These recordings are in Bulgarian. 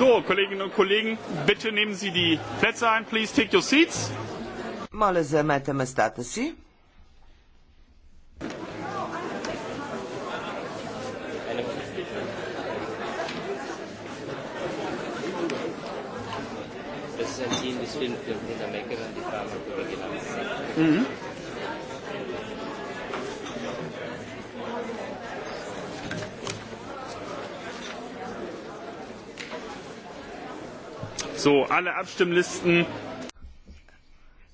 So, Kolleginnen und Kollegen, bitte nehmen Sie die Plätze ein. Please take your seats. Моля, заемете местата си. Das ist So, alle Abstimmlisten.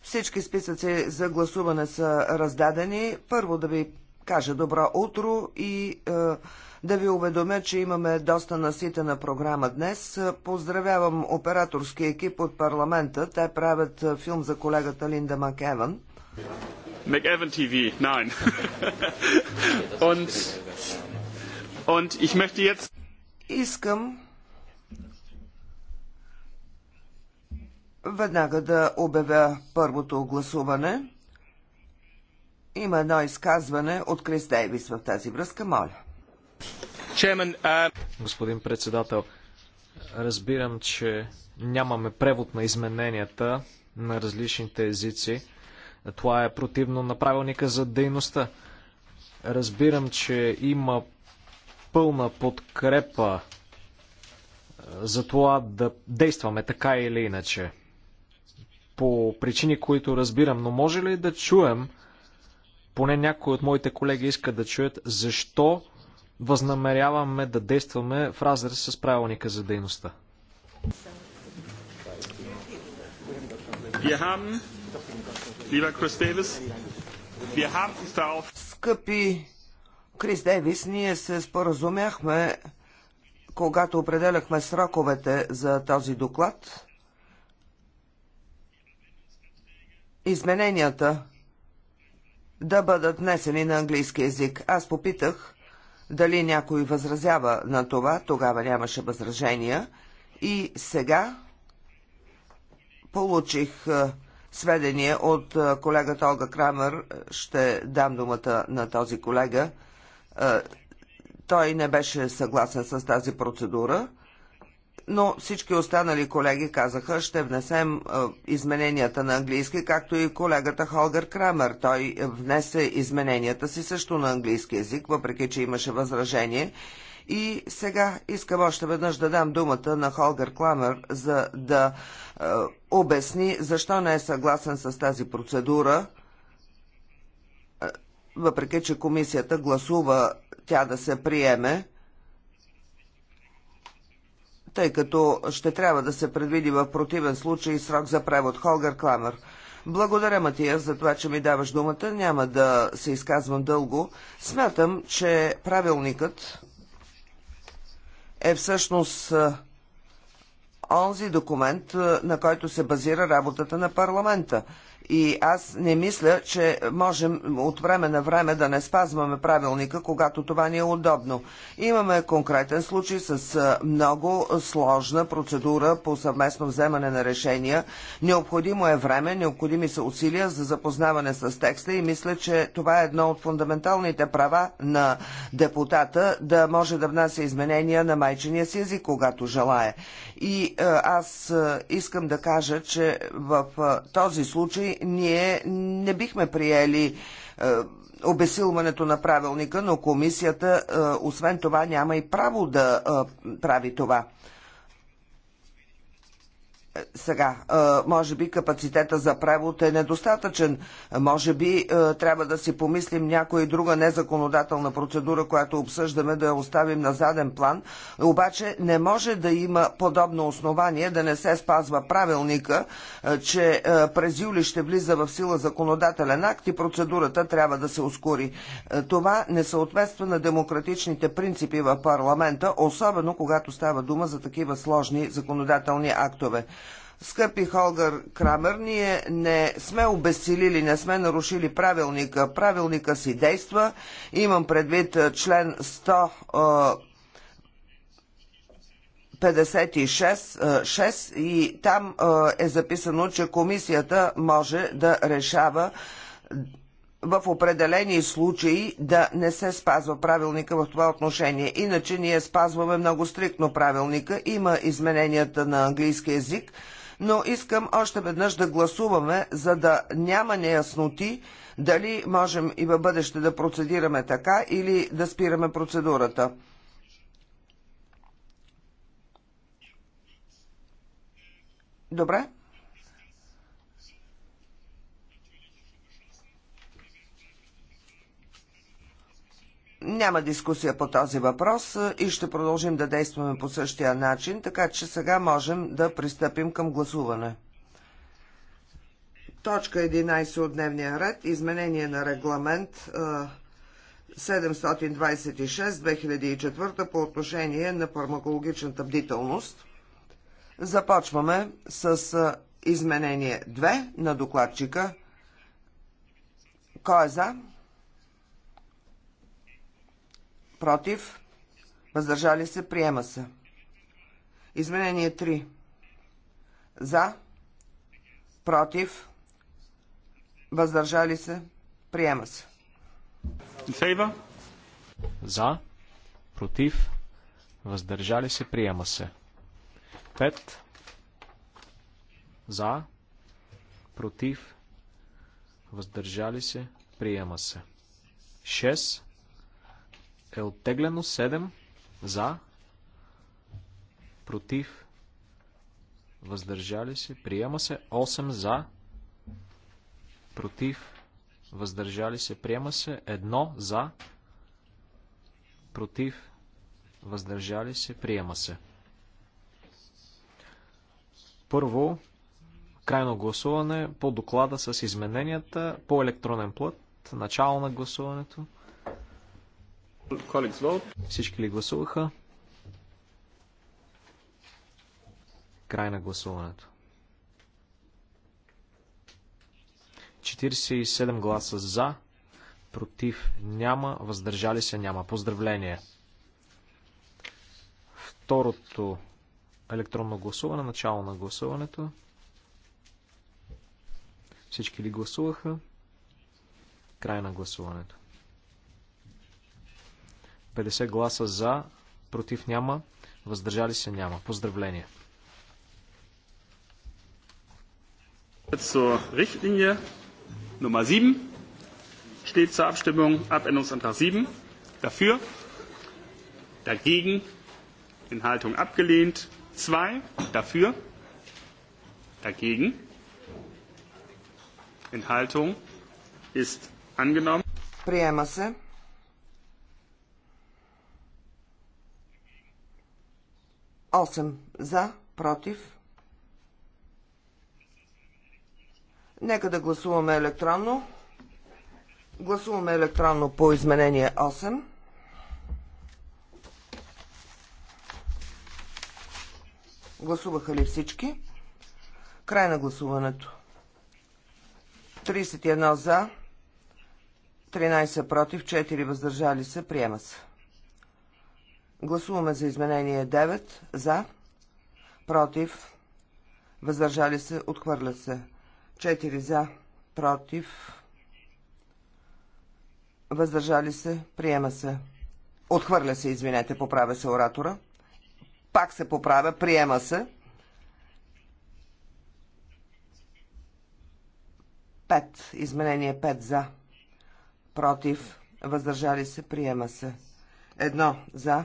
Всички списъци за гласуване са раздадени. Първо да ви кажа добро утро и е, да ви уведомя, че имаме доста наситена програма днес. Поздравявам операторски екип от парламента. Те правят е, филм за колегата Линда Макеван. Макеван ТВ, und, und ich möchte jetzt... Искам Веднага да обявя първото гласуване. Има едно изказване от Крис Дейвис в тази връзка. Моля. Господин председател, разбирам, че нямаме превод на измененията на различните езици. Това е противно на правилника за дейността. Разбирам, че има пълна подкрепа за това да действаме така или иначе по причини, които разбирам, но може ли да чуем, поне някои от моите колеги искат да чуят, защо възнамеряваме да действаме в разрез с правилника за дейността? Скъпи Крис Дейвис, ние се споразумяхме, когато определяхме сроковете за този доклад, измененията да бъдат внесени на английски язик. Аз попитах дали някой възразява на това, тогава нямаше възражения и сега получих е, сведения от е, колегата Олга Крамер. Ще дам думата на този колега. Е, той не беше съгласен с тази процедура но всички останали колеги казаха, ще внесем е, измененията на английски, както и колегата Холгър Крамер. Той внесе измененията си също на английски язик, въпреки че имаше възражение. И сега искам още веднъж да дам думата на Холгър Кламер, за да е, обясни защо не е съгласен с тази процедура, е, въпреки че комисията гласува тя да се приеме тъй като ще трябва да се предвиди в противен случай срок за превод. Холгар Кламер. Благодаря, Матия, за това, че ми даваш думата. Няма да се изказвам дълго. Смятам, че правилникът е всъщност онзи документ, на който се базира работата на парламента. И аз не мисля, че можем от време на време да не спазваме правилника, когато това ни е удобно. Имаме конкретен случай с много сложна процедура по съвместно вземане на решения. Необходимо е време, необходими са усилия за запознаване с текста и мисля, че това е едно от фундаменталните права на депутата да може да внася изменения на майчиния си език, когато желая. И е, аз е, искам да кажа, че в е, този случай ние не бихме приели обесилването на правилника, но комисията, освен това, няма и право да прави това сега, може би капацитета за превод е недостатъчен. Може би трябва да си помислим някоя друга незаконодателна процедура, която обсъждаме, да я оставим на заден план. Обаче не може да има подобно основание да не се спазва правилника, че през юли ще влиза в сила законодателен акт и процедурата трябва да се ускори. Това не съответства на демократичните принципи в парламента, особено когато става дума за такива сложни законодателни актове. Скъпи Холгър Крамер, ние не сме обесилили, не сме нарушили правилника. Правилника си действа. Имам предвид е, член 156 е, е, и там е записано, че комисията може да решава в определени случаи да не се спазва правилника в това отношение. Иначе ние спазваме много стриктно правилника. Има измененията на английски язик – но искам още веднъж да гласуваме, за да няма неясноти дали можем и във бъдеще да процедираме така или да спираме процедурата. Добре? Няма дискусия по този въпрос и ще продължим да действаме по същия начин, така че сега можем да пристъпим към гласуване. Точка 11 от дневния ред. Изменение на регламент 726-2004 по отношение на фармакологичната бдителност. Започваме с изменение 2 на докладчика. Кой е за? против, въздържали се, приема се. Изменение 3. За, против, въздържали се, приема се. Сейва. За, против, въздържали се, приема се. Пет. За, против, въздържали се, приема се. Шест е оттеглено. 7 за, против, въздържали се, приема се. 8 за, против, въздържали се, приема се. 1 за, против, въздържали се, приема се. Първо, крайно гласуване по доклада с измененията по електронен плът, начало на гласуването. Всички ли гласуваха? Край на гласуването. 47 гласа за, против няма, въздържали се няма. Поздравление! Второто електронно гласуване, начало на гласуването. Всички ли гласуваха? Край на гласуването. 50 гласа за, против няма, въздържали се няма. Поздравление! Zur Richtlinie Nummer 7 steht zur Abstimmung Abänderungsantrag 7. Dafür, dagegen, Enthaltung abgelehnt. 2 dafür, dagegen, Enthaltung ist angenommen. Приема 8 за, против. Нека да гласуваме електронно. Гласуваме електронно по изменение 8. Гласуваха ли всички? Край на гласуването. 31 за, 13 против, 4 въздържали се, приема се. Гласуваме за изменение 9. За. Против. Въздържали се. Отхвърля се. 4 за. Против. Въздържали се. Приема се. Отхвърля се, извинете, поправя се оратора. Пак се поправя, приема се. 5. Изменение 5 за. Против. Въздържали се. Приема се. Едно за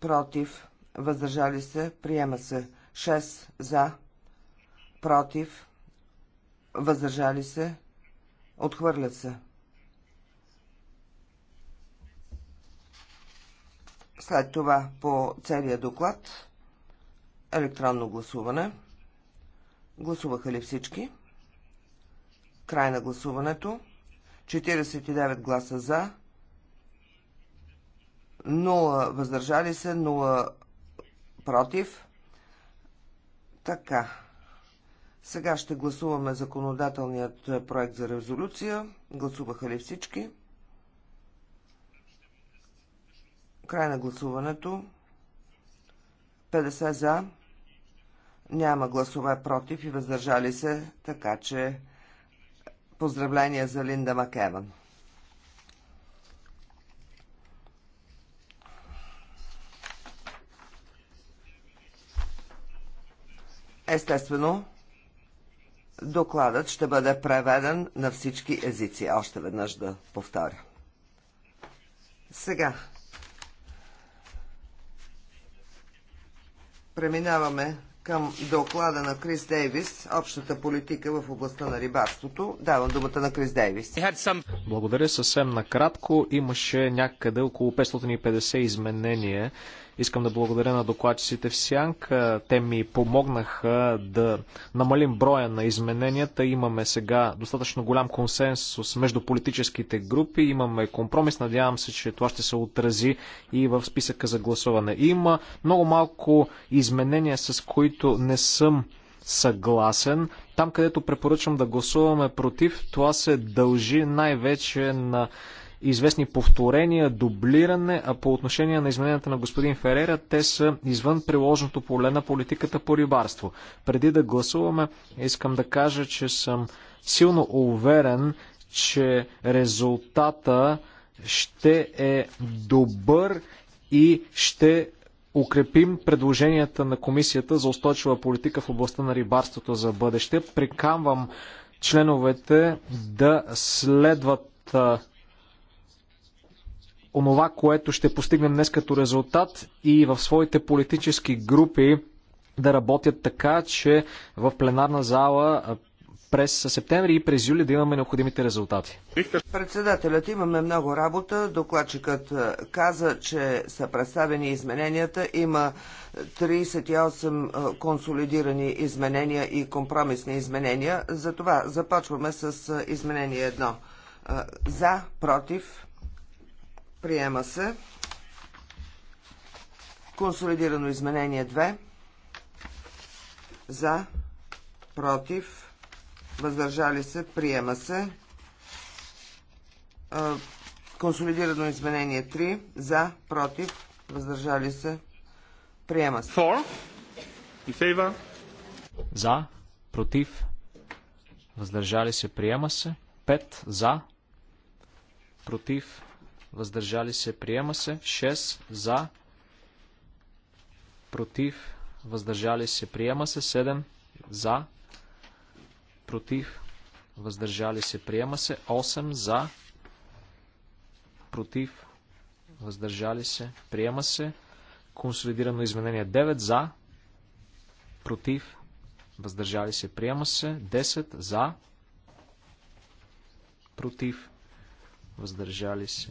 против, въздържали се, приема се. 6 за, против, въздържали се, отхвърлят се. След това по целия доклад електронно гласуване. Гласуваха ли всички? Край на гласуването. 49 гласа за, 0 въздържали се, 0 против. Така. Сега ще гласуваме законодателният е, проект за резолюция. Гласуваха ли всички? Край на гласуването. 50 за. Няма гласове против и въздържали се, така че поздравления за Линда Макеван. Естествено, докладът ще бъде преведен на всички езици. Още веднъж да повторя. Сега. Преминаваме към доклада на Крис Дейвис, общата политика в областта на рибарството. Давам думата на Крис Дейвис. Благодаря съвсем накратко. Имаше някъде около 550 изменения Искам да благодаря на докладчиците в Сянк. Те ми помогнаха да намалим броя на измененията. Имаме сега достатъчно голям консенсус между политическите групи. Имаме компромис. Надявам се, че това ще се отрази и в списъка за гласуване. Има много малко изменения, с които не съм съгласен. Там, където препоръчвам да гласуваме против, това се дължи най-вече на известни повторения, дублиране, а по отношение на измененията на господин Ферера, те са извън приложното поле на политиката по рибарство. Преди да гласуваме, искам да кажа, че съм силно уверен, че резултата ще е добър и ще укрепим предложенията на Комисията за устойчива политика в областта на рибарството за бъдеще. Прикамвам членовете да следват онова, което ще постигнем днес като резултат и в своите политически групи да работят така, че в пленарна зала през септември и през юли да имаме необходимите резултати. Председателят имаме много работа. Докладчикът каза, че са представени измененията. Има 38 консолидирани изменения и компромисни изменения. Затова започваме с изменение едно. За, против, Приема се. Консолидирано изменение 2. За. Против. Въздържали се. Приема се. Консолидирано изменение 3. За. Против. Въздържали се. Приема се. 4. In favor. За. Против. Въздържали се. Приема се. 5. За. Против въздържали се, приема се. 6 за, против, въздържали се, приема се. 7 за, против, въздържали се, приема се. 8 за, против, въздържали се, приема се. Консолидирано изменение 9 за, против, въздържали се, приема се. 10 за, против, въздържали се,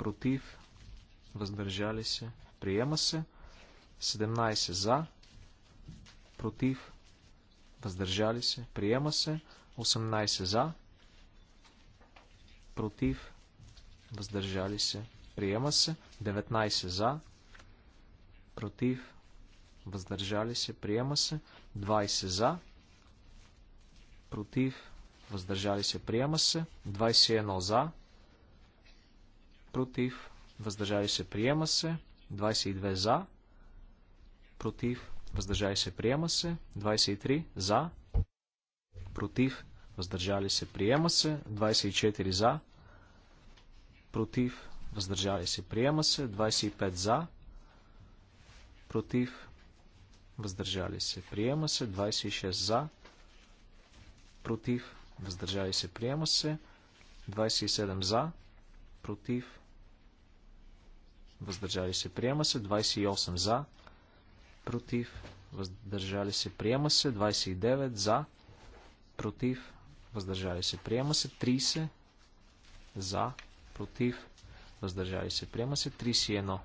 против, въздържали се, приема се. 17 за, против, въздържали се, приема се. 18 за, против, въздържали се, приема се. 19 за, против, въздържали се, приема се. 20 за, против, въздържали се, приема се. 21 за, против, въздържали се, приема се. 22 за, против, въздържали се, приема се. 23 за, против, въздържали се, приема се. 24 за, против, въздържали се, приема се. 25 за, против, въздържали се, приема се. 26 за, против, въздържали се, приема се. 27 за, против, въздържали се, приема се. 28 за, против, въздържали се, приема се. 29 за, против, въздържали се, приема се. 30 за, против, въздържали се, приема се. 31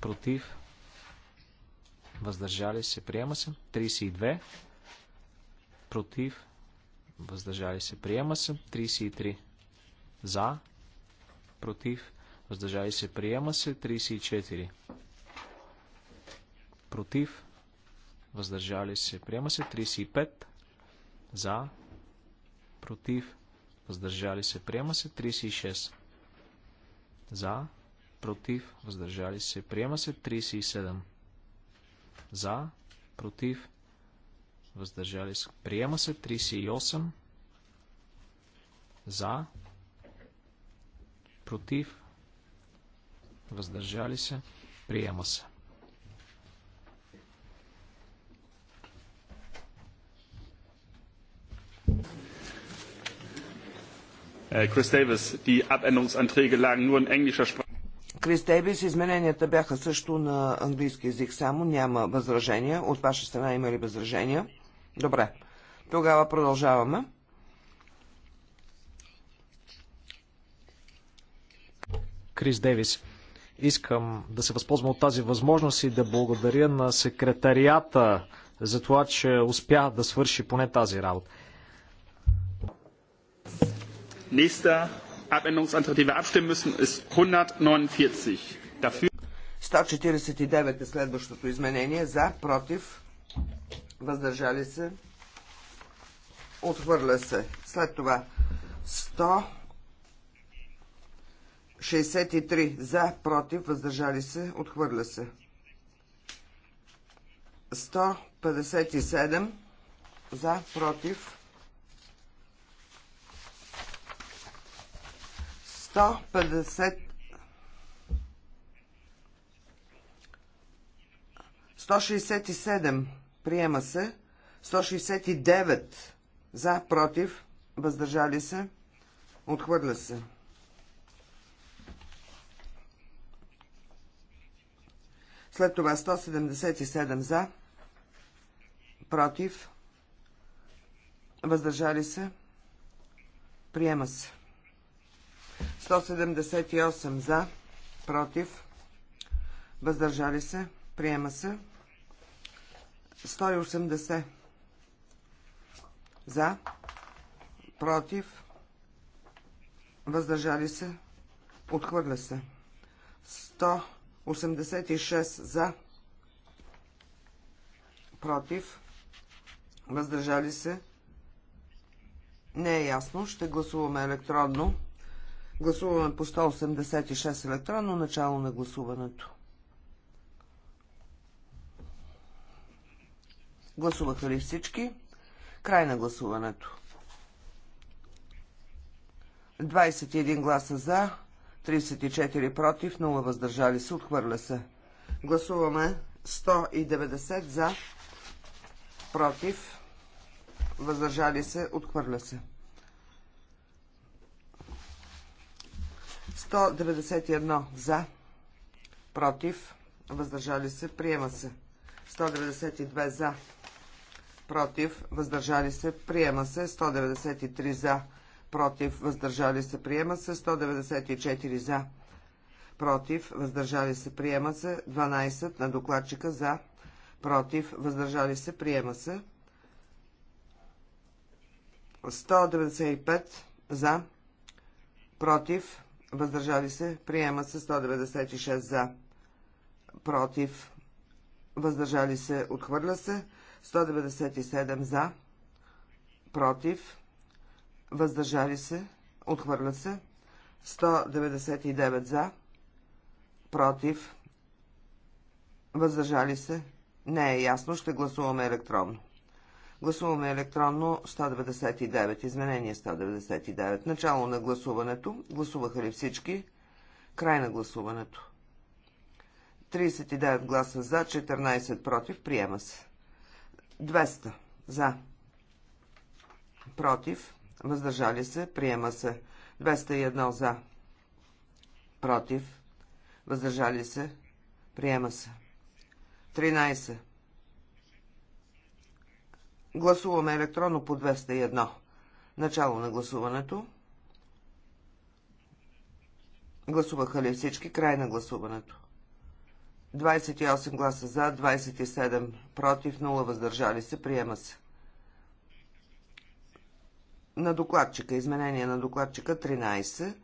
против, въздържали се, приема се. 32 против, въздържали се, приема се. 33 за, против, въздържали се, приема се 34. Против, въздържали се, приема се 35. За, против, въздържали се, приема се 36. За, против, въздържали се, приема се 37. За, против, въздържали се, приема се 38. За, против, въздържали се, приема се. Е, Крис Дейвис, die Abänderungsanträge lagen nur in englischer Sprache. Крис Дейвис, измененията бяха също на английски язик само, няма възражения. От ваша страна има ли възражения? Добре. Тогава продължаваме. Крис Дейвис. Искам да се възползвам от тази възможност и да благодаря на секретарията за това, че успя да свърши поне тази работа. Следващото 149. е следващото изменение. За, против, въздържали се, отхвърля се. След това 100. 63 за, против, въздържали се, отхвърля се. 157 за, против. 150 167 приема се. 169 за, против, въздържали се, отхвърля се. След това 177 за, против, въздържали се, приема се. 178 за, против, въздържали се, приема се. 180 за, против, въздържали се, отхвърля се. 100 86 за, против, въздържали се. Не е ясно. Ще гласуваме електронно. Гласуваме по 186 електронно начало на гласуването. Гласуваха ли всички? Край на гласуването. 21 гласа за, 34 против, 0 въздържали се, отхвърля се. Гласуваме 190 за, против, въздържали се, отхвърля се. 191 за, против, въздържали се, приема се. 192 за, против, въздържали се, приема се. 193 за, против, въздържали се, приема се, 194 за, против, въздържали се, приема се, 12 на докладчика за, против, въздържали се, приема се, 195 за, против, въздържали се, приема се, 196 за, против, въздържали се, отхвърля се, 197 за, против, въздържали се, отхвърля се, 199 за, против, въздържали се, не е ясно, ще гласуваме електронно. Гласуваме електронно 199, изменение 199, начало на гласуването, гласуваха ли всички, край на гласуването. 39 гласа за, 14 против, приема се. 200 за, против, въздържали се, приема се. 201 за, против, въздържали се, приема се. 13. Гласуваме електронно по 201. Начало на гласуването. Гласуваха ли всички? Край на гласуването. 28 гласа за, 27 против, 0 въздържали се, приема се на докладчика. Изменение на докладчика 13.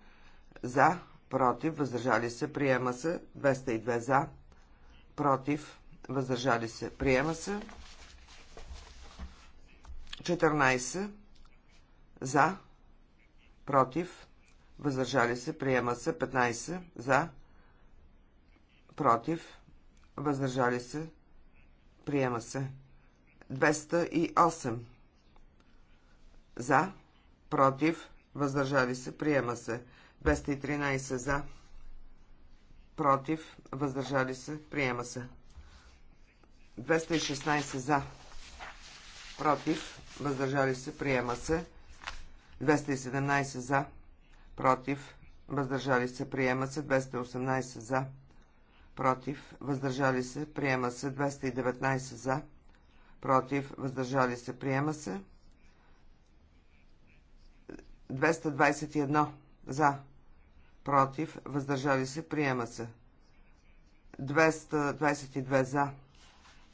За, против, въздържали се, приема се. 202 за, против, въздържали се, приема се. 14. За, против, въздържали се, приема се. 15. За, против, въздържали се, приема се. 208. За. Против. Въздържали се. Приема се. 213 за. Против. Въздържали се. Приема се. 216 за. Против. Въздържали се. Приема се. 217 за. Против. Въздържали се. Приема се. 218 за. Против. Въздържали се. Приема се. 219 за. Против. Въздържали се. Приема се. 221 за, против, въздържали се, приема се. 222 за,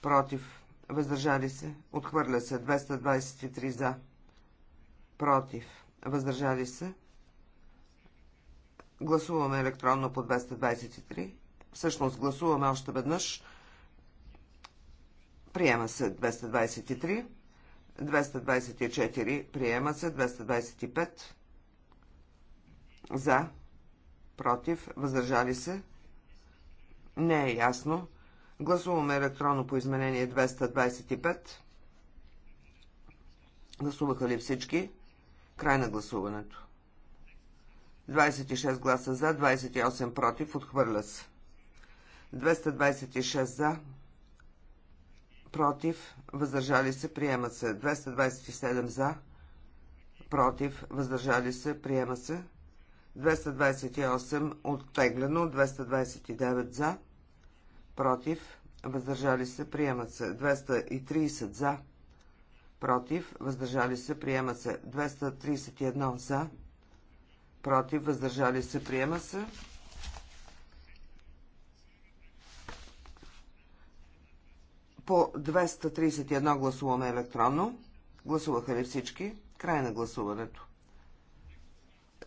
против, въздържали се, отхвърля се. 223 за, против, въздържали се. Гласуваме електронно по 223. Всъщност гласуваме още веднъж. Приема се 223. 224 приема се, 225 за, против, въздържали се. Не е ясно. Гласуваме електронно по изменение 225. Гласуваха ли всички? Край на гласуването. 26 гласа за, 28 против, отхвърля се. 226 за, против, въздържали се, приема се. 227 за, против, въздържали се, приема се. 228 оттеглено, 229 за, против, въздържали се, приема се. 230 за, против, въздържали се, приема се. 231 за, против, въздържали се, приема се. По 231 гласуваме електронно. Гласуваха ли всички? Край на гласуването.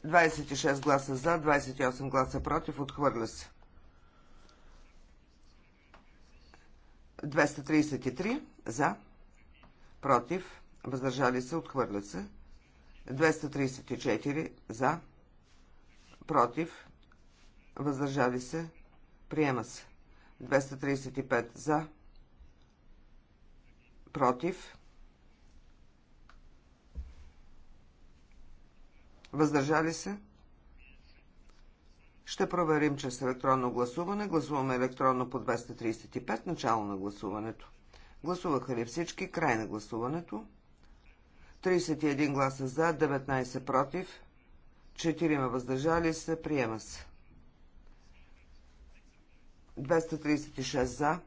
26 гласа за, 28 гласа против, отхвърля се. 233 за, против, въздържали се, отхвърля се. 234 за, против, въздържали се, приема се. 235 за, против, въздържали се. Ще проверим чрез електронно гласуване. Гласуваме електронно по 235, начало на гласуването. Гласуваха ли всички? Край на гласуването. 31 гласа за, 19 против, 4 въздържали се, приема се. 236 за,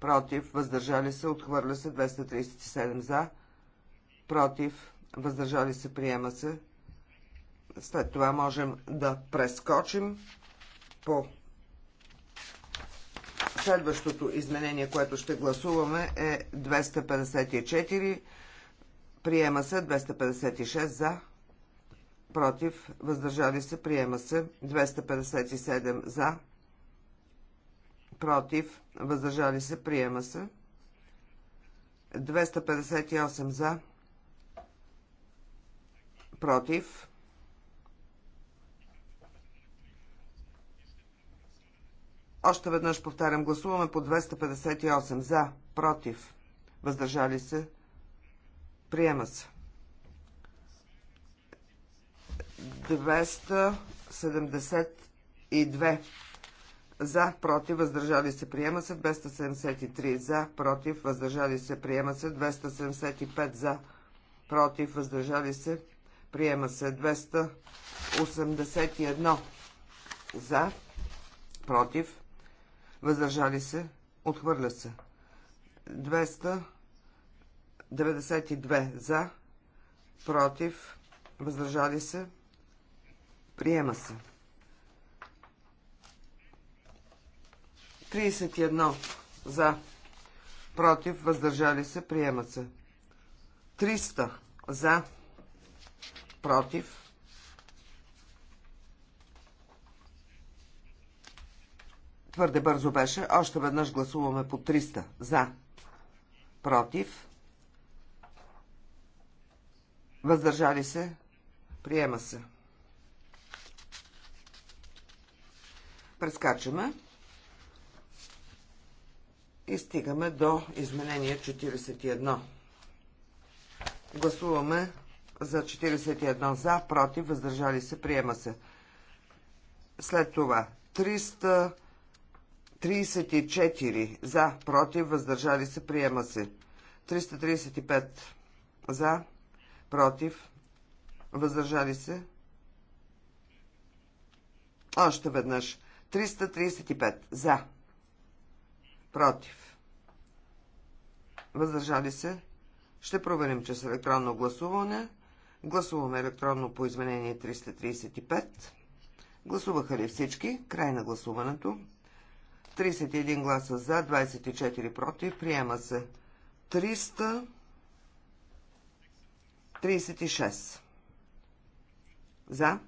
против, въздържали се, отхвърля се 237 за, против, въздържали се, приема се. След това можем да прескочим по следващото изменение, което ще гласуваме е 254. Приема се 256 за, против, въздържали се, приема се 257 за, против, въздържали се, приема се. 258 за, против. Още веднъж повтарям, гласуваме по 258 за, против, въздържали се, приема се. 272 за, против, въздържали се, приема се 273, за, против, въздържали се, приема се 275, за, против, въздържали се, приема се 281, за, против, въздържали се, отхвърля се 292, за, против, въздържали се, приема се. 31 за, против, въздържали се, приемат се. 300 за, против. Твърде бързо беше. Още веднъж гласуваме по 300 за, против. Въздържали се, приема се. Прескачаме. И стигаме до изменение 41. Гласуваме за 41 за, против, въздържали се, приема се. След това 334 за, против, въздържали се, приема се. 335 за, против, въздържали се. Още веднъж. 335 за, против, въздържали се, ще проверим чрез електронно гласуване. Гласуваме електронно по изменение 335. Гласуваха ли всички? Край на гласуването. 31 гласа за, 24 против. Приема се 336. За.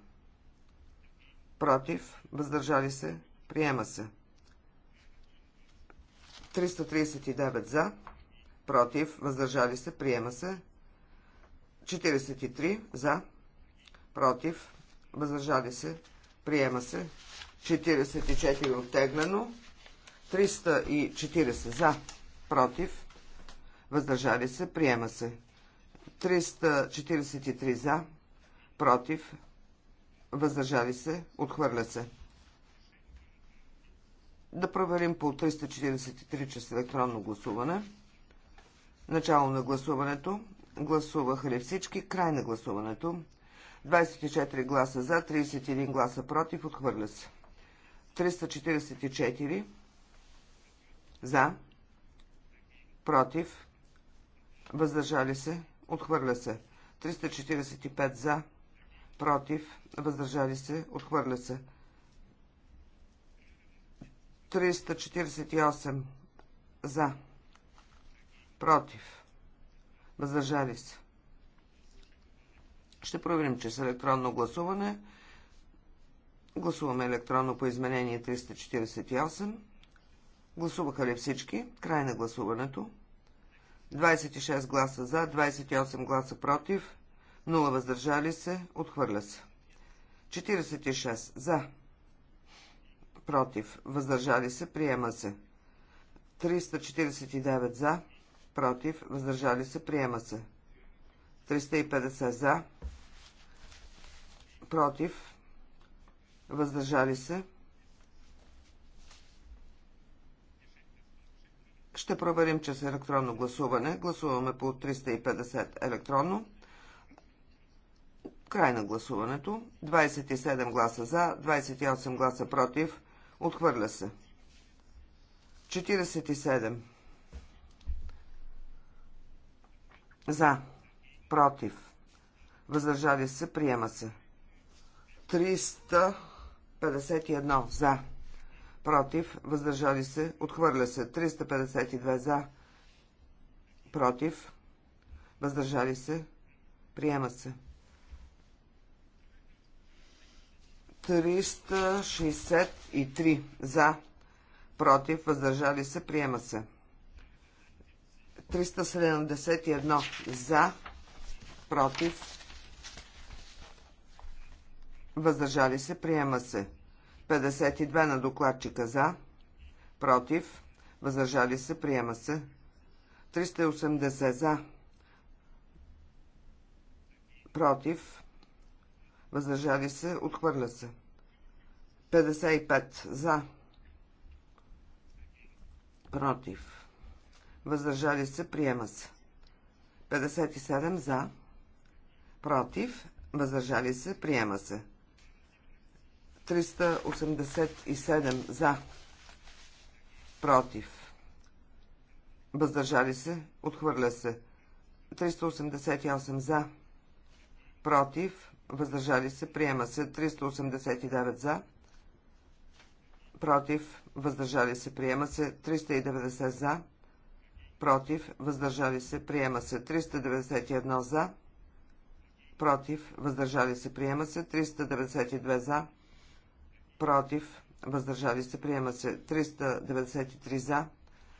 Против. Въздържали се. Приема се. 339 за, против, въздържали се, приема се. 43 за, против, въздържали се, приема се. 44 оттеглено. 340 за, против, въздържали се, приема се. 343 за, против, въздържали се, отхвърля се. Да проверим по 343 чрез електронно гласуване. Начало на гласуването. Гласуваха ли всички? Край на гласуването. 24 гласа за, 31 гласа против. Отхвърля се. 344 за, против, въздържали се, отхвърля се. 345 за, против, въздържали се, отхвърля се. 348 за, против, въздържали се. Ще проверим, че с електронно гласуване гласуваме електронно по изменение 348. Гласуваха ли всички? Край на гласуването. 26 гласа за, 28 гласа против, 0 въздържали се, отхвърля се. 46 за, против, въздържали се, приема се. 349 за, против, въздържали се, приема се. 350 за, против, въздържали се. Ще проверим чрез електронно гласуване. Гласуваме по 350 електронно. Край на гласуването. 27 гласа за, 28 гласа против, Отхвърля се. 47. За. Против. Въздържали се. Приема се. 351. За. Против. Въздържали се. Отхвърля се. 352. За. Против. Въздържали се. Приема се. 363 за, против, въздържали се, приема се. 371 за, против, въздържали се, приема се. 52 на докладчика за, против, въздържали се, приема се. 380 за, против, въздържали се, отхвърля се. 55 за, против, въздържали се, приема се. 57 за, против, въздържали се, приема се. 387 за, против, въздържали се, отхвърля се. 388 за, против, въздържали се, приема се 389 за, против, въздържали се, приема се 390 за, против, въздържали се, приема се 391 за, против, въздържали се, приема се 392 за, против, въздържали се, приема се 393 за,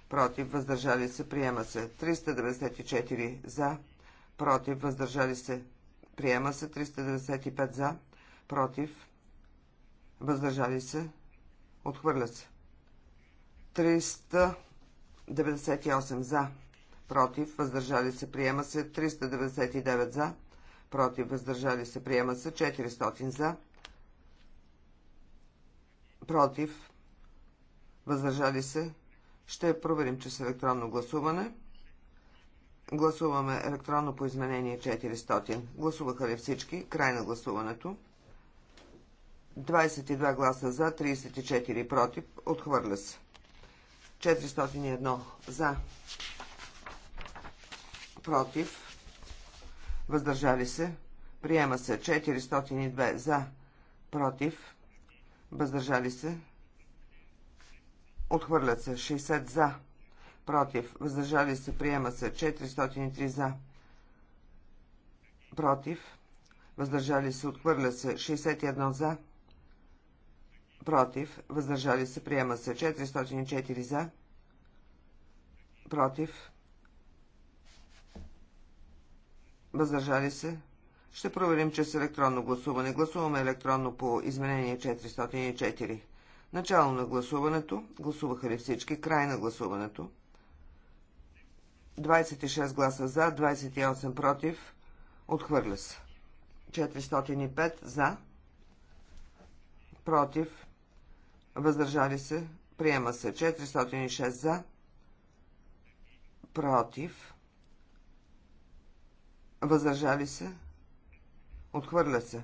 против, въздържали се, приема се 394 за, против, въздържали се, Приема се 395 за, против, въздържали се, отхвърля се. 398 за, против, въздържали се, приема се 399 за, против, въздържали се, приема се 400 за, против, въздържали се, ще проверим, че с електронно гласуване. Гласуваме електронно по изменение 400. Гласуваха ли всички? Край на гласуването. 22 гласа за, 34 против. Отхвърля се. 401 за, против, въздържали се. Приема се 402 за, против, въздържали се. Отхвърлят се 60 за, против, въздържали се, приема се 403 за, против, въздържали се, отхвърля се 61 за, против, въздържали се, приема се 404 за, против, въздържали се. Ще проверим, че с електронно гласуване гласуваме електронно по изменение 404. Начало на гласуването. Гласуваха ли всички? Край на гласуването. 26 гласа за, 28 против, отхвърля се. 405 за, против, въздържали се, приема се. 406 за, против, въздържали се, отхвърля се.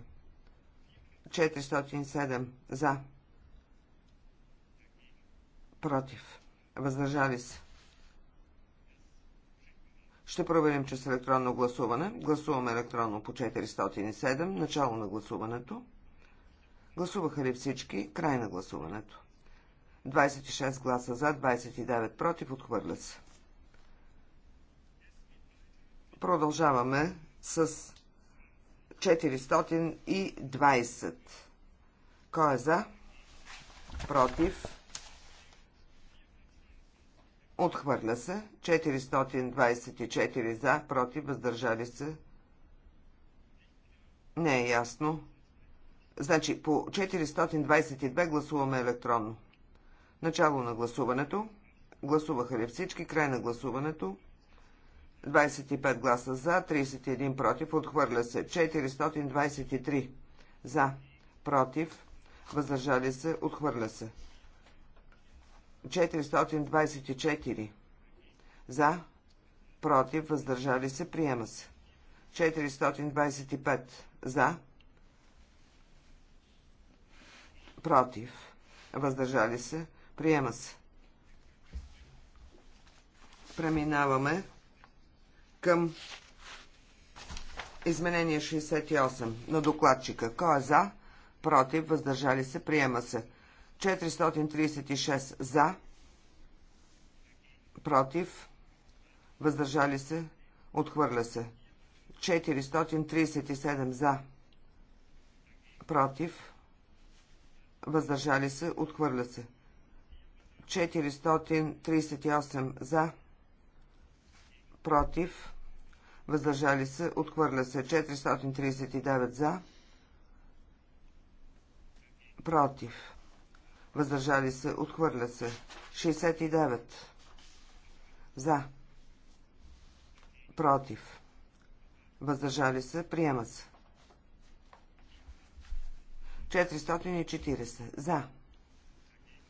407 за, против, въздържали се. Ще проверим чрез електронно гласуване. Гласуваме електронно по 407. Начало на гласуването. Гласуваха ли всички? Край на гласуването. 26 гласа за, 29 против, отхвърля се. Продължаваме с 420. Кой е за? Против? Отхвърля се. 424 за, против, въздържали се. Не е ясно. Значи по 422 гласуваме електронно. Начало на гласуването. Гласуваха ли всички? Край на гласуването. 25 гласа за, 31 против. Отхвърля се. 423 за, против, въздържали се. Отхвърля се. 424 за, против, въздържали се, приема се. 425 за, против, въздържали се, приема се. Преминаваме към изменение 68 на докладчика. Кой е за, против, въздържали се, приема се. 436 за, против, въздържали се, отхвърля се. 437 за, против, въздържали се, отхвърля се. 438 за, против, въздържали се, отхвърля се. 439 за, против, въздържали се, отхвърля се. 69 за, против, въздържали се, приема се. 440 за,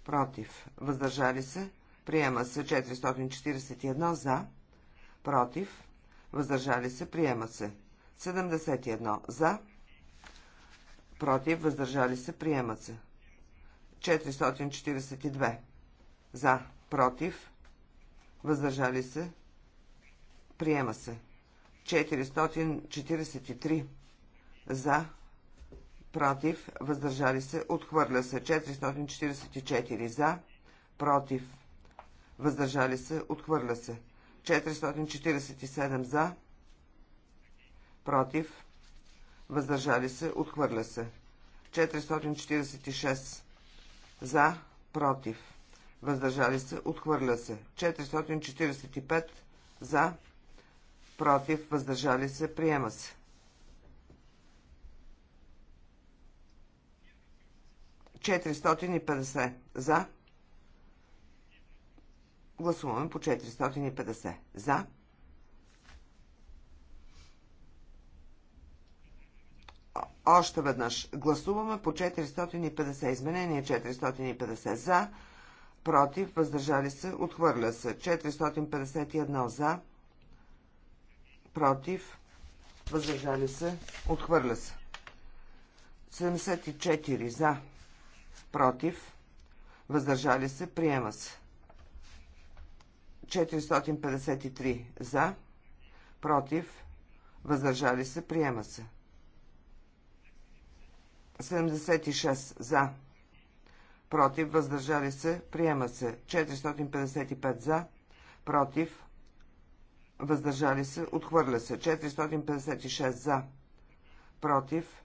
против, въздържали се, приема се. 441 за, против, въздържали се, приема се. 71 за, против, въздържали се, приема се. 442. За. Против. Въздържали се. Приема се. 443. За. Против. Въздържали се. Отхвърля се. 444. За. Против. Въздържали се. Отхвърля се. 447. За. Против. Въздържали се. Отхвърля се. 446 за, против, въздържали се, отхвърля се. 445 за, против, въздържали се, приема се. 450 за. Гласуваме по 450 за. Още веднъж гласуваме по 450 изменения, 450 за, против, въздържали се, отхвърля се. 451 за, против, въздържали се, отхвърля се. 74 за, против, въздържали се, приема се. 453 за, против, въздържали се, приема се. 76 за, против, въздържали се, приема се. 455 за, против, въздържали се, отхвърля се. 456 за, против,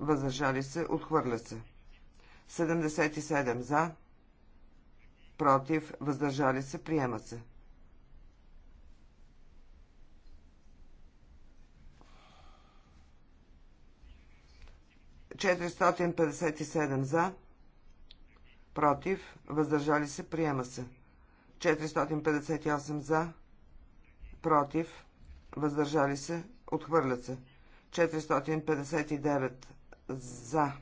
въздържали се, отхвърля се. 77 за, против, въздържали се, приема се. 457 за, против, въздържали се, приема се. 458 за, против, въздържали се, отхвърлят се. 459 за,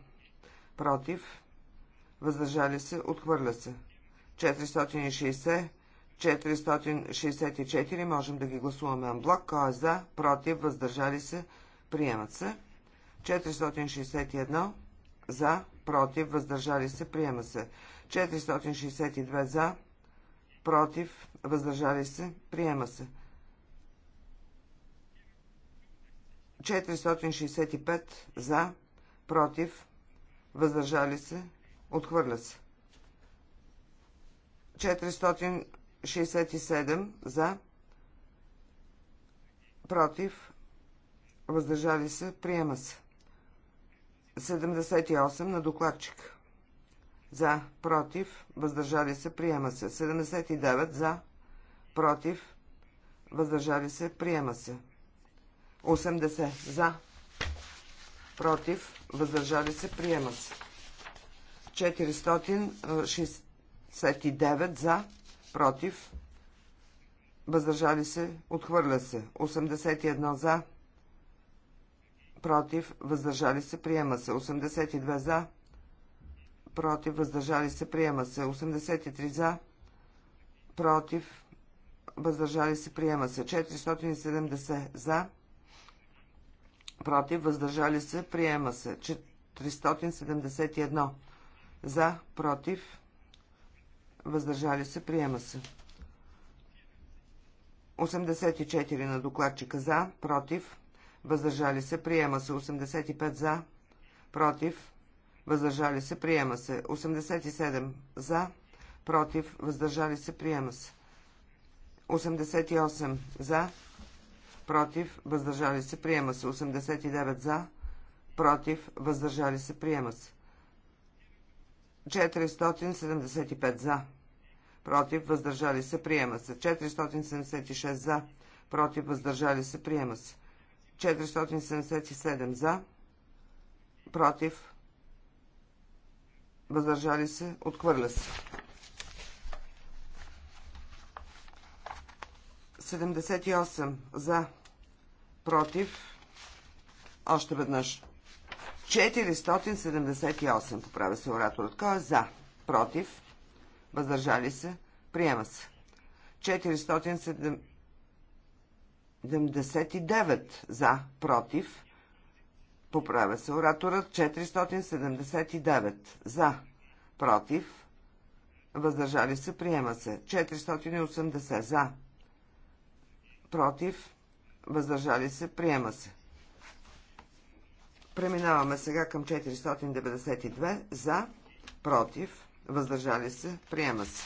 против, въздържали се, отхвърля се. 460, 464, можем да ги гласуваме анблок, кой е за, против, въздържали се, приемат се. 461 за, против, въздържали се, приема се. 462 за, против, въздържали се, приема се. 465 за, против, въздържали се, отхвърля се. 467 за, против, въздържали се, приема се. 78 на докладчик. За, против, въздържали се, приема се. 79 за, против, въздържали се, приема се. 80 за, против, въздържали се, приема се. 469 за, против, въздържали се, отхвърля се. 81 за, против, въздържали се, приема се. 82 за, против, въздържали се, приема се. 83 за, против, въздържали се, приема се. 470 за, против, въздържали се, приема се. 371 за, против, въздържали се, приема се. 84 на докладчика за, против, въздържали се, приема се 85 за, против, въздържали се, приема се 87 за, против, въздържали се, приема се 88 за, против, въздържали се, приема се 89 за, против, въздържали се, приема се 475 за, против, въздържали се, приема се 476 за, против, въздържали се, приема се 477 за, против, въздържали се, отхвърля се. 78 за, против, още веднъж. 478, поправя се ораторът. Кой е за? Против? Въздържали се? Приема се. 470... 479 за, против. Поправя се ораторът. 479 за, против. Въздържали се, приема се. 480 за, против. Въздържали се, приема се. Преминаваме сега към 492 за, против. Въздържали се, приема се.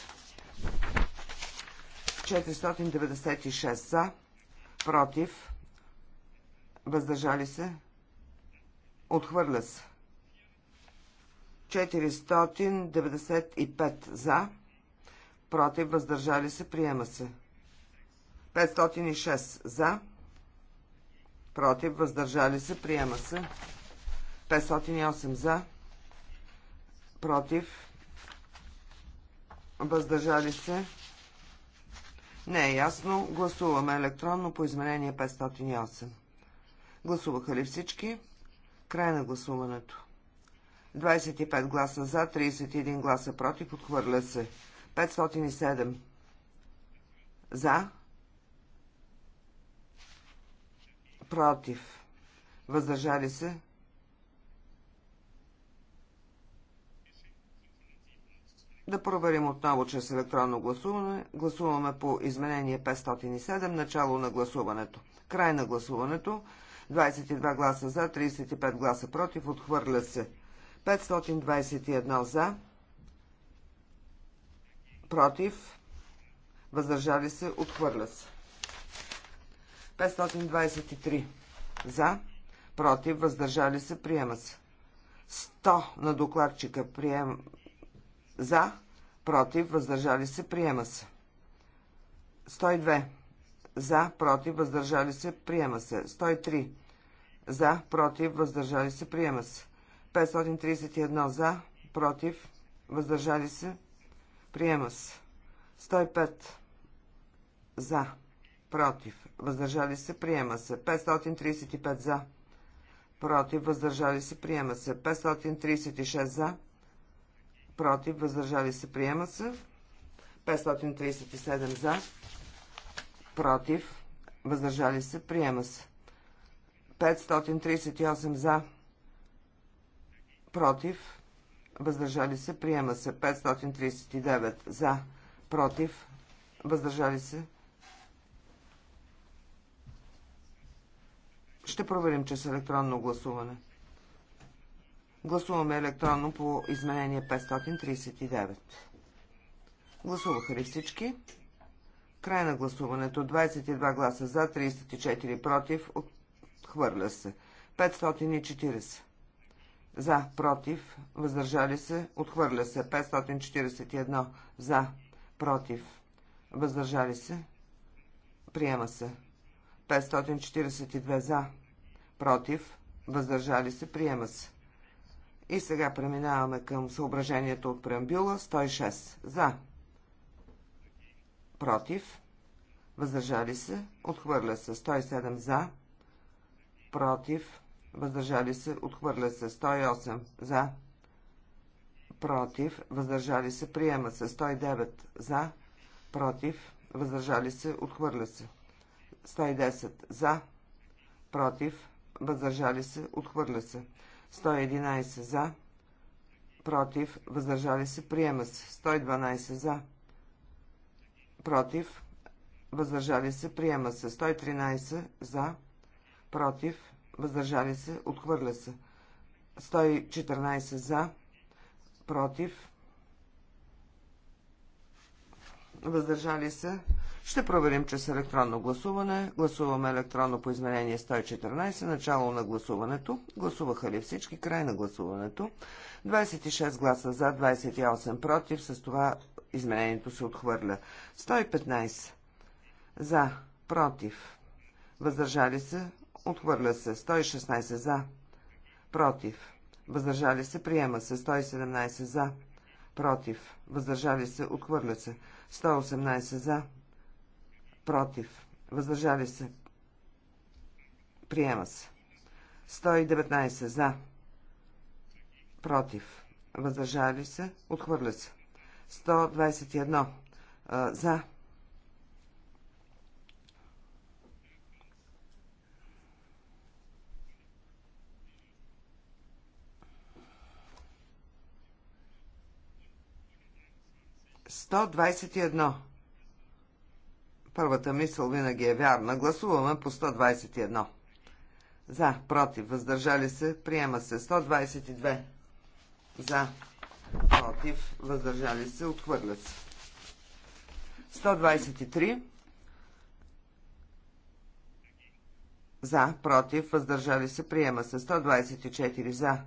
496 за, против, въздържали се, отхвърля се. 495 за, против, въздържали се, приема се. 506 за, против, въздържали се, приема се. 508 за, против, въздържали се, не е ясно. Гласуваме електронно по изменение 508. Гласуваха ли всички? Край на гласуването. 25 гласа за, 31 гласа против. Отхвърля се. 507. За. Против. Въздържали се. Да проверим отново чрез електронно гласуване. Гласуваме по изменение 507, начало на гласуването. Край на гласуването. 22 гласа за, 35 гласа против, отхвърля се. 521 за, против, въздържали се, отхвърля се. 523 за, против, въздържали се, приема се. 100 на докладчика прием, за, против, въздържали се, приема се. 102. За, против, въздържали се, приема се. 103. За, против, въздържали се, приема се. 531. За, против, въздържали се, приема се. 105. За, против, въздържали се, приема се. 535. За, против, въздържали се, приема се. 536. За, против, въздържали се, приема се. 537 за, против, въздържали се, приема се. 538 за, против, въздържали се, приема се. 539 за, против, въздържали се. Ще проверим, че с електронно гласуване. 539. Гласуваме електронно по изменение 539. Гласуваха ли всички? Край на гласуването. 22 гласа за, 34 против. Отхвърля се. 540. За, против, въздържали се, отхвърля се. 541. За, против, въздържали се, приема се. 542. За, против, въздържали се, приема се. И сега преминаваме към съображението от преамбюла 106. За. Против. Въздържали се. Отхвърля се 107 за. Против. Въздържали се. Отхвърля се 108 за. Против. Въздържали се. Приема се 109 за. Против. Въздържали се. Отхвърля се. 110 за. Против. Въздържали се. Отхвърля се. 111 за, против, въздържали се, приема се. 112 за, против, въздържали се, приема се. 113 за, против, въздържали се, отхвърля се. 114 за, против, въздържали се, ще проверим, че с електронно гласуване. Гласуваме електронно по изменение 114, начало на гласуването. Гласуваха ли всички? Край на гласуването. 26 гласа за, 28 против. С това изменението се отхвърля. 115 за, против. Въздържали се, отхвърля се. 116 за, против. Въздържали се, приема се. 117 за, против. Въздържали се, отхвърля се. 118 за, против, въздържали се, приема се. 119 за, против, въздържали се, отхвърля се. 121 за, Сто двадесет и едно. Първата мисъл винаги е вярна. Гласуваме по 121. За, против, въздържали се, приема се. 122. За, против, въздържали се, отхвърлят се. 123. За, против, въздържали се, приема се. 124 за,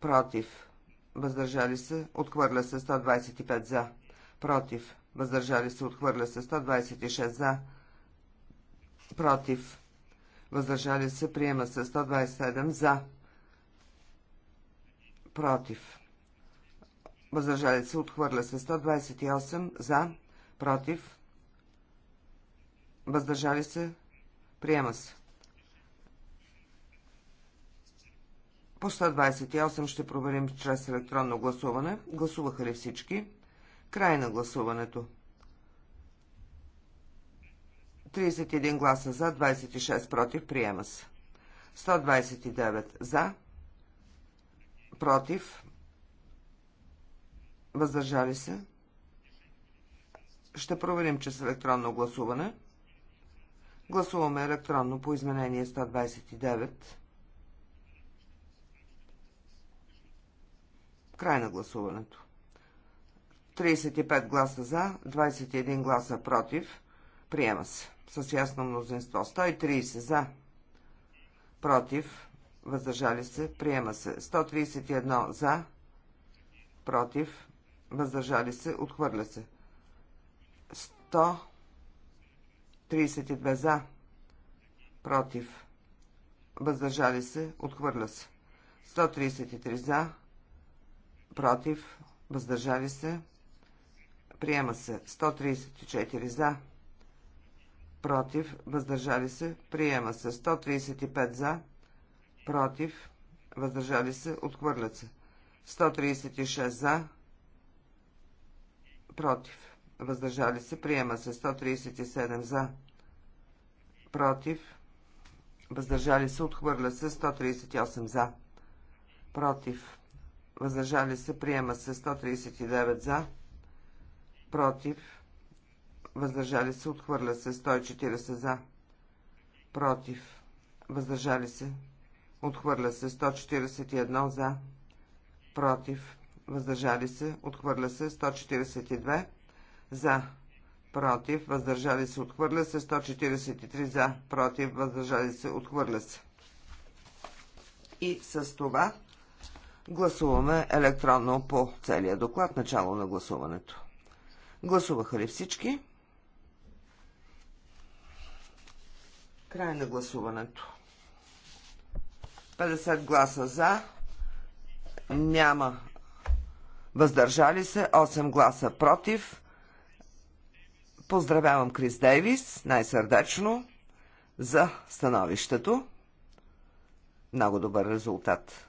против, въздържали се, отхвърля се. 125 за, против, въздържали се, отхвърля се 126 за, против, въздържали се, приема се 127 за, против, въздържали се, отхвърля се 128 за, против, въздържали се, приема се. По 128 ще проверим чрез електронно гласуване. Гласуваха ли всички? Край на гласуването. 31 гласа за, 26 против, приема се. 129 за, против, въздържали се. Ще проверим, че с електронно гласуване. Гласуваме електронно по изменение 129. Край на гласуването. 35 гласа за, 21 гласа против. Приема се. С ясно мнозинство. 130 за, против, въздържали се. Приема се. 131 за, против, въздържали се. Отхвърля се. 132 за, против, въздържали се. Отхвърля се. 133 за, против, въздържали се. Приема се. 134 за. Против. Въздържали се. Приема се. 135 за. Против. Въздържали се. Отхвърлят се. 136 за. Против. Въздържали се. Приема се. 137 за. Против. Въздържали се. Отхвърля се. 138 за. Против. Въздържали се. Приема се. 139 за против, въздържали се, отхвърля се 140 за, против, въздържали се, отхвърля се 141 за, против, въздържали се, отхвърля се 142 за, против, въздържали се, отхвърля се 143 за, против, въздържали се, отхвърля се. И с това гласуваме електронно по целия доклад, начало на гласуването. Гласуваха ли всички? Край на гласуването. 50 гласа за, няма въздържали се, 8 гласа против. Поздравявам Крис Дейвис най-сърдечно за становището. Много добър резултат.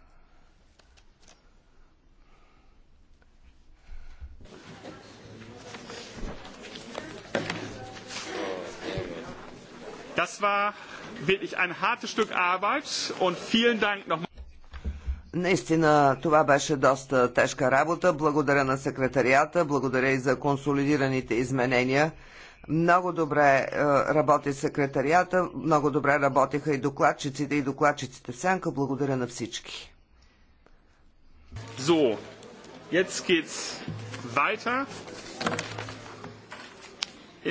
Das war wirklich ein hartes Stück Arbeit und vielen Dank nochmal. Наистина това беше доста тежка работа. Благодаря на секретарията, благодаря и за консолидираните изменения. Много добре е, работи секретарията, много добре работиха и докладчиците и докладчиците в сянка. Благодаря на всички. So, jetzt geht's weiter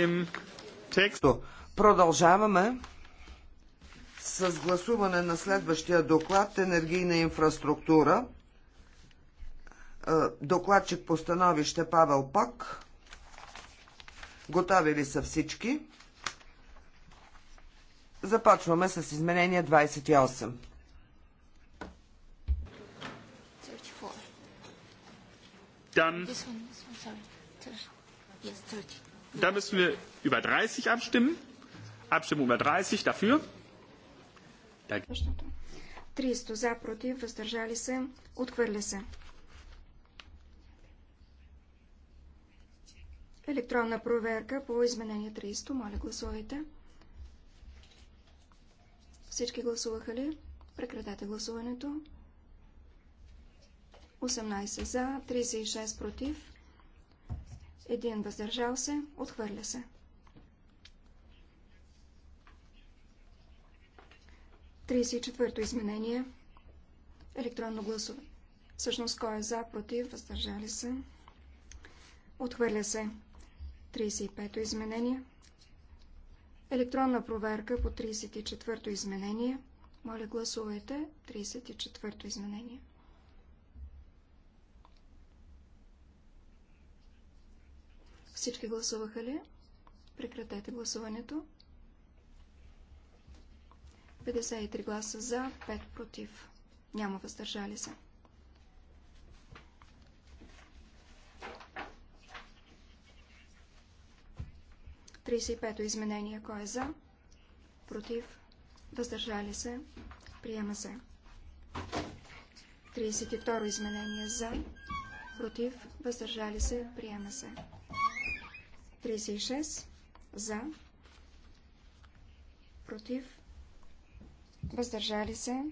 im Text. Продължаваме с гласуване на следващия доклад Енергийна инфраструктура. Е, докладчик по становище Павел Пак. Готови ли са всички? Започваме с изменение 28. Dann, dann müssen wir über 30 abstimmen. Abstimmung über 30 dafür. 300 за, против, въздържали се, отхвърля се. Електронна проверка по изменение 300. Моля, гласувайте. Всички гласуваха ли? Прекратете гласуването. 18 за, 36 против, 1 въздържал се, отхвърля се. 34-то изменение. Електронно гласуване. Всъщност, кой е за, против, въздържали се. Отхвърля се. 35-то изменение. Електронна проверка по 34-то изменение. Моля, гласувайте 34-то изменение. Всички гласуваха ли? Прекратете гласуването. 53 гласа за, 5 против. Няма въздържали се. 35 пето изменение. Кой е за? Против. Въздържали се. Приема се. 32 изменение за. Против. Въздържали се. Приема се. 36 за. Против въздържали се,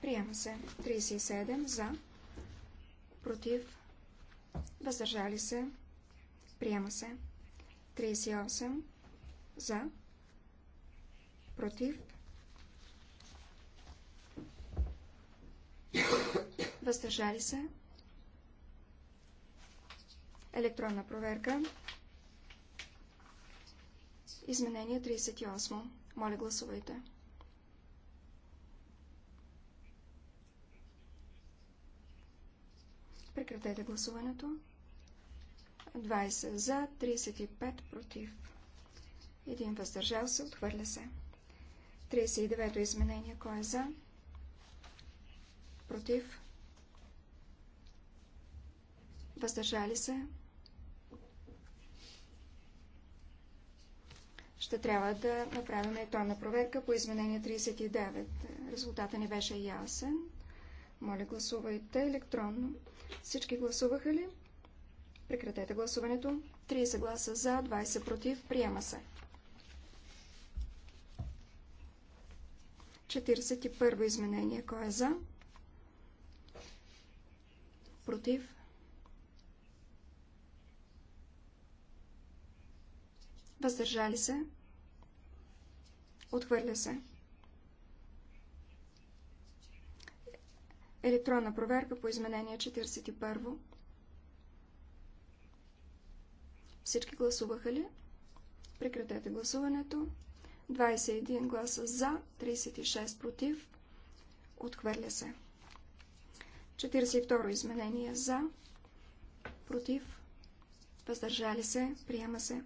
приема се. 37 за, против, въздържали се, приема се. 38 за, против, въздържали се, електронна проверка, изменение 38. Моля гласувайте. Прекратете гласуването. 20 за, 35 против. Един въздържал се, отхвърля се. 39-то изменение. Кой е за? Против? Въздържали се? Ще трябва да направим електронна проверка по изменение 39. Резултата ни беше ясен. Моля, гласувайте електронно. Всички гласуваха ли? Прекратете гласуването. 30 гласа за, 20 против. Приема се. 41 во изменение. Кой е за? Против? Въздържали се? Отхвърля се. Електронна проверка по изменение 41. Всички гласуваха ли? Прекратете гласуването. 21 гласа за, 36 против. Отхвърля се. 42 изменение за, против, въздържали се, приема се.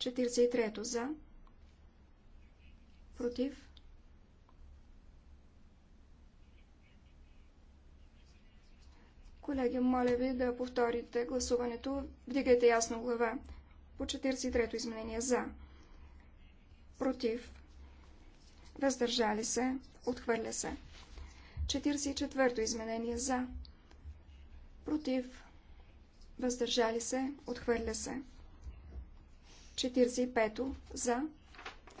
43 за, против, Колеги, моля ви да повторите гласуването. Вдигайте ясно глава. По 43-то изменение за. Против. Въздържали се. Отхвърля се. 44-то изменение за. Против. Въздържали се. Отхвърля се. 45-то за.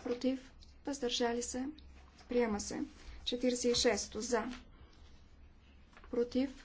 Против. Въздържали се. Приема се. 46-то за. Против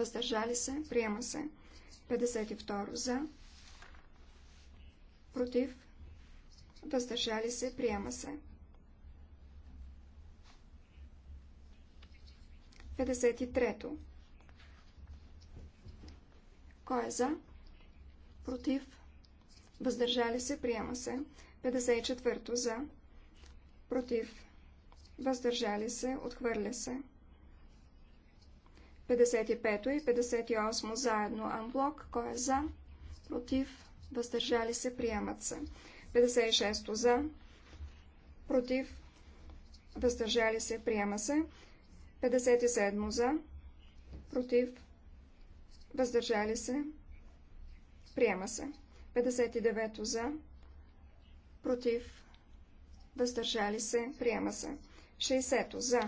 въздържали се, приема се. 52 за, против, въздържали се, приема се. 53. Кой е за? Против. Въздържали се, приема се. 54. За. Против. Въздържали се, отхвърля се. 55 и 58 заедно анблок. Кой е за? Против? Въздържали се? Приемат се. 56 за? Против? Въздържали се? Приема се. 57 за? Против? Въздържали се? Приема се. 59 за? Против? Въздържали се? Приема се. 60 за?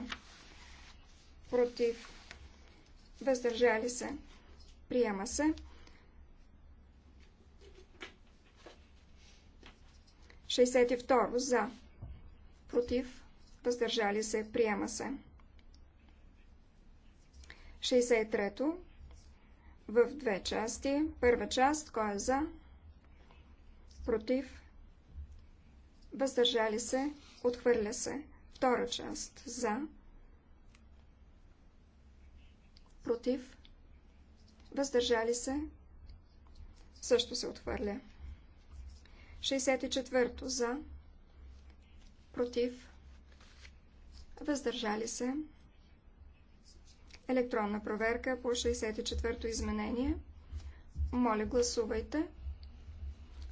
Против? въздържали се, приема се. 62 за, против, въздържали се, приема се. 63 в две части. Първа част, кой е за, против, въздържали се, отхвърля се. Втора част, за, против против, въздържали се, също се отхвърля. 64 за, против, въздържали се, електронна проверка по 64-то изменение. Моля, гласувайте.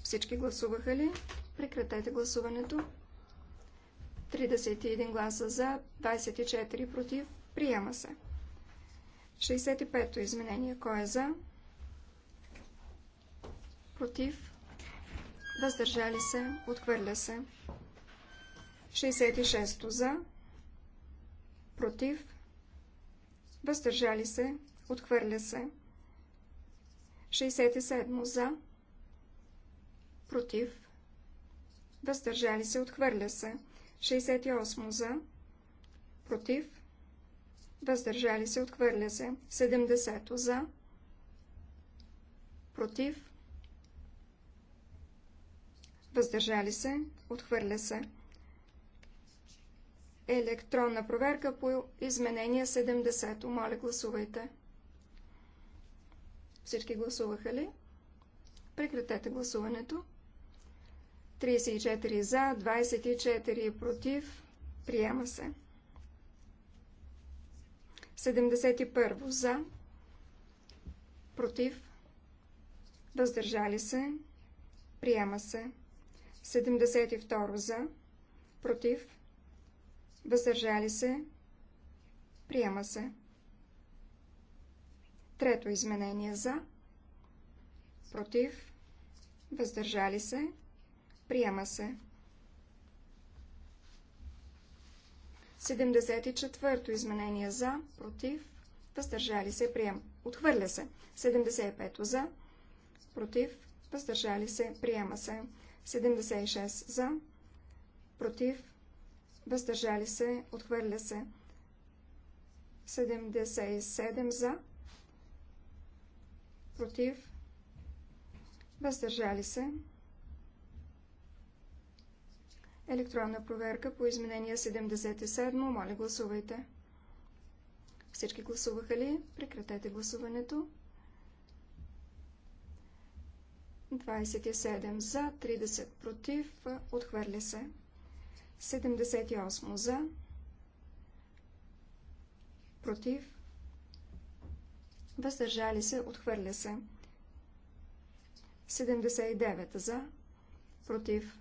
Всички гласуваха ли? Прекратете гласуването. 31 гласа за, 24 против. Приема се. 65-то изменение. Кой е за? Против? Въздържали се? Отхвърля се. 66-то за? Против? Въздържали се? Отхвърля се. 67 за, против, въздържали се, отхвърля се. 68 за, против, въздържали се, отхвърля се. 70 за, против, въздържали се, отхвърля се. Електронна проверка по изменение 70. Моля, гласувайте. Всички гласуваха ли? Прекратете гласуването. 34 за, 24 против. Приема се. 71 за, против, въздържали се, приема се. 72 за, против, въздържали се, приема се. Трето изменение за, против, въздържали се, приема се. 74-то изменение за, против, въздържали се, приема. Отхвърля се. 75-то за, против, въздържали се, приема се. 76 за, против, въздържали се, отхвърля се. 77 за, против, въздържали се, Електронна проверка по изменение 77. Моля, гласувайте. Всички гласуваха ли? Прекратете гласуването. 27 за, 30 против, отхвърля се. 78 за, против, въздържали се, отхвърля се. 79 за, против,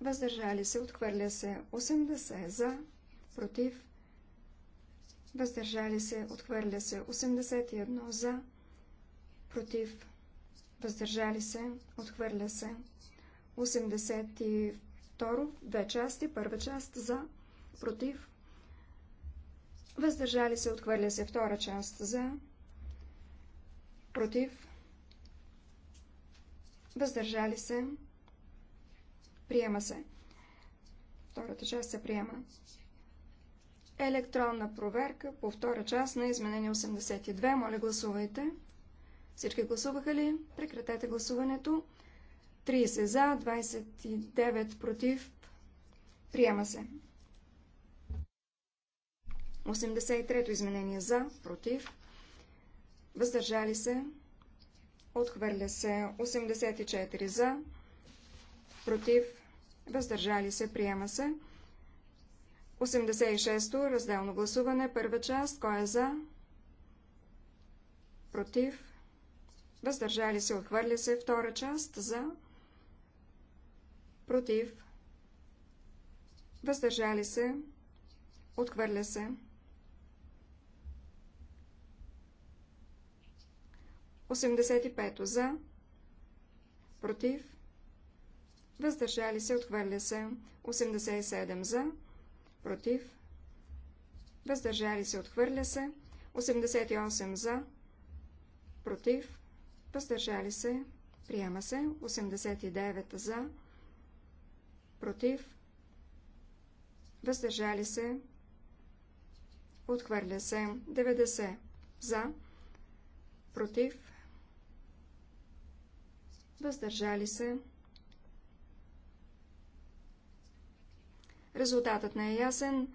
въздържали се, отхвърля се 80 за, против, въздържали се, отхвърля се 81 за, против, въздържали се, отхвърля се 82, две части, първа част за, против, въздържали се, отхвърля се втора част за, против, въздържали се, Приема се. Втората част се приема. Електронна проверка по втора част на изменение 82. Моля, гласувайте. Всички гласуваха ли? Прекратете гласуването. 30 за, 29 против. Приема се. 83-то изменение за, против. Въздържали се. Отхвърля се 84 за, против, въздържали се, приема се. 86-то, разделно гласуване, първа част, кой е за, против, въздържали се, отхвърля се, втора част, за, против, въздържали се, отхвърля се. 85 за, против, въздържали се, отхвърля се. 87 за, против, въздържали се, отхвърля се. 88 за, против, въздържали се, приема се. 89 за, против, въздържали се, отхвърля се. 90 за, против, въздържали се, Резултатът не е ясен.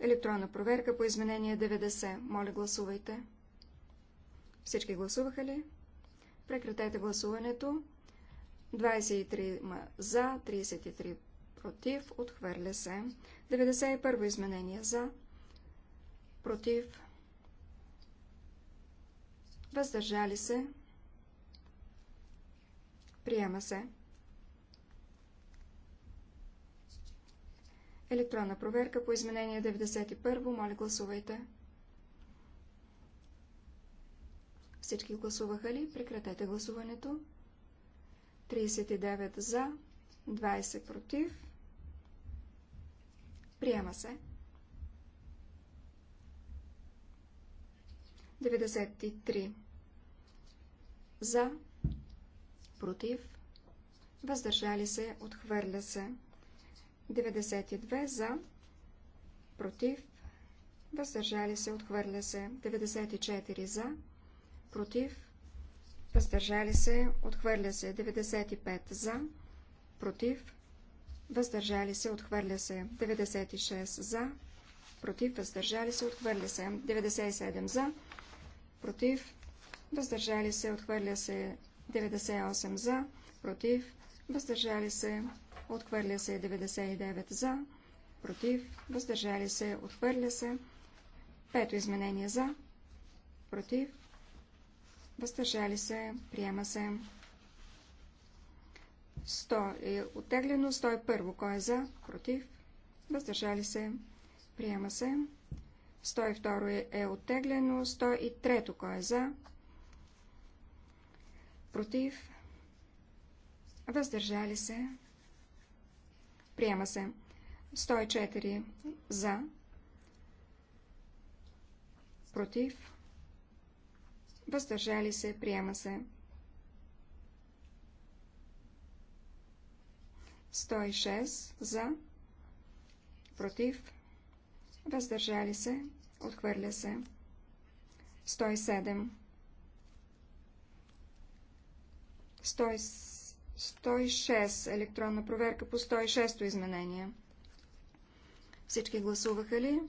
Електронна проверка по изменение 90. Моля, гласувайте. Всички гласуваха ли? Прекратете гласуването. 23 за, 33 против, отхвърля се. 91 изменение за, против, въздържали се, приема се. Електронна проверка по изменение 91. Моля, гласувайте. Всички гласуваха ли? Прекратете гласуването. 39 за, 20 против. Приема се. 93 за, против, въздържали се, отхвърля се. 92 за, против, въздържали се, отхвърля се. 94 за, против, въздържали се, отхвърля се. 95 за, против, въздържали се, отхвърля се. 96 за, против, въздържали се, отхвърля се. 97 за, против, въздържали се, отхвърля се. 98 за, против, въздържали се, отхвърля се 99 за, против, въздържали се, отхвърля се, пето изменение за, против, въздържали се, приема се. 100 е оттеглено, е първо, кой е за, против, въздържали се, приема се. 102 е, е оттеглено, 103 кой е за, против, въздържали се, Приема се. 104 за. Против. Въздържали се. Приема се. 106 за. Против. Въздържали се. Отхвърля се. 107. 107. 106. Електронна проверка по 106-то изменение. Всички гласуваха ли?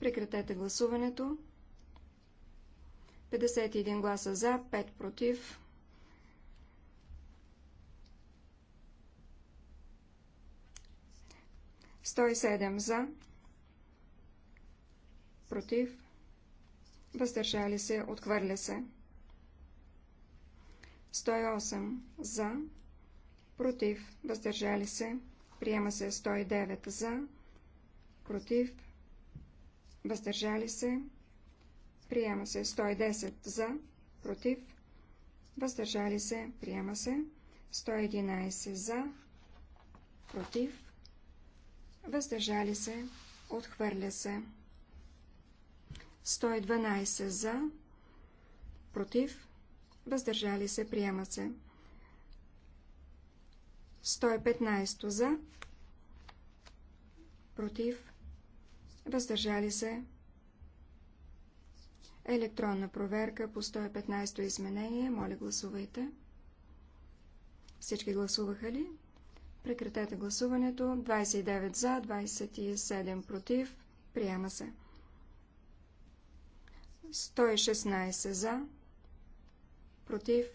Прекратете гласуването. 51 гласа за, 5 против. Стои седем за, против, въздържали се, отхвърля се. 108 за, против, въздържали се, приема се 109 за, против, въздържали се, приема се 110 за, против, въздържали се, приема се 111 за, против, въздържали се, отхвърля се. 112 за, против, въздържали се, приема се. 115 за, против, въздържали се. Електронна проверка по 115 изменение. Моля, гласувайте. Всички гласуваха ли? Прекратете гласуването. 29 за, 27 против. Приема се. 116 за, против,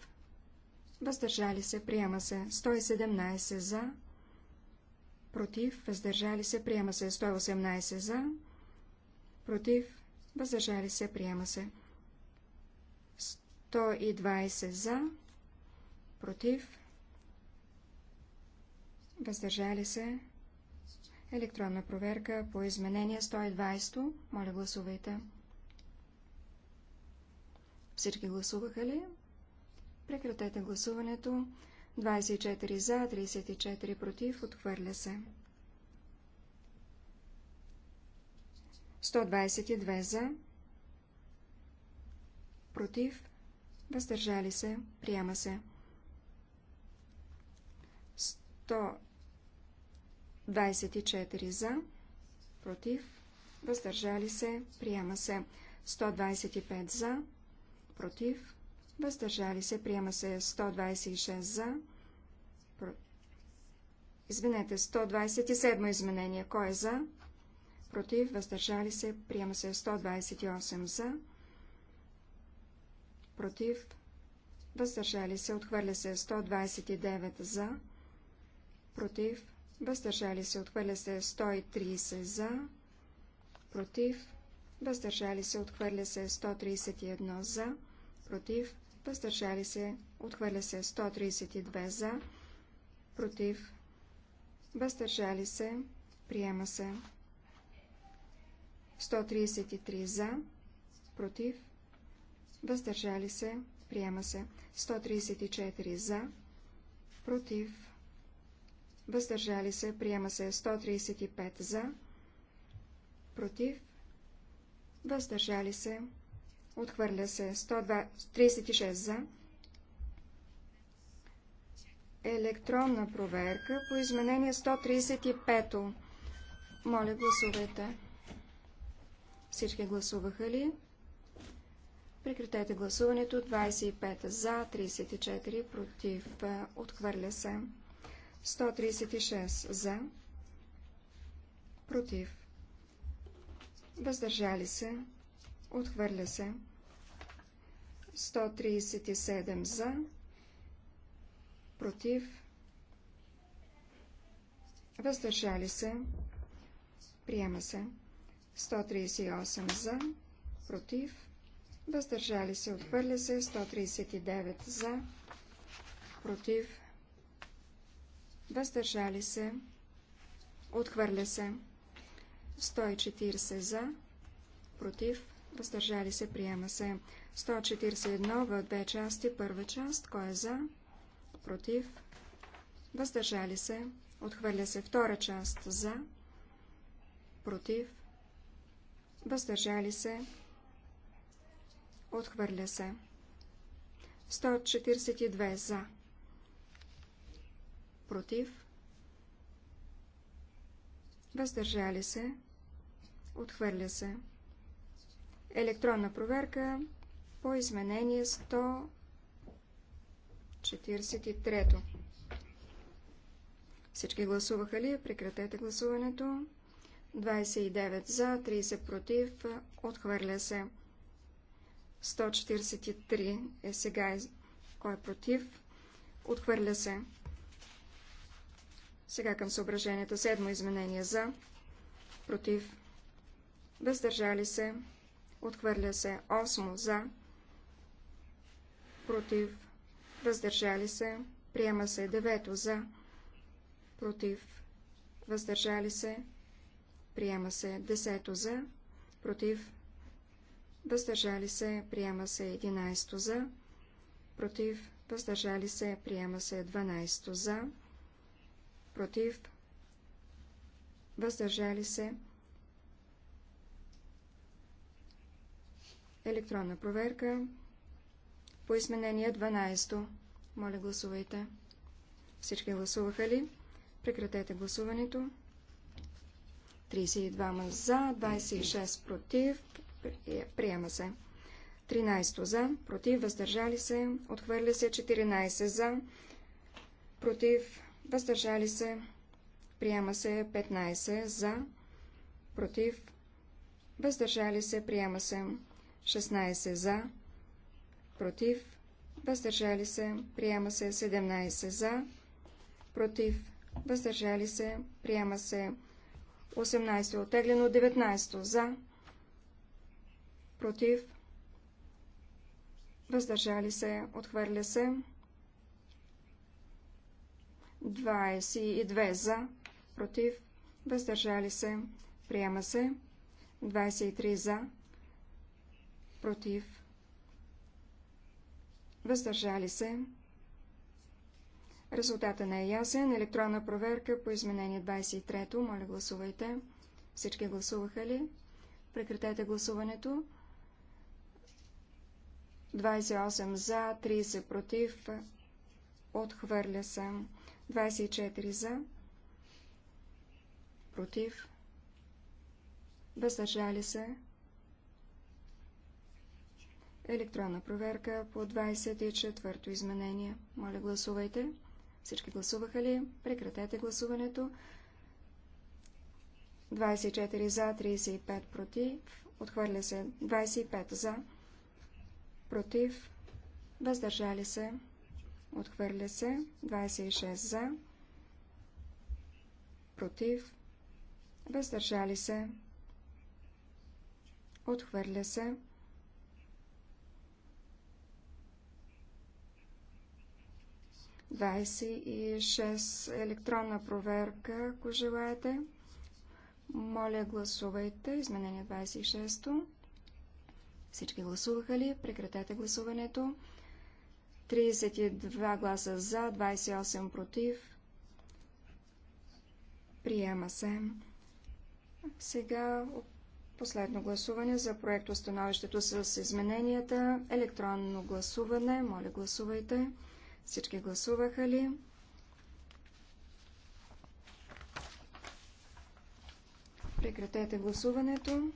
въздържали се, приема се 117 за, против, въздържали се, приема се 118 за, против, въздържали се, приема се 120 за, против, въздържали се, електронна проверка по изменение 120, моля гласувайте. Всички гласуваха ли? Прекратете гласуването. 24 за, 34 против. Отхвърля се. 122 за. Против. Въздържали се. Приема се. 124 за. Против. Въздържали се. Приема се. 125 за. Против въздържали се, приема се 126 за, извинете, 127 изменение, кой е за, против, въздържали се, приема се 128 за, против, въздържали се, отхвърля се 129 за, против, въздържали се, отхвърля се 130 за, против, въздържали се, отхвърля се 131 за, против, въздържали се, отхвърля се 132 за, против, въздържали се, приема се 133 за, против, въздържали се, приема се 134 за, против, въздържали се, приема се 135 за, против, въздържали се, Отхвърля се 136 за. Електронна проверка по изменение 135. Моля, гласувайте. Всички гласуваха ли? Прекратете гласуването. 25 за, 34 против. Отхвърля се. 136 за. Против. Въздържали се. Отхвърля се. 137 за. Против. Въздържали се. Приема се. 138 за. Против. Въздържали се. Отхвърля се. 139 за. Против. Въздържали се. Отхвърля се. 140 за. Против въздържали се, приема се. 141 в две части, първа част, кой е за, против, въздържали се, отхвърля се втора част, за, против, въздържали се, отхвърля се. 142 за, против, въздържали се, отхвърля се. Електронна проверка по изменение 143. Всички гласуваха ли? Прекратете гласуването. 29 за, 30 против, отхвърля се. 143 е сега. Кой е против? Отхвърля се. Сега към съображението. Седмо изменение за, против, въздържали се, Отхвърля се. 8 за. Против. Въздържали се. Приема се. 9 за. Против. Въздържали се. Приема се. 10 за. Против. Въздържали се. Приема се. 11 за. Против. Въздържали се. Приема се. 12 за. Против. Въздържали се. Електронна проверка по изменение 12. Моля, гласувайте. Всички гласуваха ли? Прекратете гласуването. 32 за, 26 против. Приема се. 13 за, против, въздържали се, отхвърля се 14 за, против, въздържали се, приема се 15 за, против, въздържали се, приема се 16 за, против, въздържали се, приема се 17 за, против, въздържали се, приема се 18 е оттеглено, 19 за, против, въздържали се, отхвърля се, 22 за, против, въздържали се, приема се, 23 за, против, въздържали се. Резултата не е ясен. Електронна проверка по изменение 23. Моля, гласувайте. Всички гласуваха ли? Прекратете гласуването. 28 за, 30 против. Отхвърля се. 24 за. Против. Въздържали се. Електронна проверка по 24-то изменение. Моля, гласувайте. Всички гласуваха ли? Прекратете гласуването. 24 за, 35 против. Отхвърля се 25 за, против. Въздържали се. Отхвърля се 26 за, против. Въздържали се. Отхвърля се 26 електронна проверка, ако желаете. Моля, гласувайте. Изменение 26-то. Всички гласуваха ли? Прекратете гласуването. 32 гласа за, 28 против. Приема се. Сега последно гласуване за проект, становището с измененията. Електронно гласуване. Моля, Гласувайте. Всички гласуваха ли? Прекратете гласуването.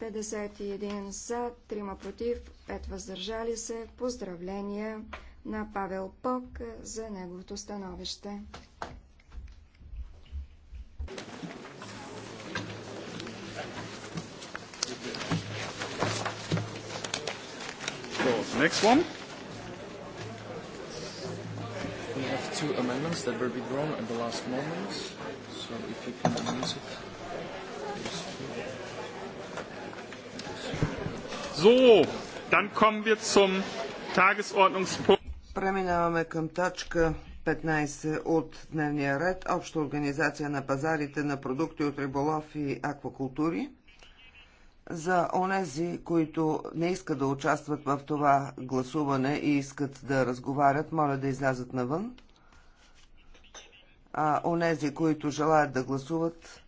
51 за, 3 против, 5 въздържали се. Поздравления на Павел Пок за неговото становище. Next one. two amendments that were withdrawn at the last moment. So if you can use it. So, dann kommen wir zum Tagesordnungspunkt. Преминаваме към точка 15 от дневния ред Обща организация на пазарите на продукти от риболов и аквакултури. За онези, които не искат да участват в това гласуване и искат да разговарят, моля да излязат навън а онези, които желаят да гласуват,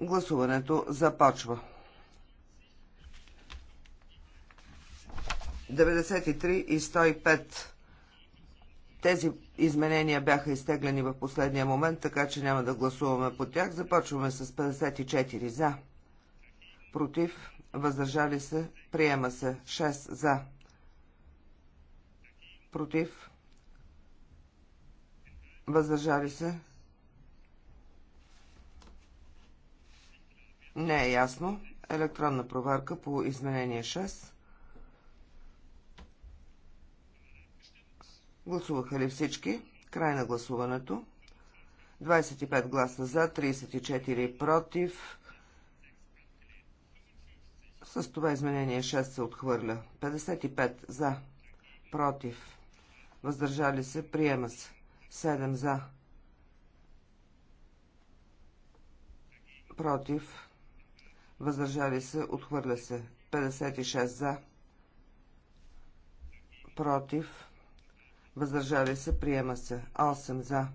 гласуването започва. 93 и 105. Тези изменения бяха изтеглени в последния момент, така че няма да гласуваме по тях. Започваме с 54 за. Против, въздържали се, приема се 6 за. Против, Въздържали се? Не е ясно. Електронна проверка по изменение 6. Гласуваха ли всички? Край на гласуването. 25 гласа за, 34 против. С това изменение 6 се отхвърля. 55 за, против. Въздържали се, приема се. 7 за. Против. Въздържали се. Отхвърля се. 56 за. Против. Въздържали се. Приема се. 8 за.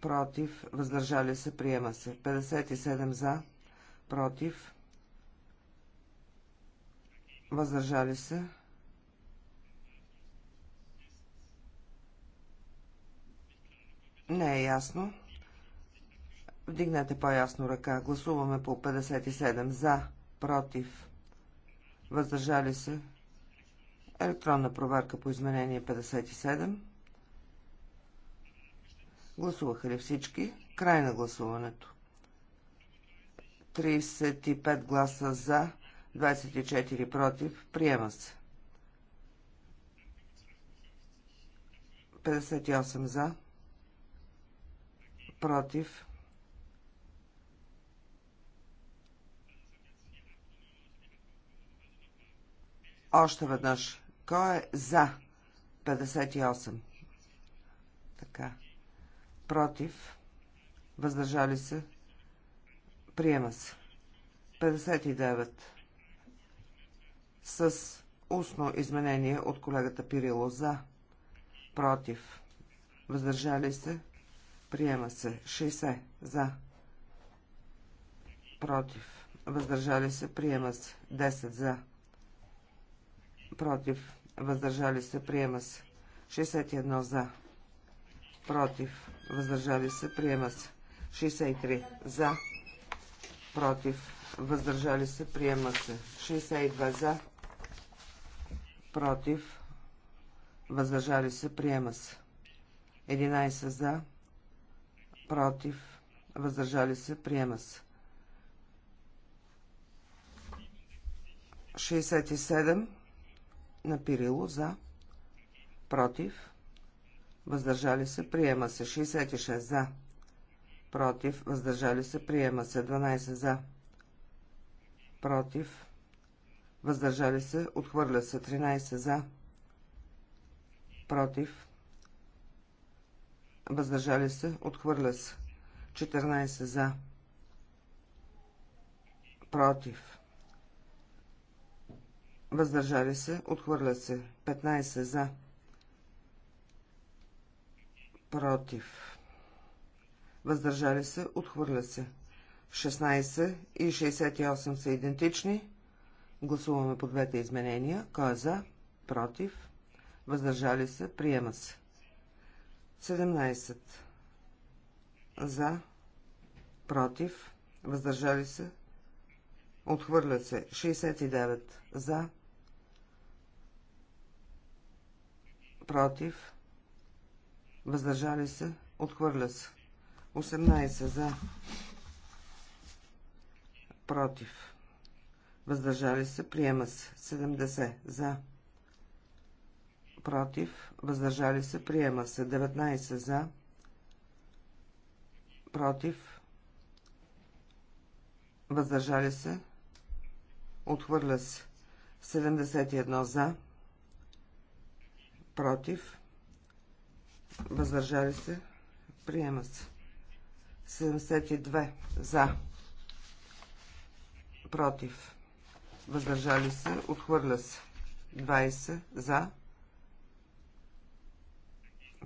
Против. Въздържали се. Приема се. 57 за. Против. Въздържали се. Не е ясно. Вдигнете по-ясно ръка. Гласуваме по 57 за, против, въздържали се. Електронна проверка по изменение 57. Гласуваха ли всички? Край на гласуването. 35 гласа за, 24 против. Приема се. 58 за, против. Още веднъж. Кой е за 58? Така. Против. Въздържали се. Приема се. 59. С устно изменение от колегата Пирило за. Против. Въздържали се. Приема се. 60. За. Против. Въздържали се. Приема се. 10. За. Против. Въздържали се. Приема се. 61. За. Против. Въздържали се. Приема се. 63. За. Против. Въздържали се. Приема се. 62. За. Против. Въздържали се. Приема се. 11. За против, въздържали се, приема се. 67 на Пирило за, против, въздържали се, приема се. 66 за, против, въздържали се, приема се. 12 за, против, въздържали се, отхвърля се. 13 за, против, въздържали се, отхвърля се. 14 за, против, въздържали се, отхвърля се. 15 за, против, въздържали се, отхвърля се. 16 и 68 са идентични. Гласуваме по двете изменения. Кой е за? Против. Въздържали се. Приема се. 17. За, против, въздържали се, отхвърлят се. 69. За, против, въздържали се, отхвърля се. 18. За, против, въздържали се, приема се. 70. За, против против, въздържали се, приема се. 19 за, против, въздържали се, отхвърля се. 71 за, против, въздържали се, приема се. 72 за, против, въздържали се, отхвърля се. 20 за,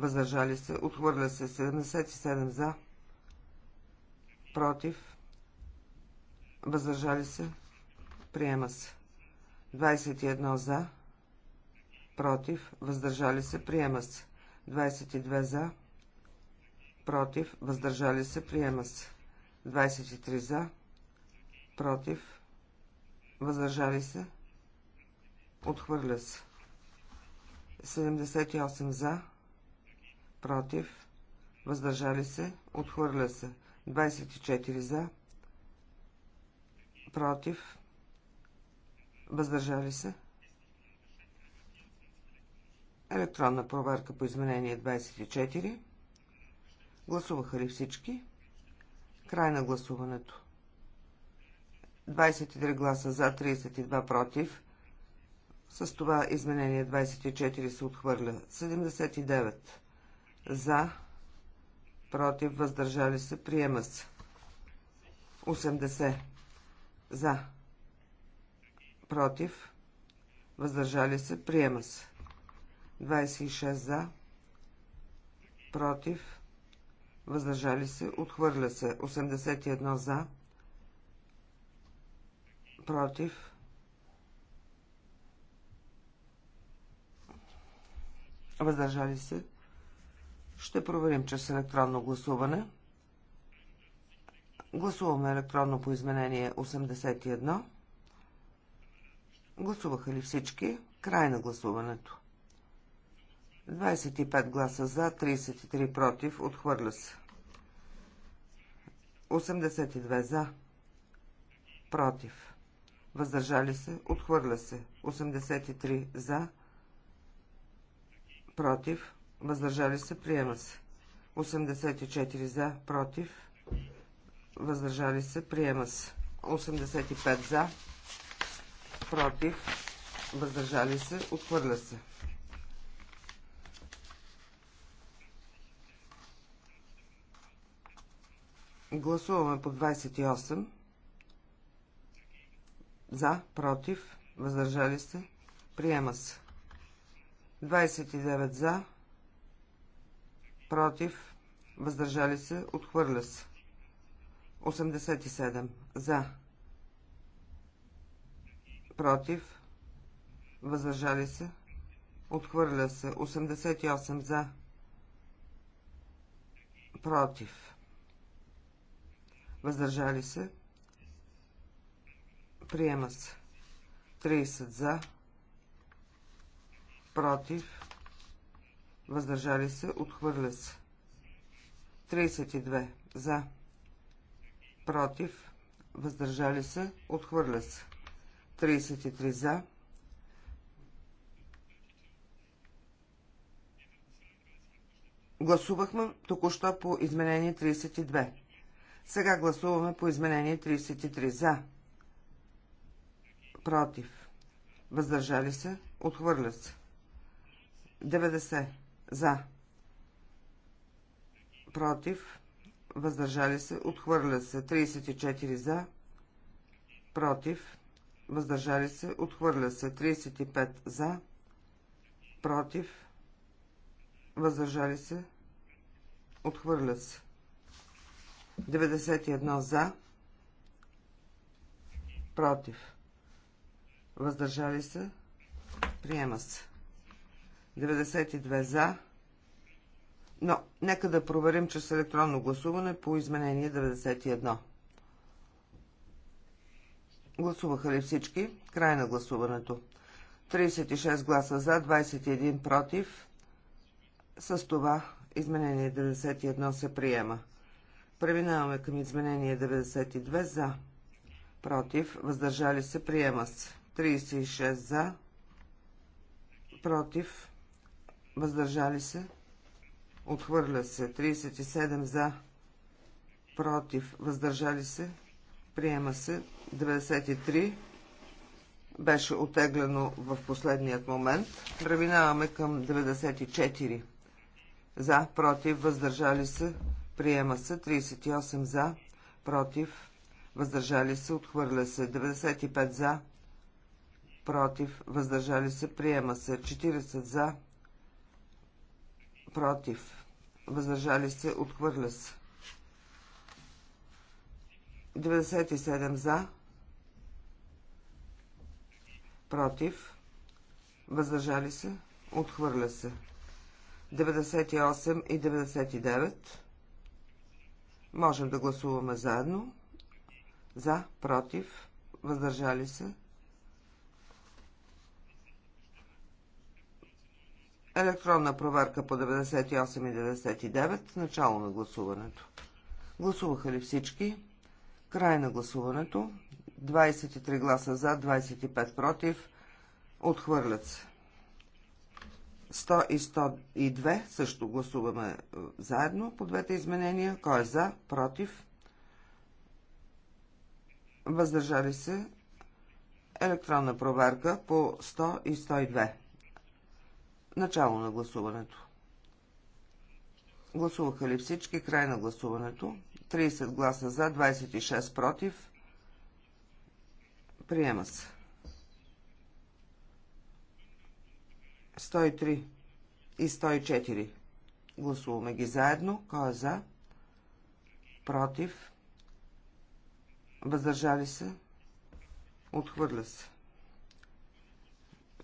въздържали се, отхвърля се 77 за, против, въздържали се, приема се 21 за, против, въздържали се, приема се 22 за, против, въздържали се, приема се 23 за, против, въздържали се, отхвърля се 78 за, против, въздържали се, отхвърля се. 24 за, против, въздържали се. Електронна проверка по изменение 24. Гласуваха ли всички? Край на гласуването. 23 гласа за, 32 против. С това изменение 24 се отхвърля. 79 за, против, въздържали се, приема се. 80 за, против, въздържали се, приема се. 26 за, против, въздържали се, отхвърля се. 81 за, против, въздържали се, ще проверим чрез електронно гласуване. Гласуваме електронно по изменение 81. Гласуваха ли всички? Край на гласуването. 25 гласа за, 33 против, отхвърля се. 82 за, против, въздържали се, отхвърля се. 83 за, против, въздържали се, приема се. 84 за, против, въздържали се, приема се. 85 за, против, въздържали се, отхвърля се. Гласуваме по 28. За, против, въздържали се, приема се. 29 за, против, въздържали се, отхвърля се. 87. За. Против. Въздържали се. Отхвърля се. 88. За. Против. Въздържали се. Приема се. 30 за. Против въздържали се, отхвърля се. 32 за, против, въздържали се, отхвърля се. 33 за, Гласувахме току-що по изменение 32. Сега гласуваме по изменение 33. За. Против. Въздържали се. Отхвърля се. 90. За. Против. Въздържали се. Отхвърля се. 34 за. Против. Въздържали се. Отхвърля се. 35 за. Против. Въздържали се. Отхвърля се. 91 за. Против. Въздържали се. Приема се. 92 за. Но, нека да проверим, че с електронно гласуване по изменение 91. Гласуваха ли всички? Край на гласуването. 36 гласа за, 21 против. С това изменение 91 се приема. Преминаваме към изменение 92 за. Против. Въздържали се. Приема се. 36 за. Против въздържали се, отхвърля се, 37 за, против, въздържали се, приема се, 93 беше отеглено в последният момент. Преминаваме към 94 за, против, въздържали се, приема се, 38 за, против, въздържали се, отхвърля се, 95 за, против, въздържали се, приема се, 40 за, против, въздържали се, отхвърля се. 97 за, против, въздържали се, отхвърля се. 98 и 99 можем да гласуваме заедно. За, против, въздържали се, Електронна проверка по 98 и 99. Начало на гласуването. Гласуваха ли всички? Край на гласуването. 23 гласа за, 25 против. Отхвърлят се. 100 и 102 също гласуваме е, заедно по двете изменения. Кой е за? Против? Въздържали се електронна проверка по 100 и 102. Начало на гласуването. Гласуваха ли всички? Край на гласуването. 30 гласа за, 26 против. Приема се. 103 и 104. Гласуваме ги заедно. Кой е за? Против. Въздържали се. Отхвърля се.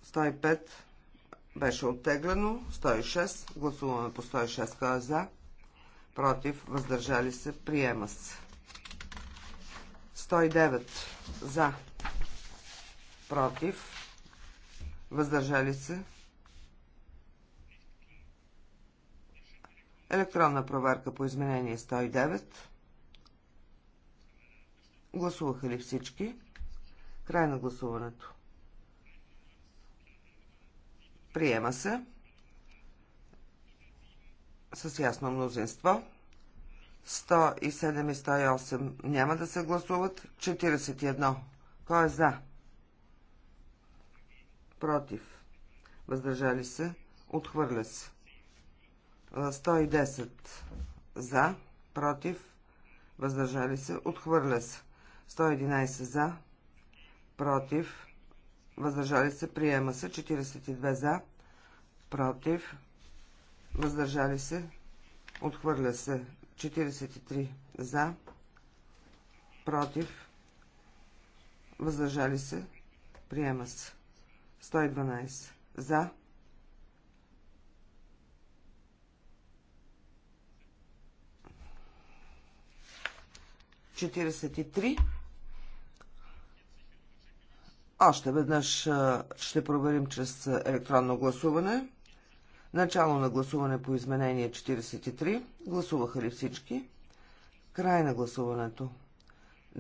105 беше оттеглено. 106. Гласуваме по 106. Кой е за? Против. Въздържали се. Приема се. 109. За. Против. Въздържали се. Електронна проверка по изменение 109. Гласуваха ли всички? Край на гласуването. Приема се с ясно мнозинство. 107 и 108 няма да се гласуват. 41. Кой е за? Против. Въздържали се. Отхвърля се. 110 за. Против. Въздържали се. Отхвърля се. 111 за. Против въздържали се, приема се. 42 за, против, въздържали се, отхвърля се. 43 за, против, въздържали се, приема се. 112 за, Четиридесет и три. Още веднъж ще проверим чрез електронно гласуване. Начало на гласуване по изменение 43. Гласуваха ли всички? Край на гласуването.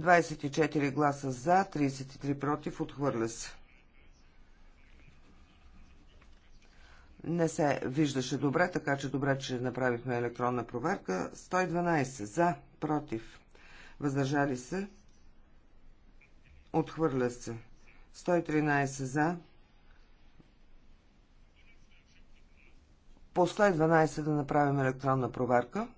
24 гласа за, 33 против, отхвърля се. Не се виждаше добре, така че добре, че направихме електронна проверка. 112 за, против, въздържали се, отхвърля се. 113 за. По 112 да направим електронна проверка.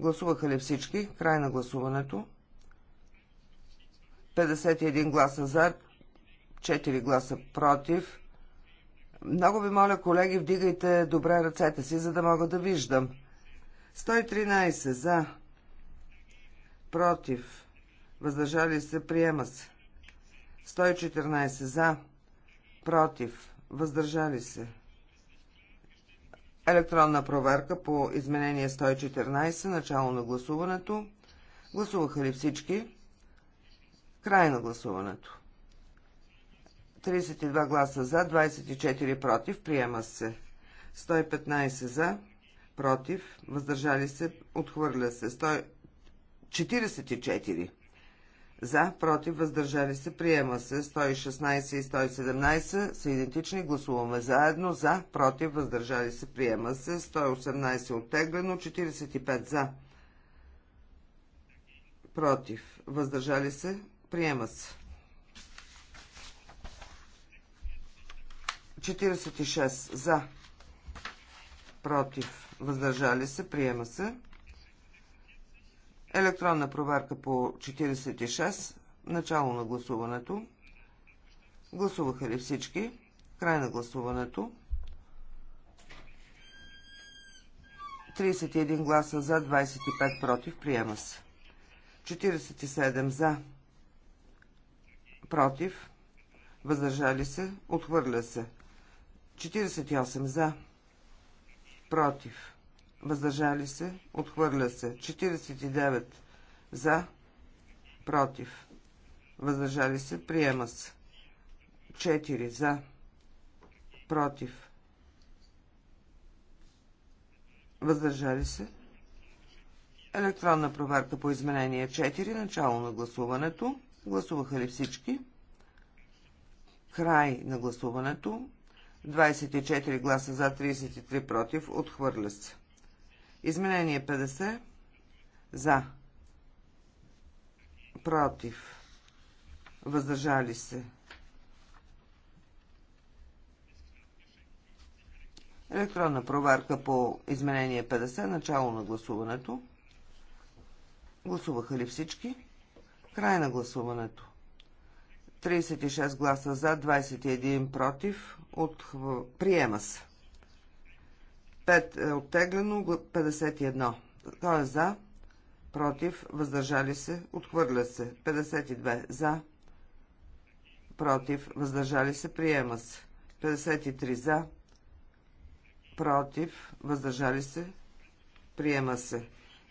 Гласуваха ли всички? Край на гласуването. 51 гласа за, 4 гласа против. Много ви моля, колеги, вдигайте добре ръцете си, за да мога да виждам. 113 за, против, въздържали се, приема се. 114 за, против, въздържали се. Електронна проверка по изменение 114, начало на гласуването. Гласуваха ли всички? Край на гласуването. 32 гласа за, 24 против, приема се. 115 за, против, въздържали се, отхвърля се. 144 за, против, въздържали се, приема се. 116 и 117 са идентични, гласуваме заедно, за, против, въздържали се, приема се. 118 е оттеглено, 45 за, против, въздържали се, приема се. 46 за, против, въздържали се, приема се. Електронна проверка по 46. Начало на гласуването. Гласуваха ли всички? Край на гласуването. 31 гласа за, 25 против. Приема се. 47 за, против, въздържали се, отхвърля се. 48 за, против, въздържали се, отхвърля се. 49 за, против, въздържали се, приема се. 4 за, против, въздържали се. Електронна проверка по изменение 4, начало на гласуването. Гласуваха ли всички? Край на гласуването. 24 гласа за, 33 против, отхвърля се. Изменение 50. За. Против. Въздържали се. Електронна проверка по изменение 50. Начало на гласуването. Гласуваха ли всички? Край на гласуването. 36 гласа за, 21 против. Приема се. 5 е оттеглено, 51. Той е за? Против, въздържали се, отхвърля се. 52. За. Против, въздържали се, приема се. 53. За. Против, въздържали се, приема се.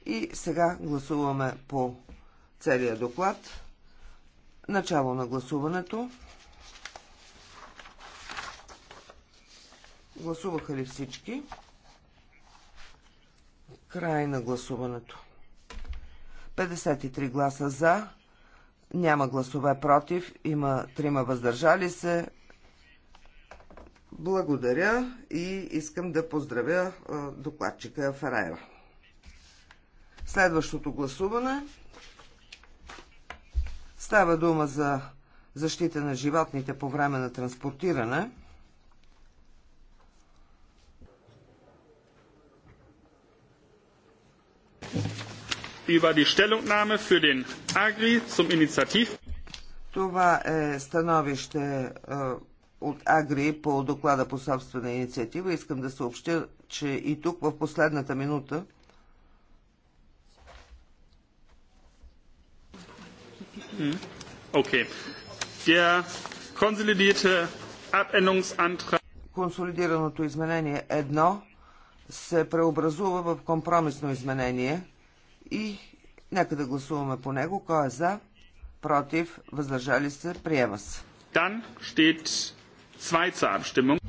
И сега гласуваме по целия доклад. Начало на гласуването. Гласуваха ли всички? Край на гласуването. 53 гласа за, няма гласове против, има трима въздържали се. Благодаря и искам да поздравя докладчика Фараева. Следващото гласуване става дума за защита на животните по време на транспортиране. über die Stellungnahme für den Agri zum Initiativ. Това е становище е, от Агри по доклада по собствена инициатива. Искам да съобщя, че и тук в последната минута Консолидираното изменение едно се преобразува в компромисно изменение и нека да гласуваме по него. Кой е за? Против? Въздържали се? Приема се. Dann steht zwei zur Abstimmung.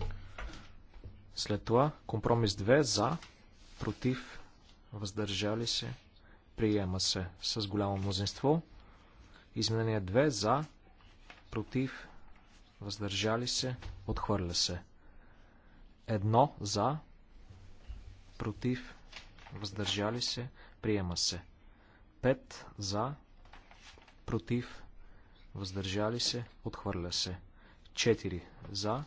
След това компромис 2 за, против, въздържали се, приема се с голямо мнозинство. Изменение 2 за, против, въздържали се, отхвърля се. Едно за, против, въздържали се, Приема се. 5 за, против, въздържали се, отхвърля се. 4 за,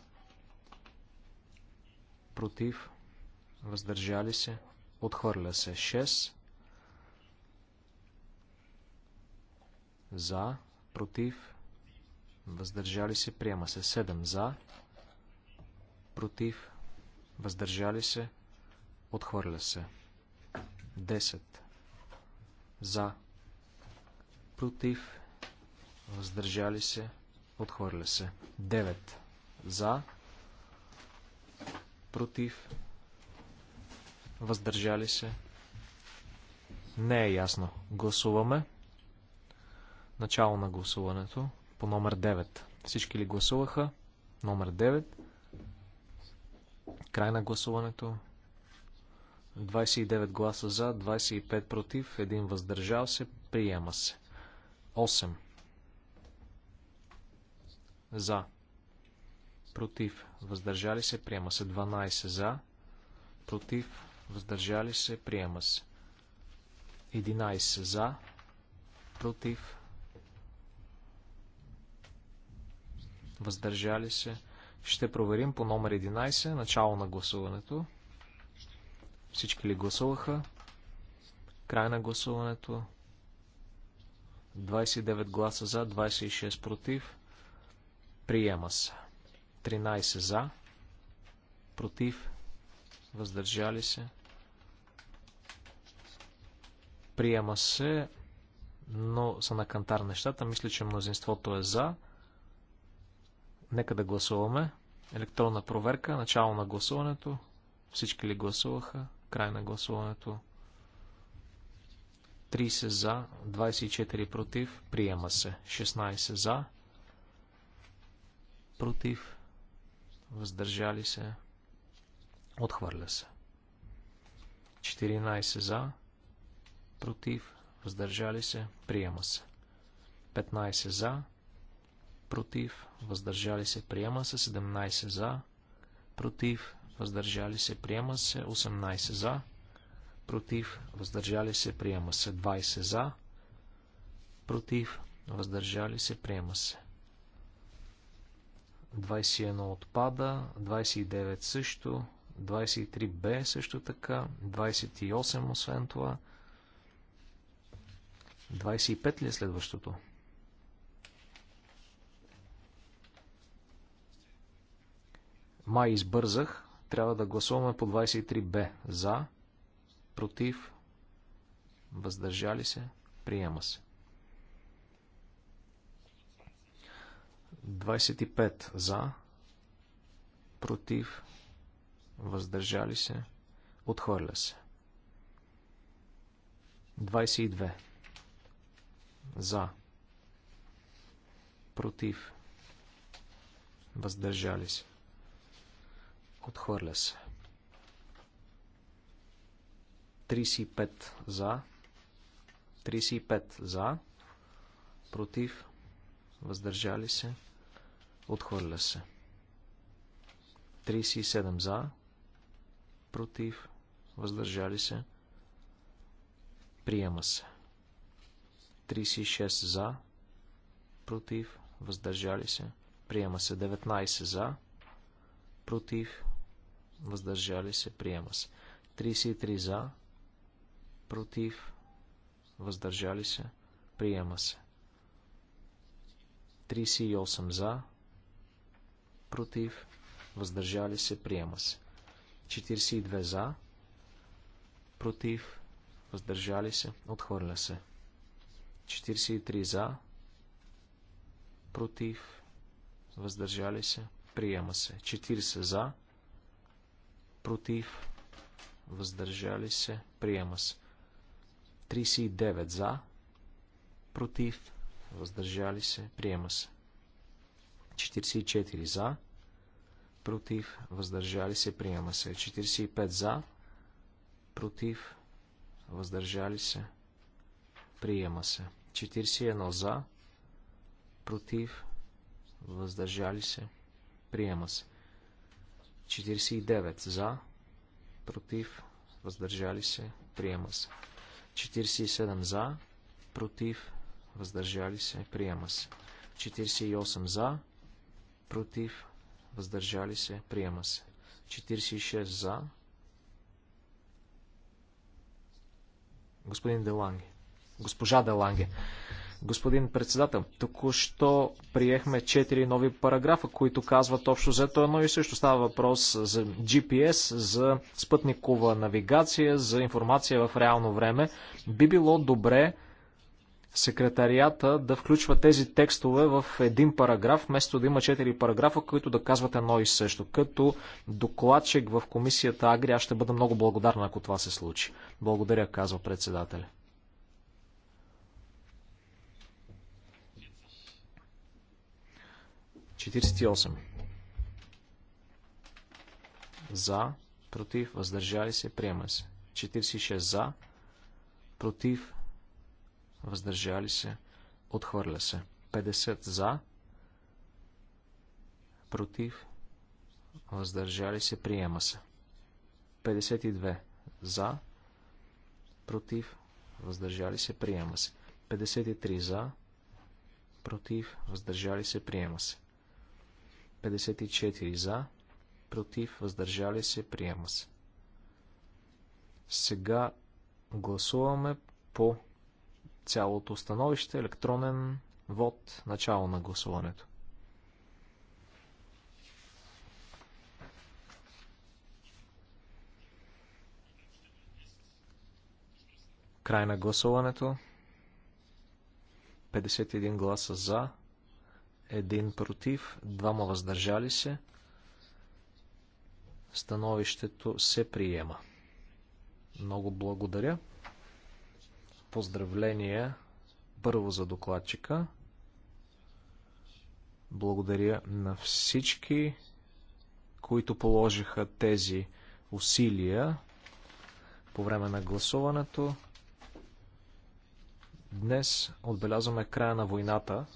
против, въздържали се, отхвърля се. 6 за, против, въздържали се, приема се. 7 за, против, въздържали се, отхвърля се. 10 за, против, въздържали се, отхвърля се. 9 за, против, въздържали се. Не е ясно. Гласуваме. Начало на гласуването по номер 9. Всички ли гласуваха? Номер 9. Край на гласуването. 29 гласа за, 25 против, 1 въздържал се, приема се. 8. За. Против. Въздържали се, приема се. 12 за. Против. Въздържали се, приема се. 11 за. Против. Въздържали се. Ще проверим по номер 11, начало на гласуването. Всички ли гласуваха? Край на гласуването. 29 гласа за, 26 против. Приема се. 13 за, против, въздържали се. Приема се, но са на кантар нещата. Мисля, че мнозинството е за. Нека да гласуваме. Електронна проверка, начало на гласуването. Всички ли гласуваха? Край на гласуването. 30 за, 24 против, приема се. 16 за, против, въздържали се, отхвърля се. 14 за, против, въздържали се, приема се. 15 за, против, въздържали се, приема се. 17 за, против, въздържали се, приема се. 18 за, против, въздържали се, приема се. 20 за, против, въздържали се, приема се. 21 отпада, 29 също, 23 Б също така, 28 освен това. 25 ли е следващото? Май избързах. Трябва да гласуваме по 23Б. За, против, въздържали се, приема се. 25 за, против, въздържали се, отхвърля се. 22 за, против, въздържали се. Отхвърля се. 35 за. 35 за. Против. Въздържали се. Отхвърля се. 37 за. Против. Въздържали се. Приема се. 36 за. Против. Въздържали се. Приема се. 19 за. Против въздържали се, приема се. 33 за, против, въздържали се, приема се. 38 за, против, въздържали се, приема се. 42 за, против, въздържали се, отхвърля се. 43 за, против, въздържали се, приема се. 40 за, против, въздържали се, приема се. 39 за, против, въздържали се, приема се. 44 за, против, въздържали се, приема се. 45 за, против, въздържали се, приема се. 41 за, против, въздържали се, приема се. 49 за, против, въздържали се, приема се. 47 за, против, въздържали се, приема се. 48 за, против, въздържали се, приема се. 46 за. Господин Деланге. Госпожа Деланге. Господин председател, току-що приехме четири нови параграфа, които казват общо взето едно и също. Става въпрос за GPS, за спътникова навигация, за информация в реално време. Би било добре секретарията да включва тези текстове в един параграф, вместо да има четири параграфа, които да казват едно и също. Като докладчик в комисията Агри, аз ще бъда много благодарна, ако това се случи. Благодаря, казва председателя. 48. За, против, въздържали се, приема се. 46 за, против, въздържали се, отхвърля се. 50 за, против, въздържали се, приема се. 52 за, против, въздържали се, приема се. 53 за, против, въздържали се, приема се. 54 за, против, въздържали се, приема се. Сега гласуваме по цялото становище, електронен вод, начало на гласуването. Край на гласуването. 51 гласа за, един против, двама въздържали се. Становището се приема. Много благодаря. Поздравления първо за докладчика. Благодаря на всички, които положиха тези усилия по време на гласуването. Днес отбелязваме края на войната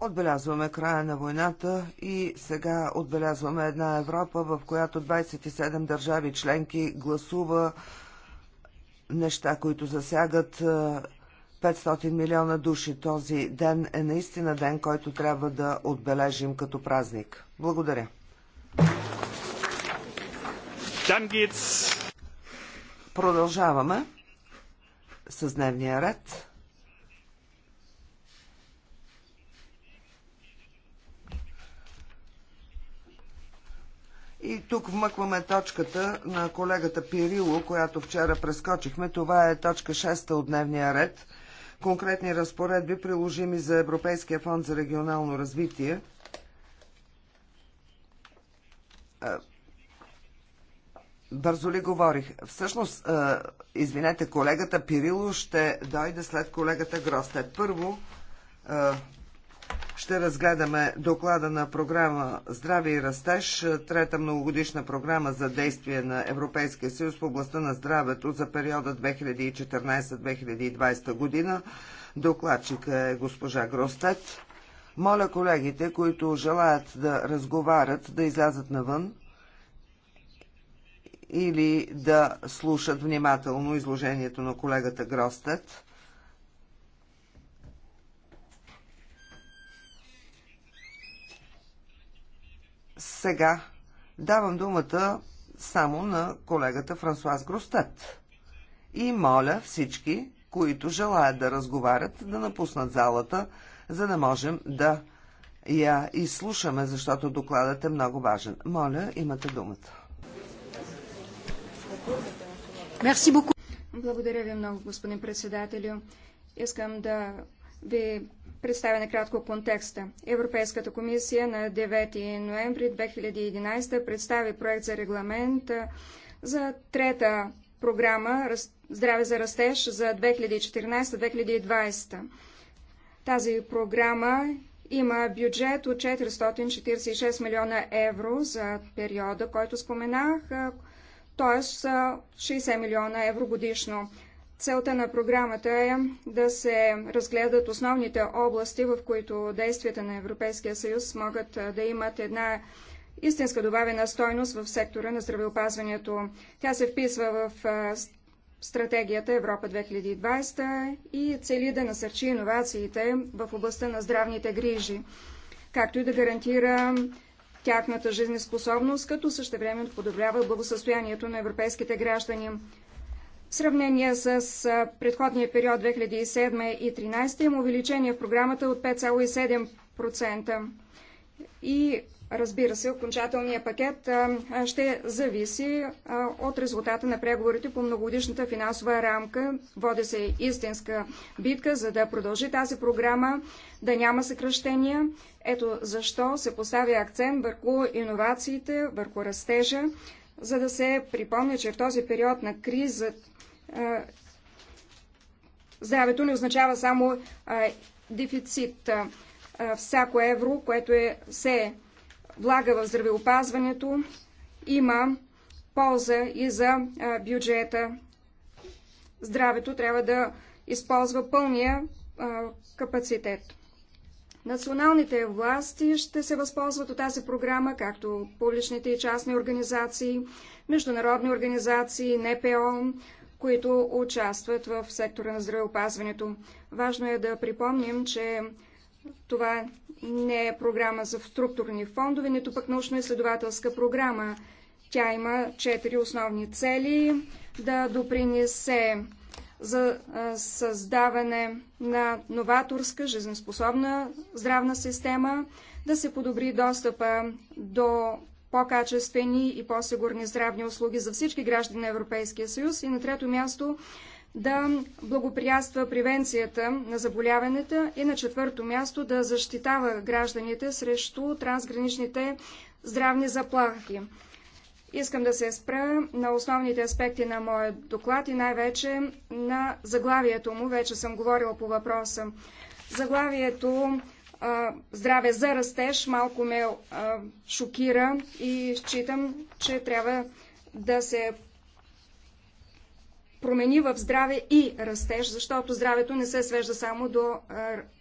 Отбелязваме края на войната и сега отбелязваме една Европа, в която 27 държави членки гласува неща, които засягат 500 е, милиона души. Този ден е наистина ден, който трябва да отбележим като празник. Благодаря. Продължаваме с дневния ред. И тук вмъкваме точката на колегата Пирило, която вчера прескочихме. Това е точка 6 от дневния ред. Конкретни разпоредби, приложими за Европейския фонд за регионално развитие. Бързо ли говорих? Всъщност, извинете, колегата Пирило ще дойде след колегата Гросте. Първо, ще разгледаме доклада на програма Здраве и растеж, трета многогодишна програма за действие на Европейския съюз в областта на здравето за периода 2014-2020 година. Докладчика е госпожа Гростет. Моля колегите, които желаят да разговарят, да излязат навън или да слушат внимателно изложението на колегата Гростет. Сега давам думата само на колегата Франсуаз Гростът. И моля всички, които желаят да разговарят, да напуснат залата, за да можем да я изслушаме, защото докладът е много важен. Моля, имате думата. Благодаря ви много, господин председателю. Искам да ви представя кратко контекста. Европейската комисия на 9 ноември 2011 представи проект за регламент за трета програма Здраве за растеж за 2014-2020. Тази програма има бюджет от 446 милиона евро за периода, който споменах, т.е. 60 милиона евро годишно. Целта на програмата е да се разгледат основните области, в които действията на Европейския съюз могат да имат една истинска добавена стойност в сектора на здравеопазването. Тя се вписва в стратегията Европа 2020 и цели да насърчи иновациите в областта на здравните грижи, както и да гарантира тяхната жизнеспособност, като същевременно подобрява благосъстоянието на европейските граждани. В сравнение с предходния период 2007 и 2013 има увеличение в програмата от 5,7%. И разбира се, окончателният пакет ще зависи от резултата на преговорите по многогодишната финансова рамка. Води се истинска битка, за да продължи тази програма, да няма съкръщения. Ето защо се поставя акцент върху иновациите, върху растежа, за да се припомня, че в този период на криза Здравето не означава само дефицит. Всяко евро, което е, се влага в здравеопазването, има полза и за бюджета. Здравето трябва да използва пълния капацитет. Националните власти ще се възползват от тази програма, както публичните и частни организации, международни организации, НПО, които участват в сектора на здравеопазването. Важно е да припомним, че това не е програма за структурни фондове, нито пък научно-изследователска програма. Тя има четири основни цели да допринесе за създаване на новаторска, жизнеспособна здравна система, да се подобри достъпа до по-качествени и по-сигурни здравни услуги за всички граждани на Европейския съюз и на трето място да благоприятства превенцията на заболяванията и на четвърто място да защитава гражданите срещу трансграничните здравни заплахи. Искам да се спра на основните аспекти на моя доклад и най-вече на заглавието му. Вече съм говорила по въпроса. Заглавието здраве за растеж малко ме шокира и считам, че трябва да се промени в здраве и растеж, защото здравето не се свежда само до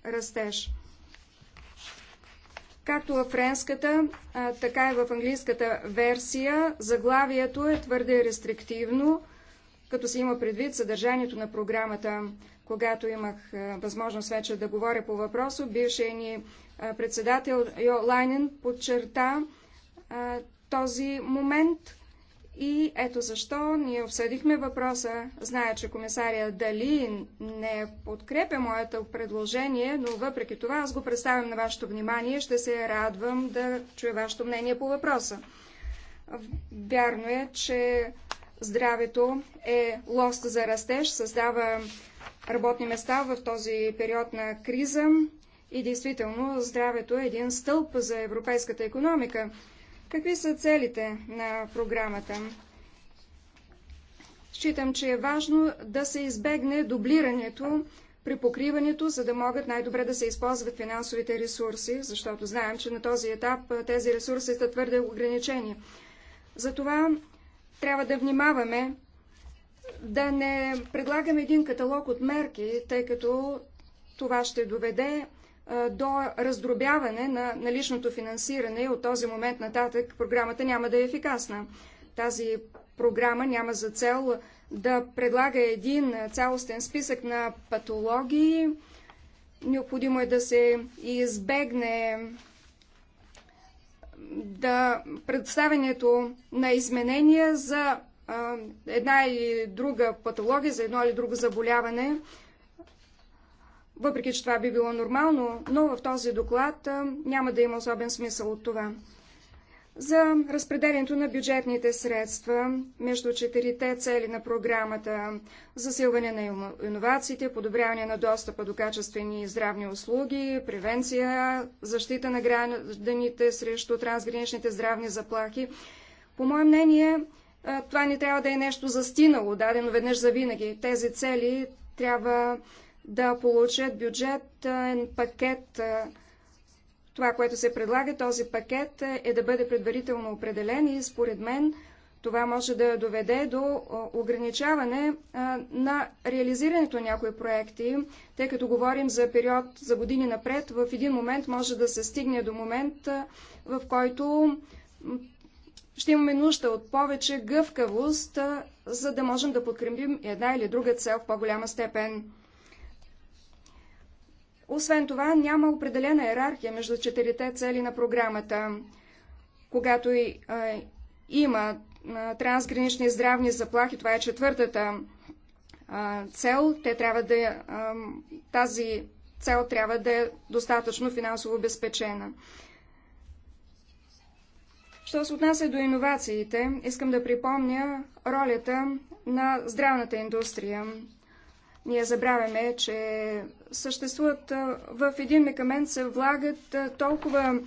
растеж. Както във френската, така и в английската версия, заглавието е твърде рестриктивно, като се има предвид съдържанието на програмата когато имах възможност вече да говоря по въпроса, бившия ни председател Йо Лайнен подчерта този момент. И ето защо ние обсъдихме въпроса. Зная, че комисария Дали не подкрепя моето предложение, но въпреки това аз го представям на вашето внимание. Ще се радвам да чуя вашето мнение по въпроса. Вярно е, че здравето е лост за растеж, създава работни места в този период на криза и действително здравето е един стълб за европейската економика. Какви са целите на програмата? Считам, че е важно да се избегне дублирането при покриването, за да могат най-добре да се използват финансовите ресурси, защото знаем, че на този етап тези ресурси са твърде ограничени. Затова трябва да внимаваме да не предлагаме един каталог от мерки, тъй като това ще доведе до раздробяване на наличното финансиране и от този момент нататък програмата няма да е ефикасна. Тази програма няма за цел да предлага един цялостен списък на патологии. Необходимо е да се избегне да представянето на изменения за една или друга патология, за едно или друго заболяване, въпреки че това би било нормално, но в този доклад няма да има особен смисъл от това. За разпределението на бюджетните средства между четирите цели на програмата засилване на иновациите, подобряване на достъпа до качествени и здравни услуги, превенция, защита на гражданите срещу трансграничните здравни заплахи, по мое мнение, това не трябва да е нещо застинало, дадено веднъж за винаги. Тези цели трябва да получат бюджетен пакет. Това, което се предлага, този пакет е да бъде предварително определен и според мен това може да доведе до ограничаване на реализирането на някои проекти, тъй като говорим за период за години напред, в един момент може да се стигне до момент, в който ще имаме нужда от повече гъвкавост, за да можем да подкрепим една или друга цел в по-голяма степен. Освен това, няма определена иерархия между четирите цели на програмата. Когато и, а, има а, трансгранични здравни заплахи, това е четвъртата а, цел, те трябва да, а, тази цел трябва да е достатъчно финансово обезпечена. Що се отнася до иновациите, искам да припомня ролята на здравната индустрия. Ние забравяме, че съществуват в един мекамент се влагат толкова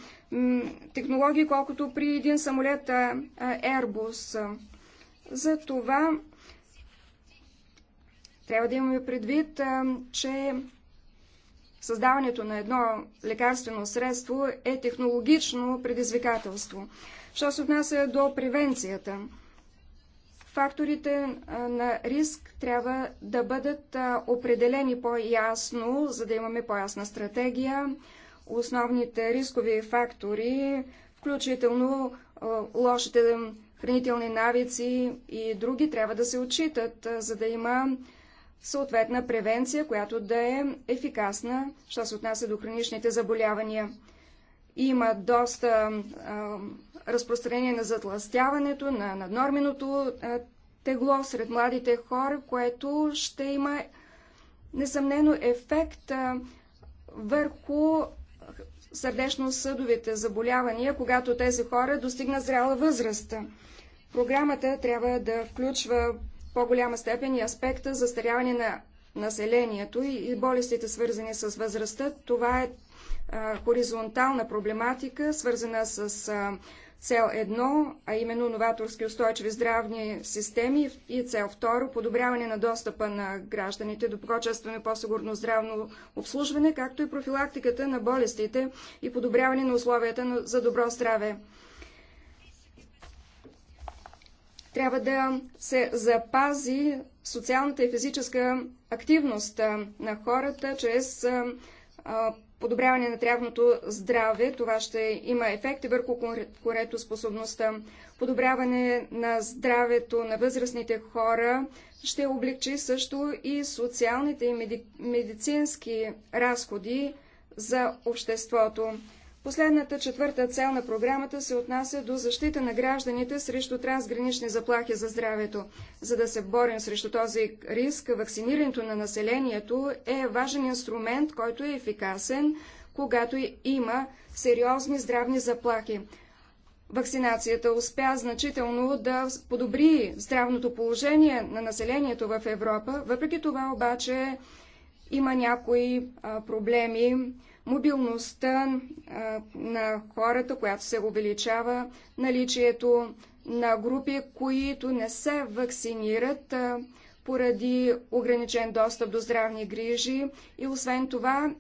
технологии, колкото при един самолет Airbus. За това трябва да имаме предвид, че създаването на едно лекарствено средство е технологично предизвикателство. Що се отнася до превенцията, факторите на риск трябва да бъдат определени по-ясно, за да имаме по-ясна стратегия. Основните рискови фактори, включително лошите хранителни навици и други, трябва да се отчитат, за да има съответна превенция, която да е ефикасна, що се отнася до хроничните заболявания. Има доста а, разпространение на затластяването, на наднорменото тегло сред младите хора, което ще има несъмнено ефект върху сърдечно-съдовите заболявания, когато тези хора достигнат зряла възраст. Програмата трябва да включва по-голяма степен и аспекта за старяване на населението и болестите, свързани с възрастта. Това е хоризонтална проблематика, свързана с цел 1, а именно новаторски устойчиви здравни системи и цел 2, подобряване на достъпа на гражданите до прочестване по-сигурно здравно обслужване, както и профилактиката на болестите и подобряване на условията за добро здраве. Трябва да се запази социалната и физическа активност на хората чрез подобряване на травното здраве. Това ще има ефекти върху конкурентоспособността. Подобряване на здравето на възрастните хора ще облегчи също и социалните и медицински разходи за обществото. Последната четвърта цел на програмата се отнася до защита на гражданите срещу трансгранични заплахи за здравето. За да се борим срещу този риск, вакцинирането на населението е важен инструмент, който е ефикасен, когато има сериозни здравни заплахи. Вакцинацията успя значително да подобри здравното положение на населението в Европа. Въпреки това обаче има някои проблеми, мобилността на хората, която се увеличава, наличието на групи, които не се вакцинират поради ограничен достъп до здравни грижи и освен това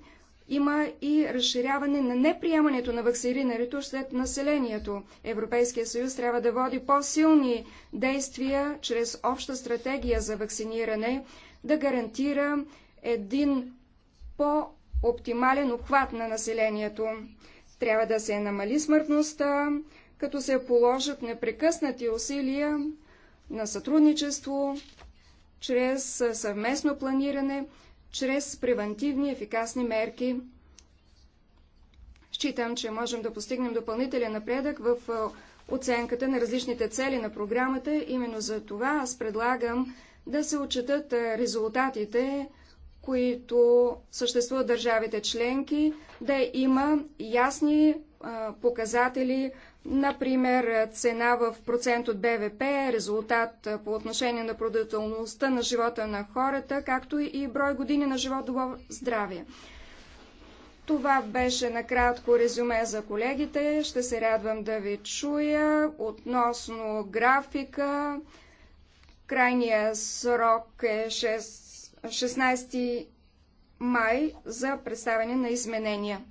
има и разширяване на неприемането на вакцинирането след населението. Европейския съюз трябва да води по-силни действия чрез обща стратегия за вакциниране, да гарантира един по оптимален обхват на населението. Трябва да се намали смъртността, като се положат непрекъснати усилия на сътрудничество, чрез съвместно планиране, чрез превентивни ефикасни мерки. Считам, че можем да постигнем допълнителен напредък в оценката на различните цели на програмата. Именно за това аз предлагам да се отчитат резултатите които съществуват държавите членки, да има ясни показатели, например цена в процент от БВП, резултат по отношение на продължителността на живота на хората, както и брой години на живот до здраве. Това беше накратко резюме за колегите. Ще се радвам да ви чуя относно графика. Крайният срок е 6 16 май за представяне на изменения.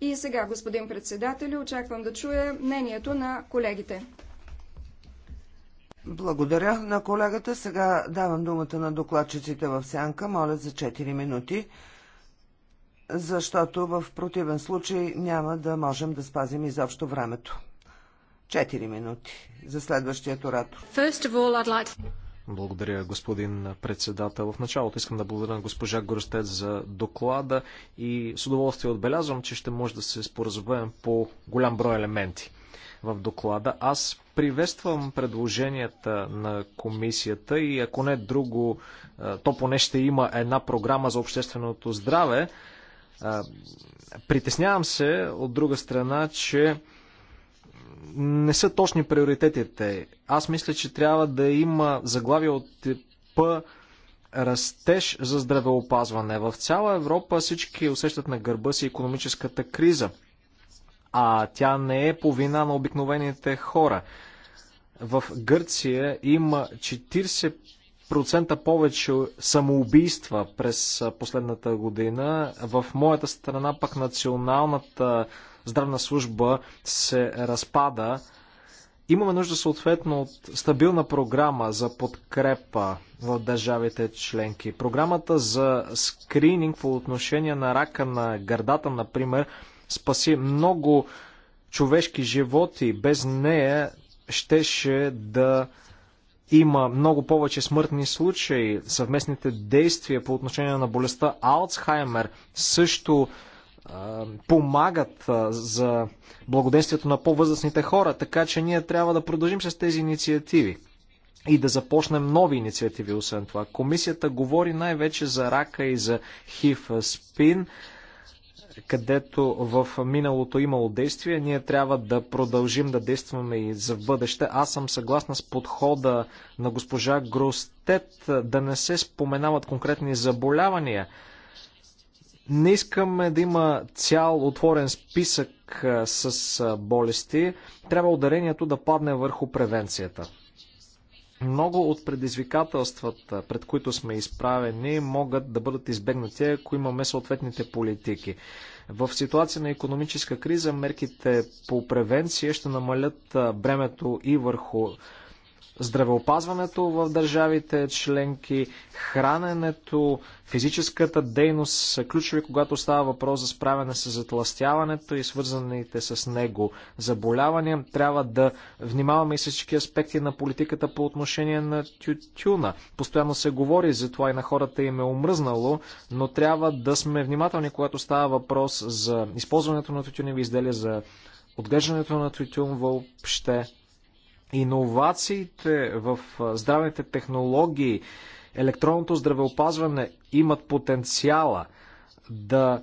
И сега, господин председател, очаквам да чуя мнението на колегите. Благодаря на колегата. Сега давам думата на докладчиците в сянка. Моля за 4 минути, защото в противен случай няма да можем да спазим изобщо времето. 4 минути за следващия оратор. Благодаря, господин председател. В началото искам да благодаря на госпожа Горстец за доклада и с удоволствие отбелязвам, че ще може да се споразумеем по голям брой елементи в доклада. Аз приветствам предложенията на комисията и ако не друго, то поне ще има една програма за общественото здраве. Притеснявам се от друга страна, че не са точни приоритетите. Аз мисля, че трябва да има заглавия от типа растеж за здравеопазване. В цяла Европа всички усещат на гърба си економическата криза, а тя не е по вина на обикновените хора. В Гърция има 40 процента повече самоубийства през последната година. В моята страна пък националната здравна служба се разпада. Имаме нужда съответно от стабилна програма за подкрепа в държавите членки. Програмата за скрининг по отношение на рака на гърдата, например, спаси много човешки животи. Без нея щеше да има много повече смъртни случаи. Съвместните действия по отношение на болестта Алцхаймер също е, помагат е, за благоденствието на по-възрастните хора, така че ние трябва да продължим с тези инициативи и да започнем нови инициативи, освен това. Комисията говори най-вече за рака и за хив спин. Uh, където в миналото имало действие, ние трябва да продължим да действаме и за в бъдеще. Аз съм съгласна с подхода на госпожа Гростет да не се споменават конкретни заболявания. Не искаме да има цял отворен списък с болести. Трябва ударението да падне върху превенцията. Много от предизвикателствата, пред които сме изправени, могат да бъдат избегнати, ако имаме съответните политики. В ситуация на економическа криза мерките по превенция ще намалят бремето и върху здравеопазването в държавите членки, храненето, физическата дейност са ключови, когато става въпрос за справяне с затластяването и свързаните с него заболявания. Трябва да внимаваме и всички аспекти на политиката по отношение на тютюна. Постоянно се говори за това и на хората им е омръзнало, но трябва да сме внимателни, когато става въпрос за използването на тютюневи изделия, за отглеждането на тютюн въобще иновациите в здравните технологии, електронното здравеопазване имат потенциала да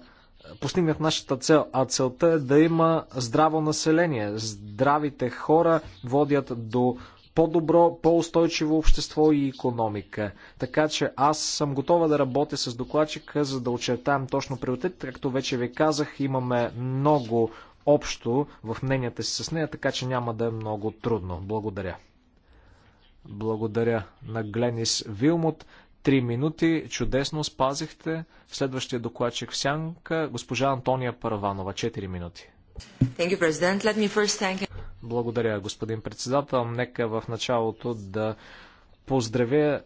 постигнат нашата цел, а целта е да има здраво население. Здравите хора водят до по-добро, по-устойчиво общество и економика. Така че аз съм готова да работя с докладчика, за да очертаем точно приоритетите. Както вече ви казах, имаме много общо в мненията си с нея, така че няма да е много трудно. Благодаря. Благодаря на Гленис Вилмут. Три минути чудесно спазихте. Следващия докладчик в сянка, госпожа Антония Параванова. Четири минути. Благодаря, господин председател. Нека в началото да поздравя е,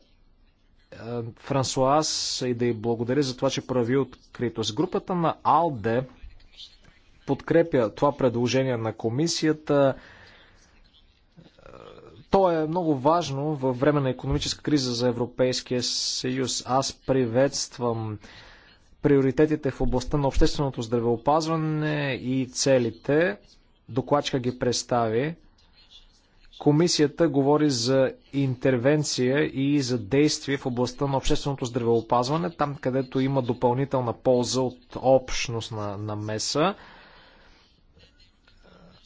Франсуаз и да й благодаря за това, че прави откритост. Групата на АЛДЕ подкрепя това предложение на комисията. То е много важно във време на економическа криза за Европейския съюз. Аз приветствам приоритетите в областта на общественото здравеопазване и целите. Докладчика ги представи. Комисията говори за интервенция и за действие в областта на общественото здравеопазване, там където има допълнителна полза от общност на, на меса.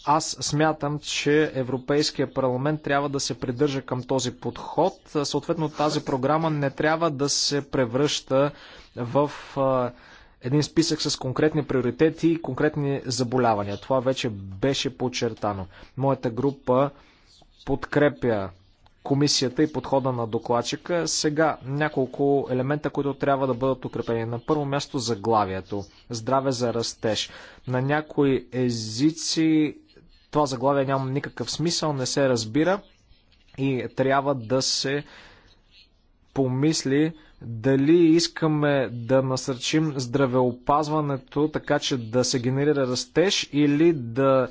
Аз смятам, че Европейския парламент трябва да се придържа към този подход. Съответно, тази програма не трябва да се превръща в един списък с конкретни приоритети и конкретни заболявания. Това вече беше подчертано. Моята група подкрепя комисията и подхода на докладчика. Сега няколко елемента, които трябва да бъдат укрепени. На първо място заглавието. Здраве за растеж. На някои езици това заглавие няма никакъв смисъл, не се разбира и трябва да се помисли дали искаме да насърчим здравеопазването, така че да се генерира растеж или да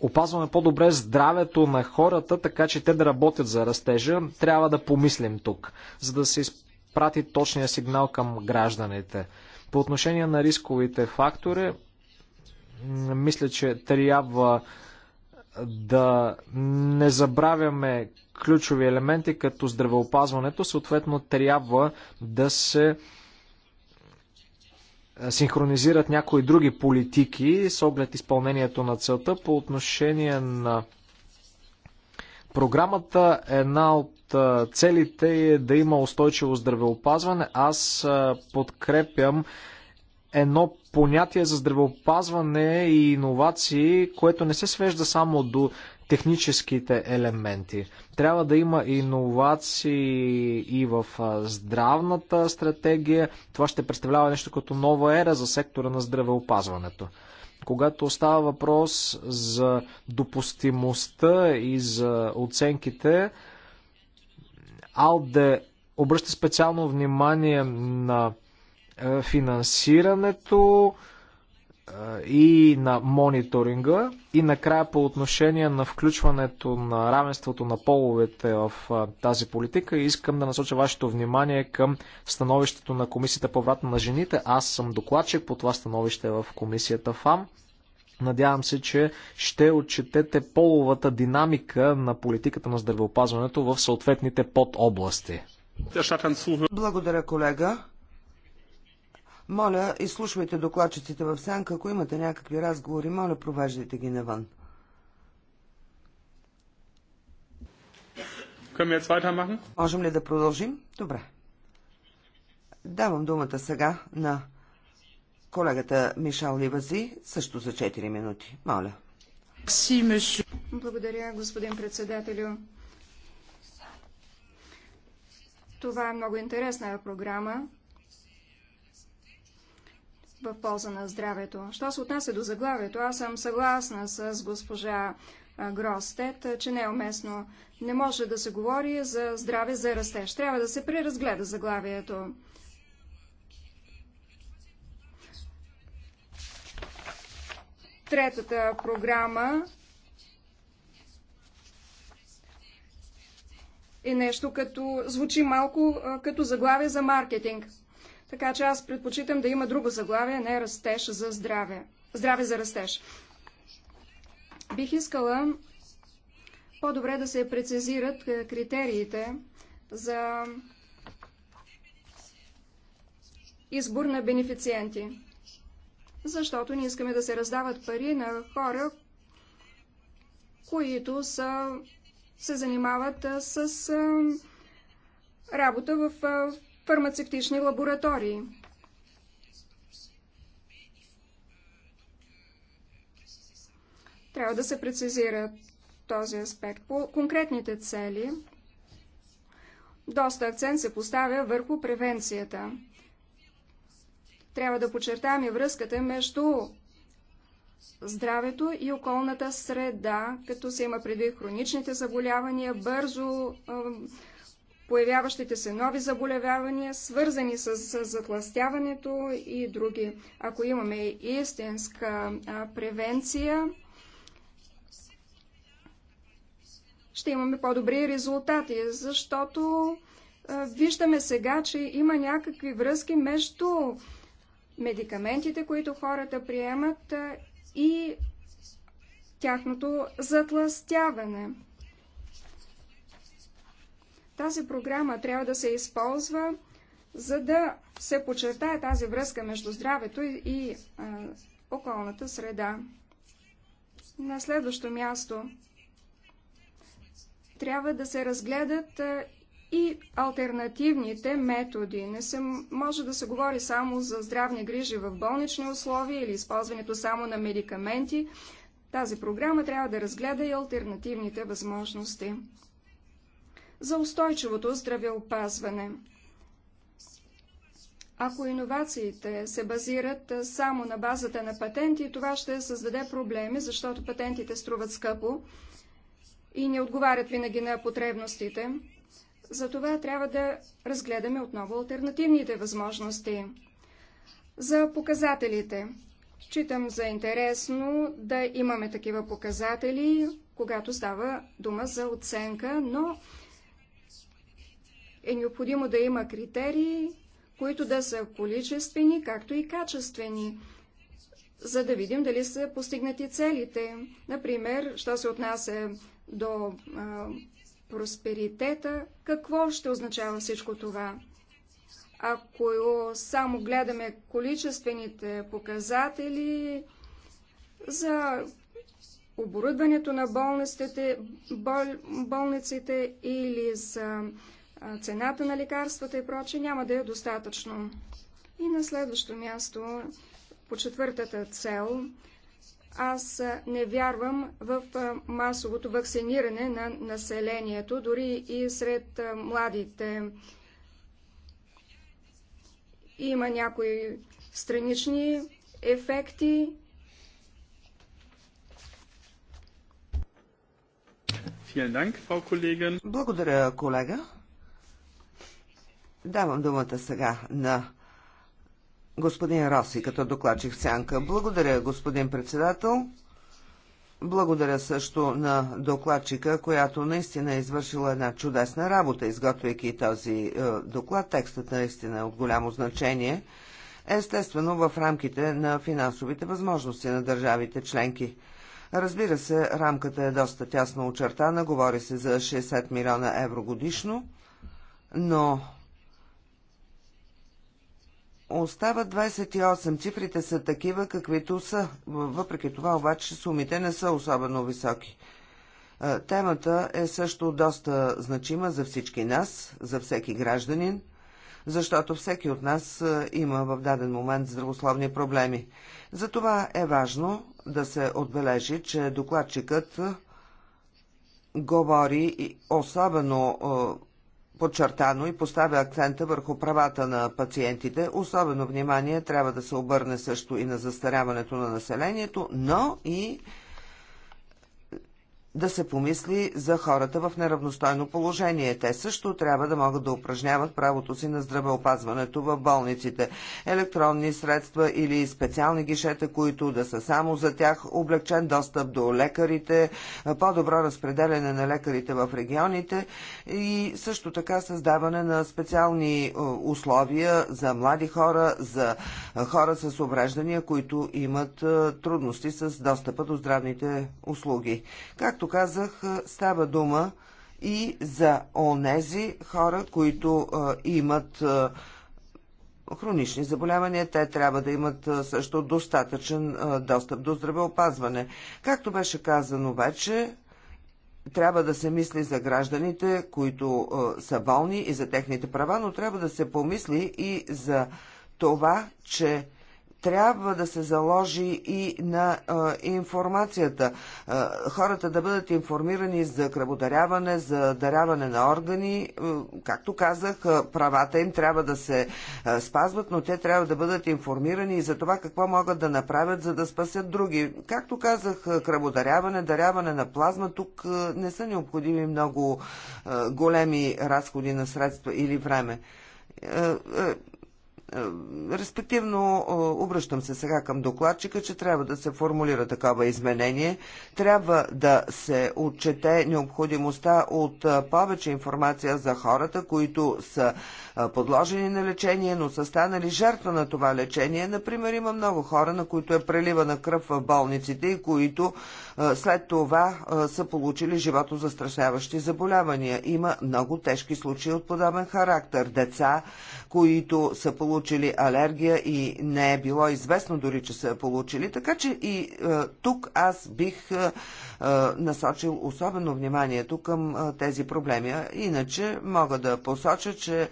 опазваме по-добре здравето на хората, така че те да работят за растежа, трябва да помислим тук, за да се изпрати точния сигнал към гражданите. По отношение на рисковите фактори, мисля, че трябва да не забравяме ключови елементи като здравеопазването, съответно трябва да се синхронизират някои други политики с оглед изпълнението на целта по отношение на програмата. Една от целите е да има устойчиво здравеопазване. Аз подкрепям едно понятие за здравеопазване и иновации, което не се свежда само до техническите елементи. Трябва да има иновации и в здравната стратегия. Това ще представлява нещо като нова ера за сектора на здравеопазването. Когато става въпрос за допустимостта и за оценките, Алде обръща специално внимание на е, финансирането е, и на мониторинга и накрая по отношение на включването на равенството на половете в е, тази политика искам да насоча вашето внимание към становището на Комисията по врата на жените. Аз съм докладчик по това становище в Комисията ФАМ. Надявам се, че ще отчетете половата динамика на политиката на здравеопазването в съответните подобласти. Благодаря, колега. Моля, изслушвайте докладчиците в сянка. Ако имате някакви разговори, моля, провеждайте ги навън. Можем ли да продължим? Добре. Давам думата сега на колегата Мишал Ливази, също за 4 минути. Моля. Благодаря, господин председателю. Това е много интересна програма в полза на здравето. Що се отнася до заглавието, аз съм съгласна с госпожа Гростет, че не е уместно. Не може да се говори за здраве за растеж. Трябва да се преразгледа заглавието. Третата програма е нещо като, звучи малко като заглавие за маркетинг. Така че аз предпочитам да има друго заглавие, не растеж за здраве. Здраве за растеж. Бих искала по-добре да се прецизират е, критериите за избор на бенефициенти. Защото не искаме да се раздават пари на хора, които са, се занимават е, с е, работа в фармацевтични лаборатории. Трябва да се прецизира този аспект. По конкретните цели, доста акцент се поставя върху превенцията. Трябва да подчертаем и връзката между здравето и околната среда, като се има предвид хроничните заболявания, бързо появяващите се нови заболевявания, свързани с затластяването и други. Ако имаме истинска превенция, ще имаме по-добри резултати, защото виждаме сега, че има някакви връзки между медикаментите, които хората приемат и тяхното затластяване. Тази програма трябва да се използва, за да се подчертае тази връзка между здравето и, и а, околната среда. На следващо място трябва да се разгледат а, и альтернативните методи. Не се, може да се говори само за здравни грижи в болнични условия или използването само на медикаменти. Тази програма трябва да разгледа и альтернативните възможности за устойчивото здравеопазване. Ако иновациите се базират само на базата на патенти, това ще създаде проблеми, защото патентите струват скъпо и не отговарят винаги на потребностите. Затова трябва да разгледаме отново альтернативните възможности. За показателите. Читам за интересно да имаме такива показатели, когато става дума за оценка, но е необходимо да има критерии, които да са количествени, както и качествени, за да видим дали са постигнати целите. Например, що се отнася до а, просперитета, какво ще означава всичко това? Ако само гледаме количествените показатели за оборудването на болниците, бол, болниците или за цената на лекарствата и проче, няма да е достатъчно. И на следващо място, по четвъртата цел, аз не вярвам в масовото вакциниране на населението, дори и сред младите. Има някои странични ефекти. Благодаря, колега. Давам думата сега на господин Роси, като докладчих сянка. Благодаря, господин председател. Благодаря също на докладчика, която наистина е извършила една чудесна работа, изготвяйки този е, доклад. Текстът наистина е от голямо значение, естествено в рамките на финансовите възможности на държавите членки. Разбира се, рамката е доста тясно очертана, говори се за 60 милиона евро годишно, но Остават 28. Цифрите са такива, каквито са. Въпреки това обаче сумите не са особено високи. Темата е също доста значима за всички нас, за всеки гражданин, защото всеки от нас има в даден момент здравословни проблеми. Затова е важно да се отбележи, че докладчикът говори особено подчертано и поставя акцента върху правата на пациентите. Особено внимание трябва да се обърне също и на застаряването на населението, но и да се помисли за хората в неравностойно положение. Те също трябва да могат да упражняват правото си на здравеопазването в болниците. Електронни средства или специални гишета, които да са само за тях, облегчен достъп до лекарите, по-добро разпределяне на лекарите в регионите и също така създаване на специални е, условия за млади хора, за хора с обреждания, които имат е, трудности с достъпа до здравните услуги. Както Както казах, става дума и за онези хора, които а, имат а, хронични заболявания, те трябва да имат а, също достатъчен а, достъп до здравеопазване. Както беше казано вече, трябва да се мисли за гражданите, които а, са болни и за техните права, но трябва да се помисли и за това, че трябва да се заложи и на а, информацията. А, хората да бъдат информирани за кръводаряване, за даряване на органи. А, както казах, правата им трябва да се а, спазват, но те трябва да бъдат информирани и за това какво могат да направят, за да спасят други. Както казах, кръводаряване, даряване на плазма, тук а, не са необходими много а, големи разходи на средства или време е, респективно, е, обръщам се сега към докладчика, че трябва да се формулира такова изменение. Трябва да се отчете необходимостта от е, повече информация за хората, които са подложени на лечение, но са станали жертва на това лечение. Например, има много хора, на които е преливана кръв в болниците и които след това са получили животозастрашаващи заболявания. Има много тежки случаи от подобен характер. Деца, които са получили алергия и не е било известно дори, че са получили. Така че и тук аз бих насочил особено вниманието към тези проблеми. Иначе мога да посоча, че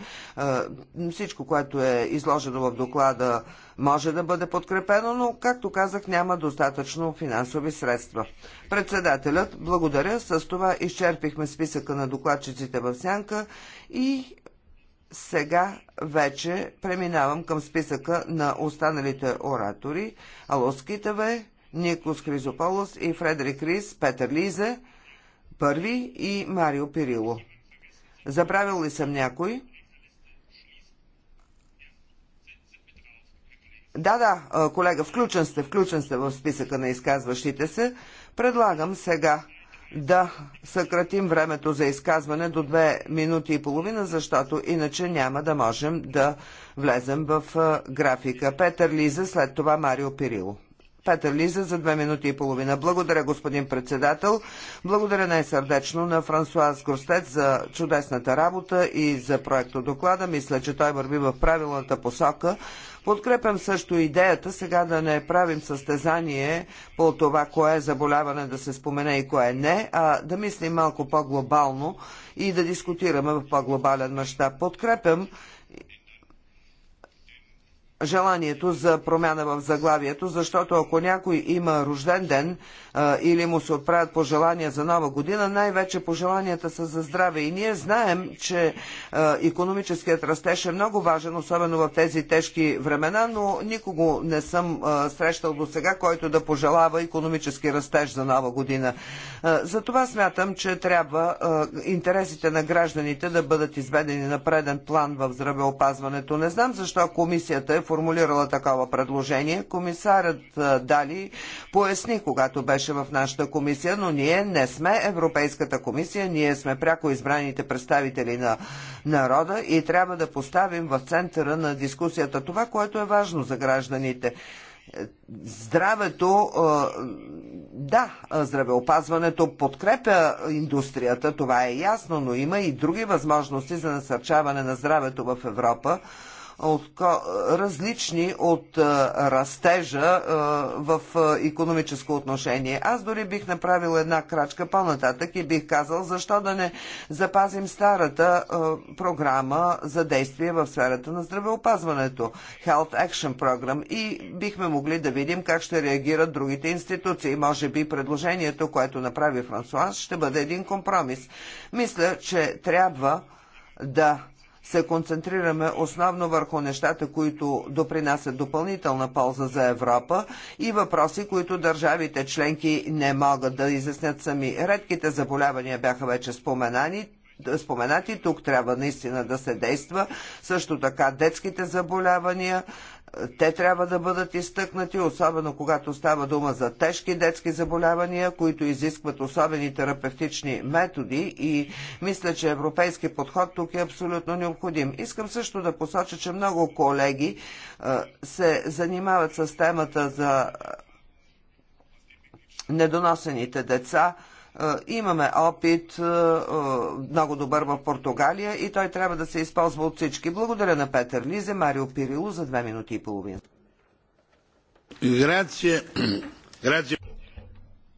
всичко, което е изложено в доклада, може да бъде подкрепено, но, както казах, няма достатъчно финансови средства. Председателят, благодаря. С това изчерпихме списъка на докладчиците в сянка и сега вече преминавам към списъка на останалите оратори. Алоските ве, Никос Хризополос и Фредерик Рис, Петър Лизе, първи и Марио Пирило. Забравил ли съм някой? Да, да, колега, включен сте, включен сте в списъка на изказващите се. Предлагам сега да съкратим времето за изказване до 2 минути и половина, защото иначе няма да можем да влезем в графика. Петър Лиза, след това Марио Пирило. Петър Лиза за две минути и половина. Благодаря, господин председател. Благодаря най-сърдечно на Франсуаз Гостет за чудесната работа и за проекто доклада. Мисля, че той върви в правилната посока. Подкрепям също идеята сега да не правим състезание по това, кое е заболяване да се спомене и кое не, а да мислим малко по-глобално и да дискутираме в по-глобален мащаб. Подкрепям желанието за промяна в заглавието, защото ако някой има рожден ден а, или му се отправят пожелания за нова година, най-вече пожеланията са за здраве. И ние знаем, че а, економическият растеж е много важен, особено в тези тежки времена, но никого не съм а, срещал до сега, който да пожелава економически растеж за нова година. А, за това смятам, че трябва а, интересите на гражданите да бъдат изведени на преден план в здравеопазването. Не знам защо комисията е формулирала такова предложение. Комисарът Дали поясни, когато беше в нашата комисия, но ние не сме Европейската комисия, ние сме пряко избраните представители на народа и трябва да поставим в центъра на дискусията това, което е важно за гражданите. Здравето, да, здравеопазването подкрепя индустрията, това е ясно, но има и други възможности за насърчаване на здравето в Европа от, различни от растежа в економическо отношение. Аз дори бих направил една крачка по-нататък и бих казал, защо да не запазим старата програма за действие в сферата на здравеопазването, Health Action Program, и бихме могли да видим как ще реагират другите институции. Може би предложението, което направи Франсуаз, ще бъде един компромис. Мисля, че трябва да се концентрираме основно върху нещата, които допринасят допълнителна полза за Европа и въпроси, които държавите членки не могат да изяснят сами. Редките заболявания бяха вече споменани споменати. Тук трябва наистина да се действа. Също така детските заболявания, те трябва да бъдат изтъкнати, особено когато става дума за тежки детски заболявания, които изискват особени терапевтични методи и мисля, че европейски подход тук е абсолютно необходим. Искам също да посоча, че много колеги се занимават с темата за недоносените деца, е, имаме опит, е, е, много добър в Португалия и той трябва да се използва от всички. Благодаря на Петър Лизе, Марио Пирило за две минути и половина.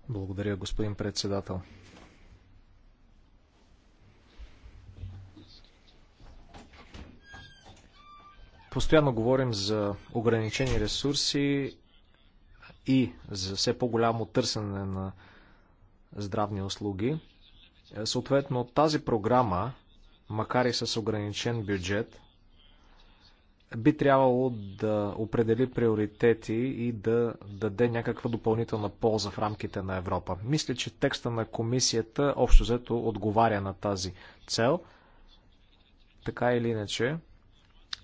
Благодаря, господин председател. Постоянно говорим за ограничени ресурси и за все по-голямо търсене на здравни услуги. Е, съответно, тази програма, макар и с ограничен бюджет, би трябвало да определи приоритети и да даде някаква допълнителна полза в рамките на Европа. Мисля, че текста на комисията общо взето отговаря на тази цел. Така или иначе,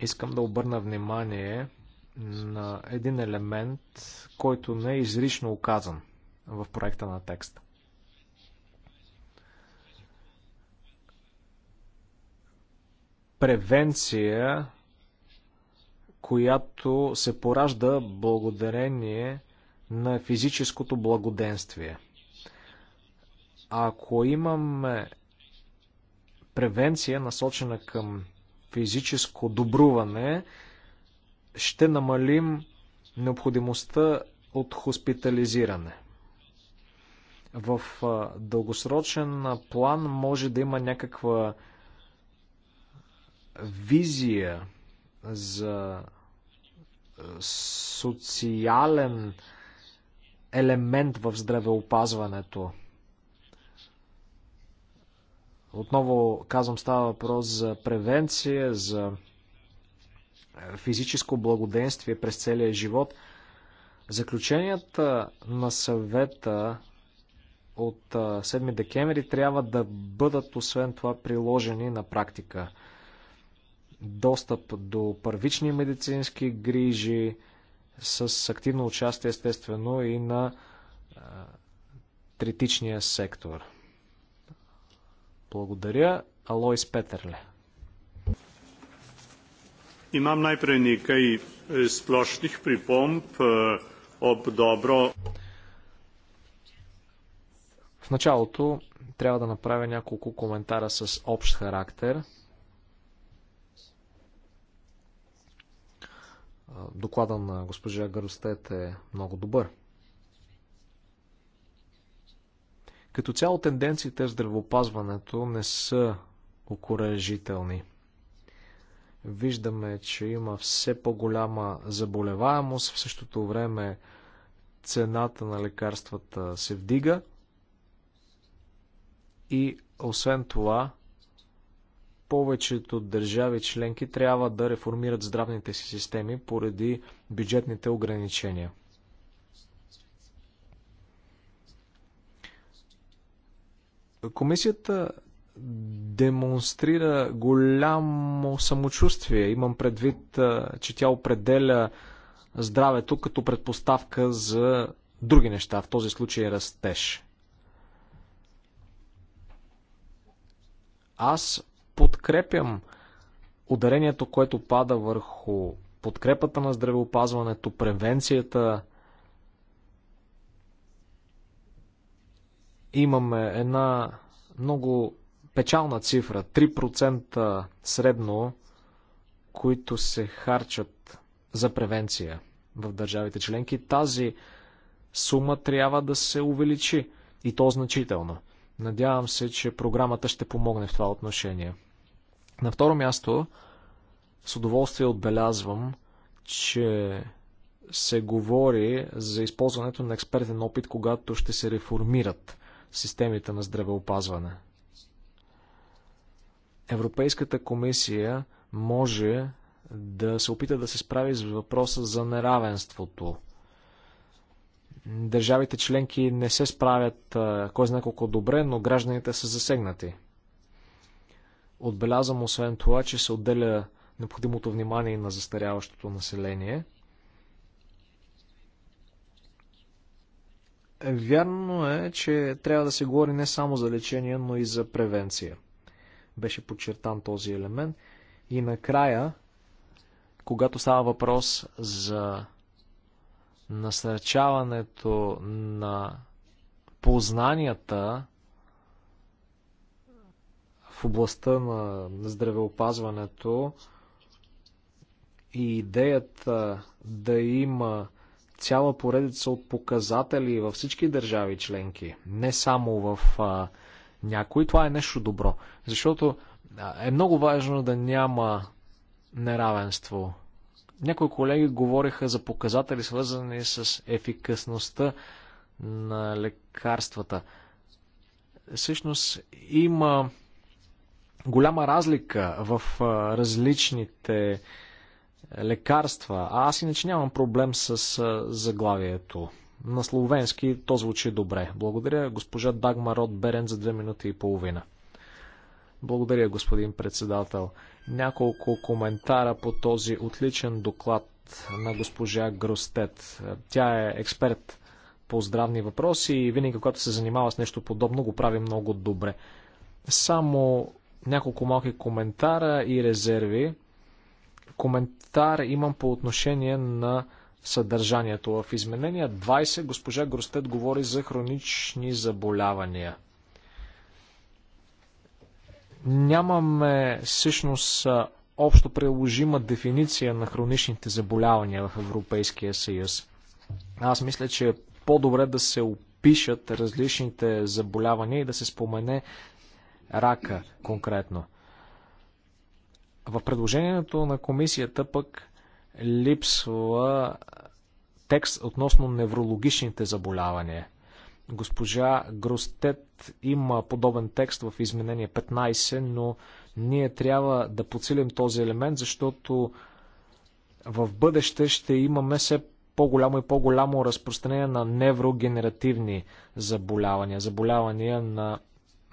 искам да обърна внимание на един елемент, който не е изрично указан в проекта на текста. превенция, която се поражда благодарение на физическото благоденствие. Ако имаме превенция, насочена към физическо добруване, ще намалим необходимостта от хоспитализиране. В дългосрочен план може да има някаква визия за е, социален елемент в здравеопазването. Отново казвам, става въпрос за превенция, за е, физическо благоденствие през целия живот. Заключенията на съвета от 7 е, декември трябва да бъдат освен това приложени на практика достъп до първични медицински грижи с активно участие естествено и на третичния сектор. Благодаря. Алойс Петърле. Имам най най-пред nekaj е, сплошних припомп е, об добро. В началото трябва да направя няколко коментара с общ характер – доклада на госпожа Гърстет е много добър. Като цяло тенденциите в здравеопазването не са окоръжителни. Виждаме, че има все по-голяма заболеваемост, в същото време цената на лекарствата се вдига и освен това повечето държави членки трябва да реформират здравните си системи поради бюджетните ограничения. Комисията демонстрира голямо самочувствие. Имам предвид, че тя определя здравето като предпоставка за други неща, в този случай е растеж. Аз подкрепям ударението, което пада върху подкрепата на здравеопазването, превенцията. Имаме една много печална цифра 3% средно, които се харчат за превенция в държавите членки. Тази сума трябва да се увеличи и то значително. Надявам се, че програмата ще помогне в това отношение. На второ място, с удоволствие отбелязвам, че се говори за използването на експертен опит, когато ще се реформират системите на здравеопазване. Европейската комисия може да се опита да се справи с въпроса за неравенството. Държавите членки не се справят кой знае колко добре, но гражданите са засегнати. Отбелязвам освен това, че се отделя необходимото внимание и на застаряващото население. Вярно е, че трябва да се говори не само за лечение, но и за превенция. Беше подчертан този елемент. И накрая, когато става въпрос за насърчаването на познанията в областта на здравеопазването и идеята да има цяла поредица от показатели във всички държави членки, не само в а, някои, това е нещо добро. Защото е много важно да няма неравенство. Някои колеги говориха за показатели, свързани с ефикасността на лекарствата. Всъщност има голяма разлика в различните е, лекарства. А аз иначе нямам проблем с заглавието. На словенски то звучи добре. Благодаря госпожа Дагма Род Берен за две минути и половина. Благодаря, господин председател. Няколко коментара по този отличен доклад на госпожа Гростет. Тя е експерт по здравни въпроси и винаги, когато се занимава с нещо подобно, го прави много добре. Само няколко малки коментара и резерви. Коментар имам по отношение на съдържанието. В изменения 20 госпожа Гростет говори за хронични заболявания. Нямаме всъщност общо приложима дефиниция на хроничните заболявания в Европейския съюз. Аз мисля, че е по-добре да се опишат различните заболявания и да се спомене рака конкретно. В предложението на комисията пък липсва текст относно неврологичните заболявания. Госпожа Гростет има подобен текст в изменение 15, но ние трябва да подсилим този елемент, защото в бъдеще ще имаме все по-голямо и по-голямо разпространение на неврогенеративни заболявания, заболявания на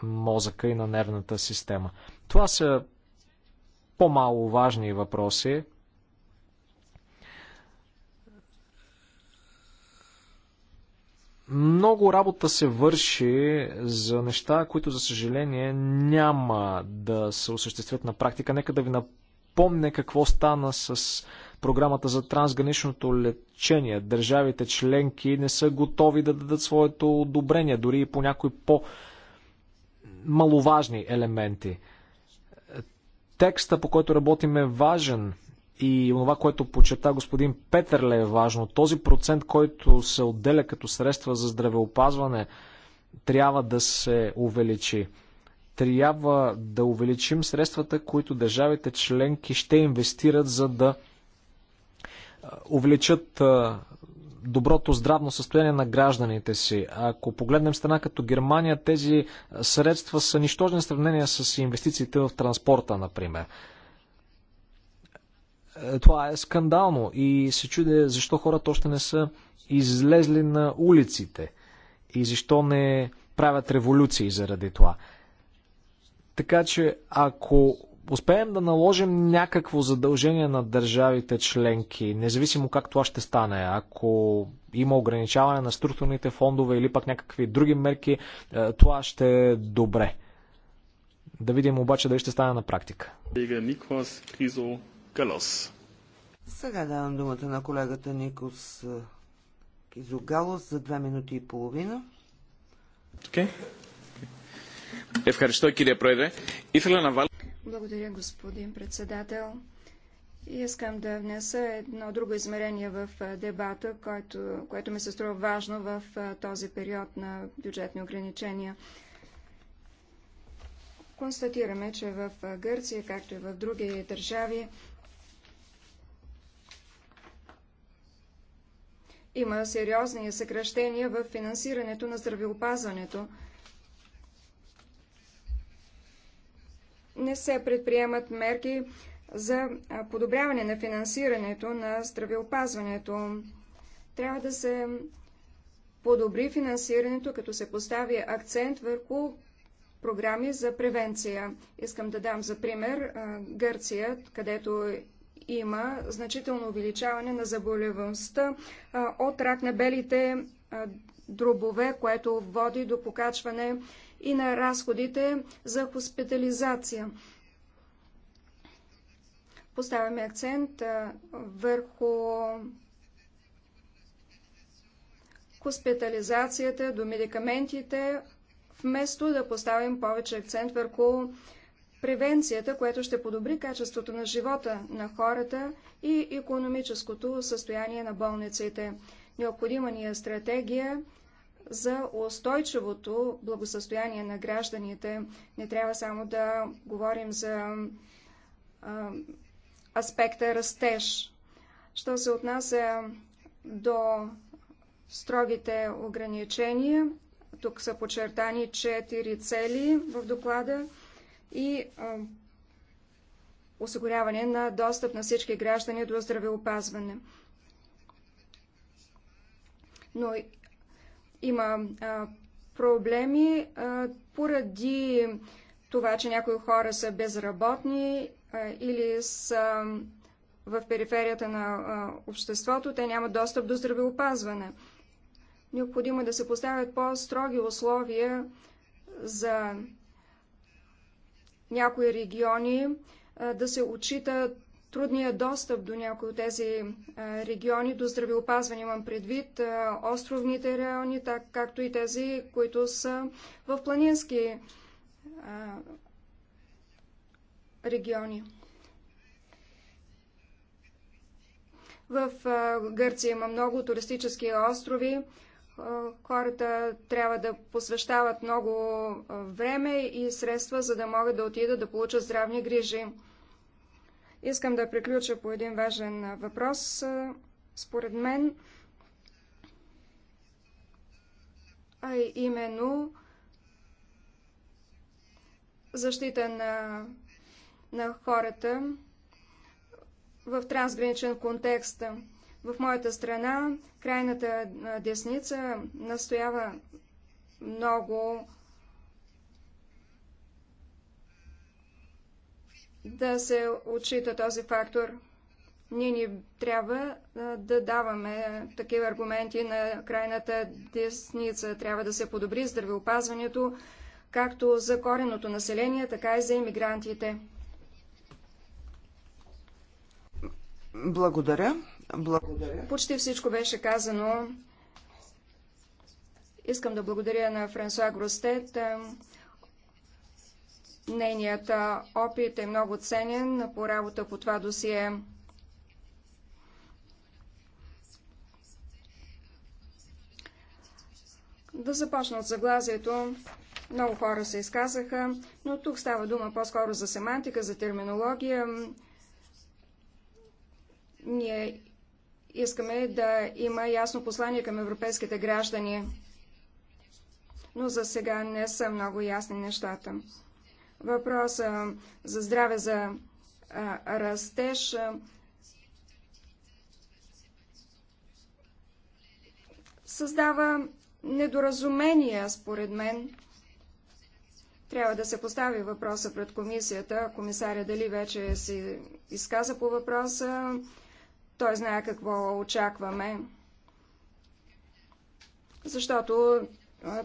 мозъка и на нервната система. Това са по-мало важни въпроси. Много работа се върши за неща, които за съжаление няма да се осъществят на практика. Нека да ви напомня какво стана с програмата за трансграничното лечение. Държавите членки не са готови да дадат своето одобрение, дори и по някои по- маловажни елементи. Текста, по който работим е важен и това, което почета господин Петърле е важно. Този процент, който се отделя като средства за здравеопазване, трябва да се увеличи. Трябва да увеличим средствата, които държавите членки ще инвестират, за да увеличат доброто здравно състояние на гражданите си. Ако погледнем страна като Германия, тези средства са нищожни в сравнение с инвестициите в транспорта, например. Е, това е скандално и се чуде защо хората още не са излезли на улиците и защо не правят революции заради това. Така че, ако успеем да наложим някакво задължение на държавите членки, независимо как това ще стане, ако има ограничаване на структурните фондове или пък някакви други мерки, е, това ще е добре. Да видим обаче дали ще стане на практика. Сега давам думата на колегата Никос е, Кизогалос за две минути и половина. Okay. Ευχαριστώ κύριε Πρόεδρε. Ήθελα να βάλω... Благодаря, господин председател. И искам да внеса едно друго измерение в дебата, което, което ми се струва важно в този период на бюджетни ограничения. Констатираме, че в Гърция, както и в други държави, има сериозни съкръщения в финансирането на здравеопазването – не се предприемат мерки за подобряване на финансирането на здравеопазването. Трябва да се подобри финансирането, като се постави акцент върху програми за превенция. Искам да дам за пример Гърция, където има значително увеличаване на заболеваността от рак на белите дробове, което води до покачване и на разходите за хоспитализация. Поставяме акцент върху хоспитализацията, до медикаментите, вместо да поставим повече акцент върху превенцията, което ще подобри качеството на живота на хората и економическото състояние на болниците. Необходима ни е стратегия за устойчивото благосъстояние на гражданите. Не трябва само да говорим за а, аспекта растеж. Що се отнася до строгите ограничения, тук са подчертани четири цели в доклада и а, осигуряване на достъп на всички граждани до здравеопазване. Но има а, проблеми а, поради това, че някои хора са безработни а, или са в периферията на а, обществото, те нямат достъп до здравеопазване. Необходимо е да се поставят по-строги условия за някои региони, да се отчитат трудния достъп до някои от тези региони, до здравеопазване имам предвид, островните райони, так, както и тези, които са в планински региони. В Гърция има много туристически острови. Хората трябва да посвещават много време и средства, за да могат да отидат да получат здравни грижи. Искам да приключа по един важен въпрос. Според мен, а именно защита на, на хората в трансграничен контекст. В моята страна крайната десница настоява много да се отчита този фактор. Ние ни трябва да даваме такива аргументи на крайната десница. Трябва да се подобри здравеопазването, както за кореното население, така и за иммигрантите. Благодаря. Благодаря. Почти всичко беше казано. Искам да благодаря на Франсуа Гростет. Нейният опит е много ценен по работа по това досие. Да започна от заглазието. Много хора се изказаха, но тук става дума по-скоро за семантика, за терминология. Ние искаме да има ясно послание към европейските граждани. Но за сега не са много ясни нещата въпроса за здраве, за растеж. Създава недоразумения, според мен. Трябва да се постави въпроса пред комисията. Комисаря дали вече се изказа по въпроса. Той знае какво очакваме. Защото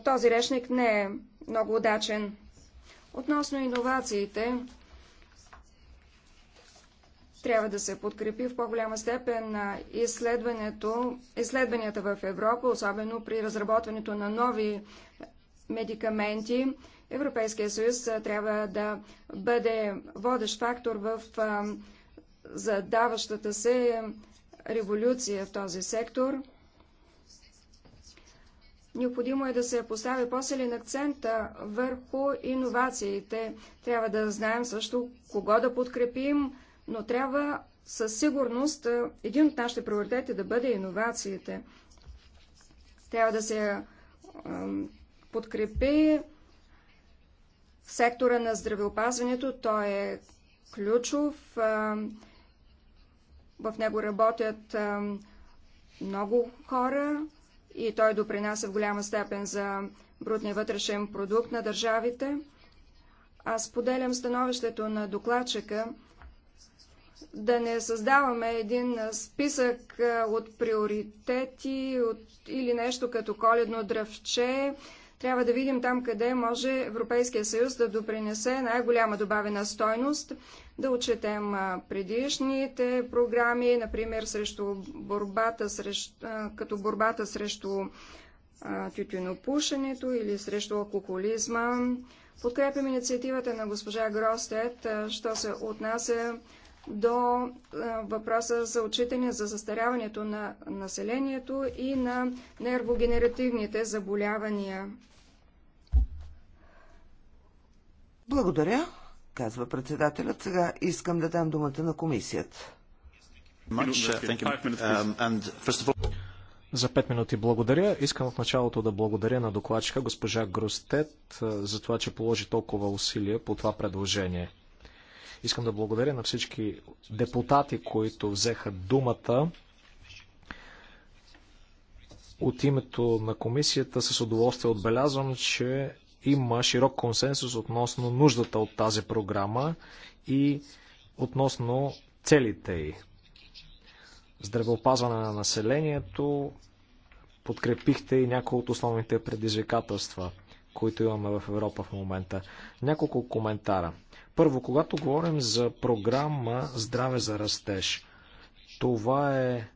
този речник не е много удачен. Относно иновациите, трябва да се подкрепи в по-голяма степен на изследванията в Европа, особено при разработването на нови медикаменти. Европейския съюз трябва да бъде водещ фактор в задаващата се революция в този сектор. Необходимо е да се постави по-силен акцент върху иновациите. Трябва да знаем също кого да подкрепим, но трябва със сигурност един от нашите приоритети да бъде иновациите. Трябва да се подкрепи в сектора на здравеопазването. Той е ключов. В него работят много хора, и той допринася в голяма степен за брутния вътрешен продукт на държавите. Аз поделям становището на докладчика да не създаваме един списък от приоритети от, или нещо като коледно дръвче, трябва да видим там къде може Европейския съюз да допринесе най-голяма добавена стойност, да отчетем предишните програми, например срещу борбата срещу, като борбата срещу тютюнопушенето или срещу алкохолизма. Подкрепям инициативата на госпожа Гростет, що се отнася до въпроса за отчитане за застаряването на населението и на нервогенеративните заболявания. Благодаря, казва председателят. Сега искам да дам думата на комисията. За пет минути благодаря. Искам в началото да благодаря на докладчика госпожа Гростет за това, че положи толкова усилия по това предложение. Искам да благодаря на всички депутати, които взеха думата. От името на комисията с удоволствие отбелязвам, че има широк консенсус относно нуждата от тази програма и относно целите й. Здравеопазване на населението, подкрепихте и някои от основните предизвикателства, които имаме в Европа в момента. Няколко коментара. Първо, когато говорим за програма Здраве за растеж, това е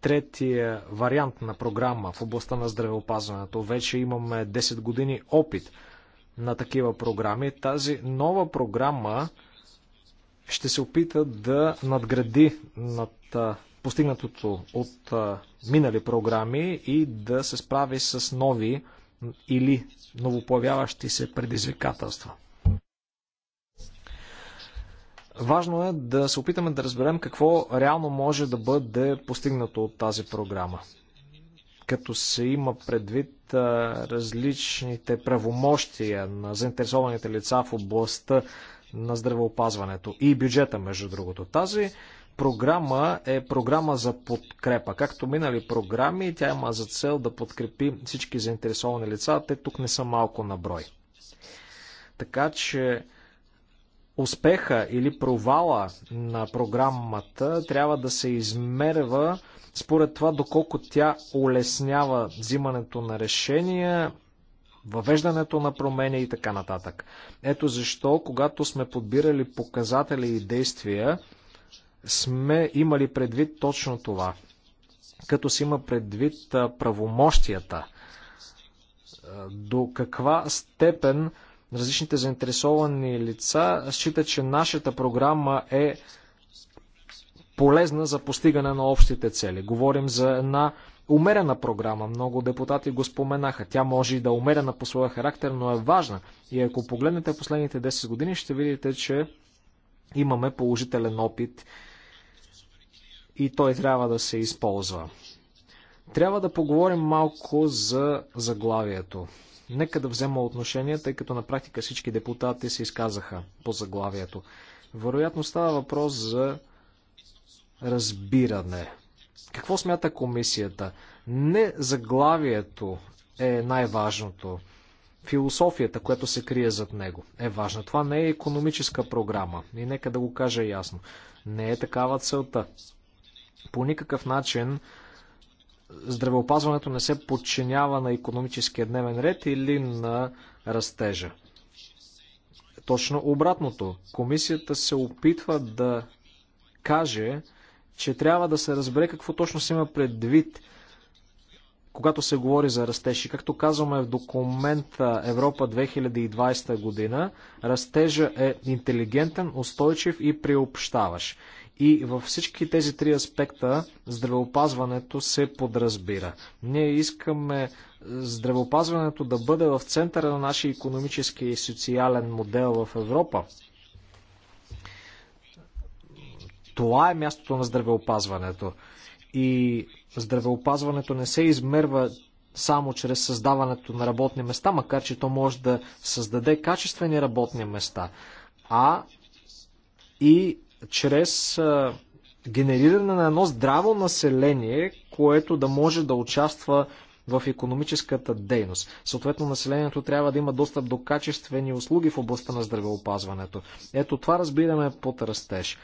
третия вариант на програма в областта на здравеопазването. Вече имаме 10 години опит на такива програми. Тази нова програма ще се опита да надгради над постигнатото от минали програми и да се справи с нови или новопоявяващи се предизвикателства. Важно е да се опитаме да разберем какво реално може да бъде постигнато от тази програма. Като се има предвид различните правомощия на заинтересованите лица в областта на здравеопазването и бюджета, между другото. Тази програма е програма за подкрепа. Както минали програми, тя има за цел да подкрепи всички заинтересовани лица, те тук не са малко на брой. Така че успеха или провала на програмата трябва да се измерва според това доколко тя улеснява взимането на решения, въвеждането на промени и така нататък. Ето защо, когато сме подбирали показатели и действия, сме имали предвид точно това. Като си има предвид правомощията, до каква степен различните заинтересовани лица считат, че нашата програма е полезна за постигане на общите цели. Говорим за една умерена програма. Много депутати го споменаха. Тя може и да е умерена по своя характер, но е важна. И ако погледнете последните 10 години, ще видите, че имаме положителен опит и той трябва да се използва. Трябва да поговорим малко за заглавието. Нека да взема отношение, тъй като на практика всички депутати се изказаха по заглавието. Вероятно става въпрос за разбиране. Какво смята комисията? Не заглавието е най-важното. Философията, която се крие зад него, е важна. Това не е економическа програма. И нека да го кажа ясно. Не е такава целта. По никакъв начин здравеопазването не се подчинява на економическия дневен ред или на растежа. Точно обратното. Комисията се опитва да каже, че трябва да се разбере какво точно се има предвид, когато се говори за растеж. И както казваме в документа Европа 2020 година, растежа е интелигентен, устойчив и приобщаващ. И във всички тези три аспекта здравеопазването се подразбира. Ние искаме здравеопазването да бъде в центъра на нашия економически и социален модел в Европа. Това е мястото на здравеопазването. И здравеопазването не се измерва само чрез създаването на работни места, макар че то може да създаде качествени работни места, а и чрез генериране на едно здраво население, което да може да участва в економическата дейност. Съответно, населението трябва да има достъп до качествени услуги в областта на здравеопазването. Ето това разбираме под растеж.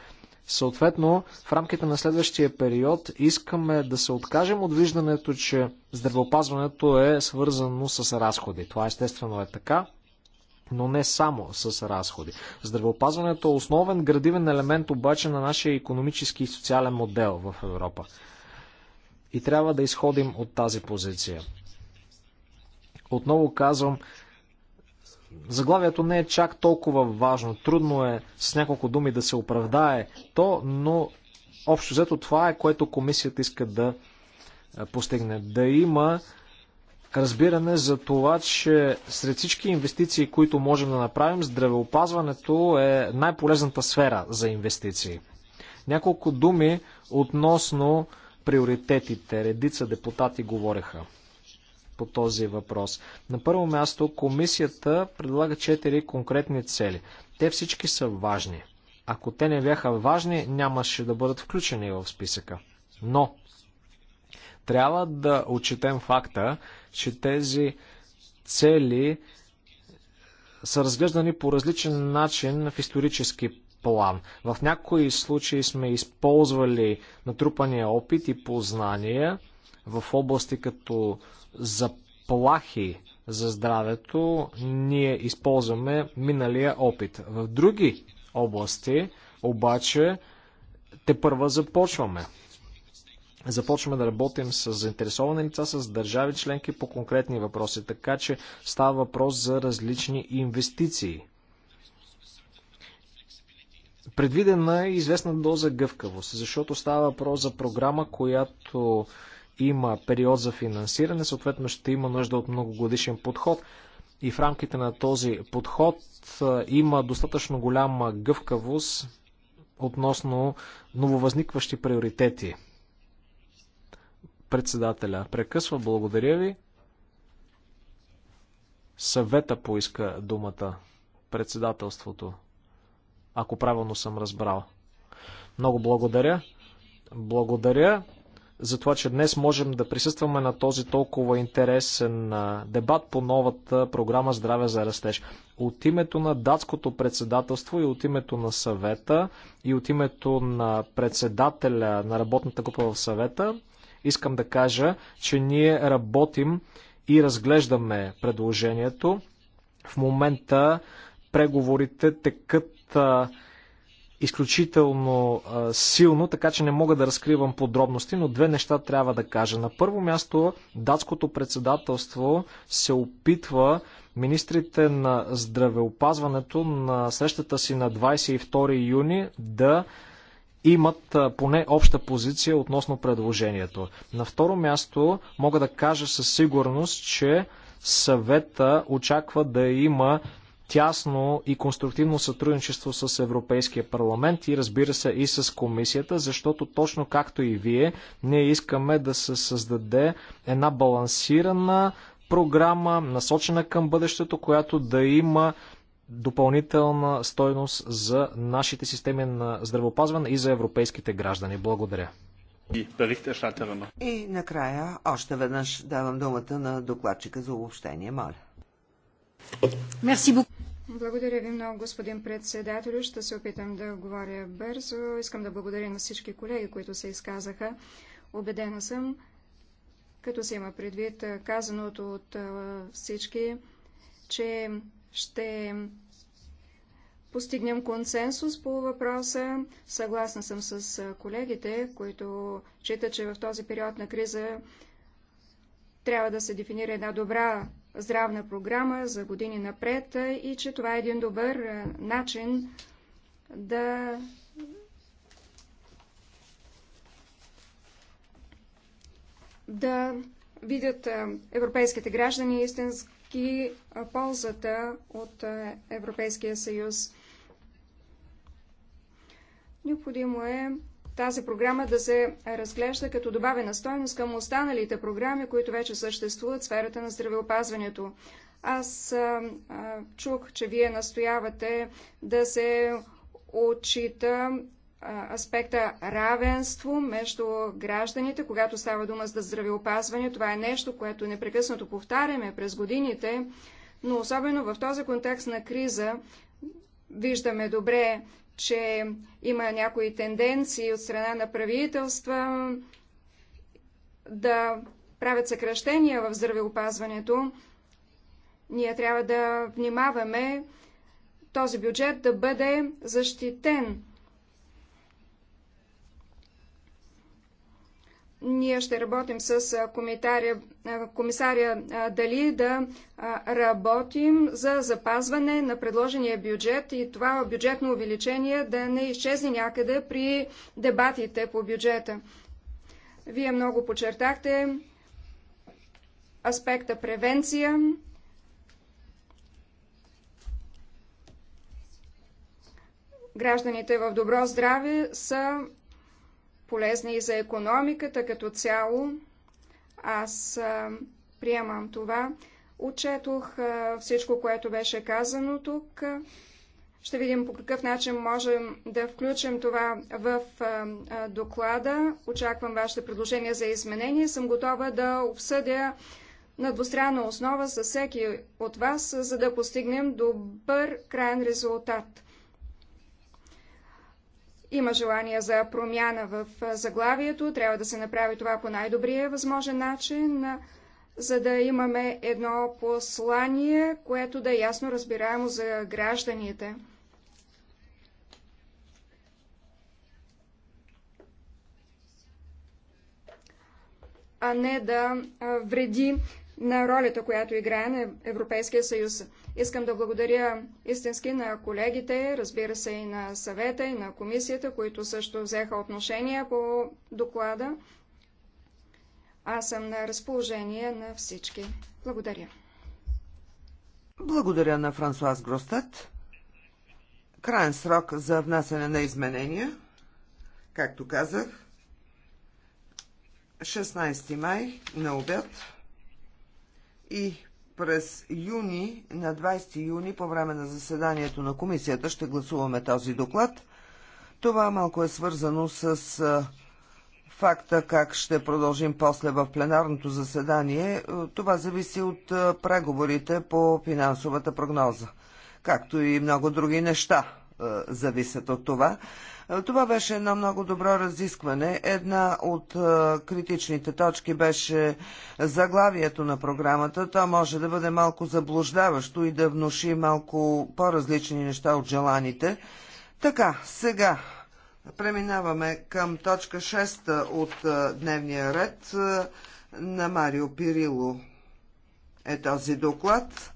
Съответно, в рамките на следващия период искаме да се откажем от виждането, че здравеопазването е свързано с разходи. Това естествено е така но не само с разходи. Здравеопазването е основен градивен елемент обаче на нашия економически и социален модел в Европа. И трябва да изходим от тази позиция. Отново казвам, заглавието не е чак толкова важно. Трудно е с няколко думи да се оправдае то, но общо взето това е което комисията иска да постигне. Да има разбиране за това, че сред всички инвестиции, които можем да направим, здравеопазването е най-полезната сфера за инвестиции. Няколко думи относно приоритетите. Редица депутати говореха по този въпрос. На първо място комисията предлага четири конкретни цели. Те всички са важни. Ако те не бяха важни, нямаше да бъдат включени в списъка. Но трябва да отчетем факта, че тези цели са разглеждани по различен начин в исторически план. В някои случаи сме използвали натрупания опит и познания в области като заплахи за здравето, ние използваме миналия опит. В други области обаче те първа започваме Започваме да работим с заинтересовани лица, с държави членки по конкретни въпроси, така че става въпрос за различни инвестиции. Предвидена е известна доза гъвкавост, защото става въпрос за програма, която има период за финансиране, съответно ще има нужда от многогодишен подход и в рамките на този подход има достатъчно голяма гъвкавост относно нововъзникващи приоритети Председателя прекъсва. Благодаря ви. Съвета поиска думата. Председателството. Ако правилно съм разбрал. Много благодаря. Благодаря за това, че днес можем да присъстваме на този толкова интересен дебат по новата програма Здраве за растеж. От името на датското председателство и от името на съвета и от името на председателя на работната група в съвета искам да кажа, че ние работим и разглеждаме предложението. В момента преговорите текат а, изключително а, силно, така че не мога да разкривам подробности, но две неща трябва да кажа. На първо място, датското председателство се опитва министрите на здравеопазването на срещата си на 22 юни да имат поне обща позиция относно предложението. На второ място мога да кажа със сигурност, че съвета очаква да има тясно и конструктивно сътрудничество с Европейския парламент и разбира се и с комисията, защото точно както и вие, ние искаме да се създаде една балансирана програма, насочена към бъдещето, която да има допълнителна стойност за нашите системи на здравеопазване и за европейските граждани. Благодаря. И накрая още веднъж давам думата на докладчика за обобщение. Моля. Благодаря ви много, господин председател. Ще се опитам да говоря бързо. Искам да благодаря на всички колеги, които се изказаха. Обедена съм, като се има предвид казаното от всички, че ще постигнем консенсус по въпроса. Съгласна съм с колегите, които читат, че в този период на криза трябва да се дефинира една добра здравна програма за години напред и че това е един добър начин да да видят европейските граждани истински ползата от Европейския съюз. Необходимо е тази програма да се разглежда като добавена стойност към останалите програми, които вече съществуват в сферата на здравеопазването. Аз а, а, чух, че вие настоявате да се отчита аспекта равенство между гражданите, когато става дума за здравеопазване. Това е нещо, което непрекъснато повтаряме през годините, но особено в този контекст на криза виждаме добре, че има някои тенденции от страна на правителства да правят съкръщения в здравеопазването. Ние трябва да внимаваме този бюджет да бъде защитен Ние ще работим с комисаря Дали да работим за запазване на предложения бюджет и това бюджетно увеличение да не изчезне някъде при дебатите по бюджета. Вие много подчертахте аспекта превенция. Гражданите в добро здраве са полезни и за економиката като цяло. Аз а, приемам това. Отчетох а, всичко, което беше казано тук. Ще видим по какъв начин можем да включим това в а, доклада. Очаквам вашите предложения за изменение. Съм готова да обсъдя на двустранна основа с всеки от вас, за да постигнем добър крайен резултат. Има желание за промяна в заглавието, трябва да се направи това по най-добрия възможен начин, за да имаме едно послание, което да е ясно разбираемо за гражданите. а не да вреди на ролята, която играе на Европейския съюз. Искам да благодаря истински на колегите, разбира се и на съвета и на комисията, които също взеха отношение по доклада. Аз съм на разположение на всички. Благодаря. Благодаря на Франсуаз Гростат. Крайен срок за внасяне на изменения, както казах, 16 май на обед и през юни, на 20 юни, по време на заседанието на комисията, ще гласуваме този доклад. Това малко е свързано с факта как ще продължим после в пленарното заседание. Това зависи от преговорите по финансовата прогноза, както и много други неща зависят от това. Е, това беше едно много добро разискване. Една от е, критичните точки беше заглавието на програмата. То може да бъде малко заблуждаващо и да внуши малко по-различни неща от желаните. Така, сега преминаваме към точка 6 от е, дневния ред на Марио Пирило. Е този доклад.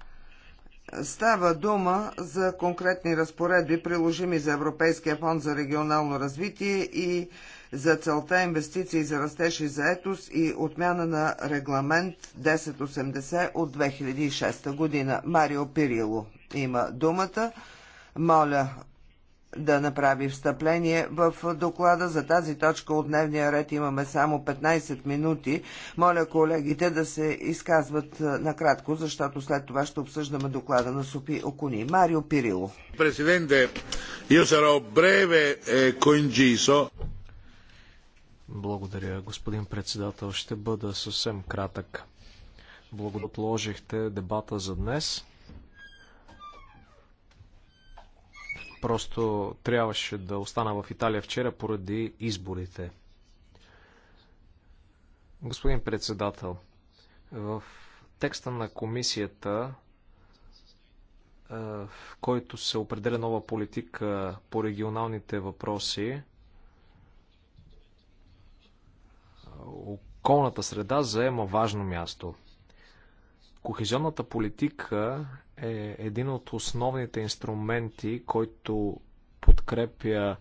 Става дума за конкретни разпоредби, приложими за Европейския фонд за регионално развитие и за целта инвестиции за растеж и заетост и отмяна на регламент 1080 от 2006 година. Марио Пирило има думата. Моля, да направи встъпление в доклада. За тази точка от дневния ред имаме само 15 минути. Моля колегите да се изказват е, накратко, защото след това ще обсъждаме доклада на Сопи Окуни. Марио Пирило. Президенте, io sarò breve e coinciso. Благодаря, господин председател. Ще бъда съвсем кратък. Благодаря, отложихте дебата за днес. Просто трябваше да остана в Италия вчера поради изборите. Господин председател, в текста на комисията, е, в който се определя нова политика по регионалните въпроси, околната среда заема важно място – Кохезионната политика е един от основните инструменти, който подкрепя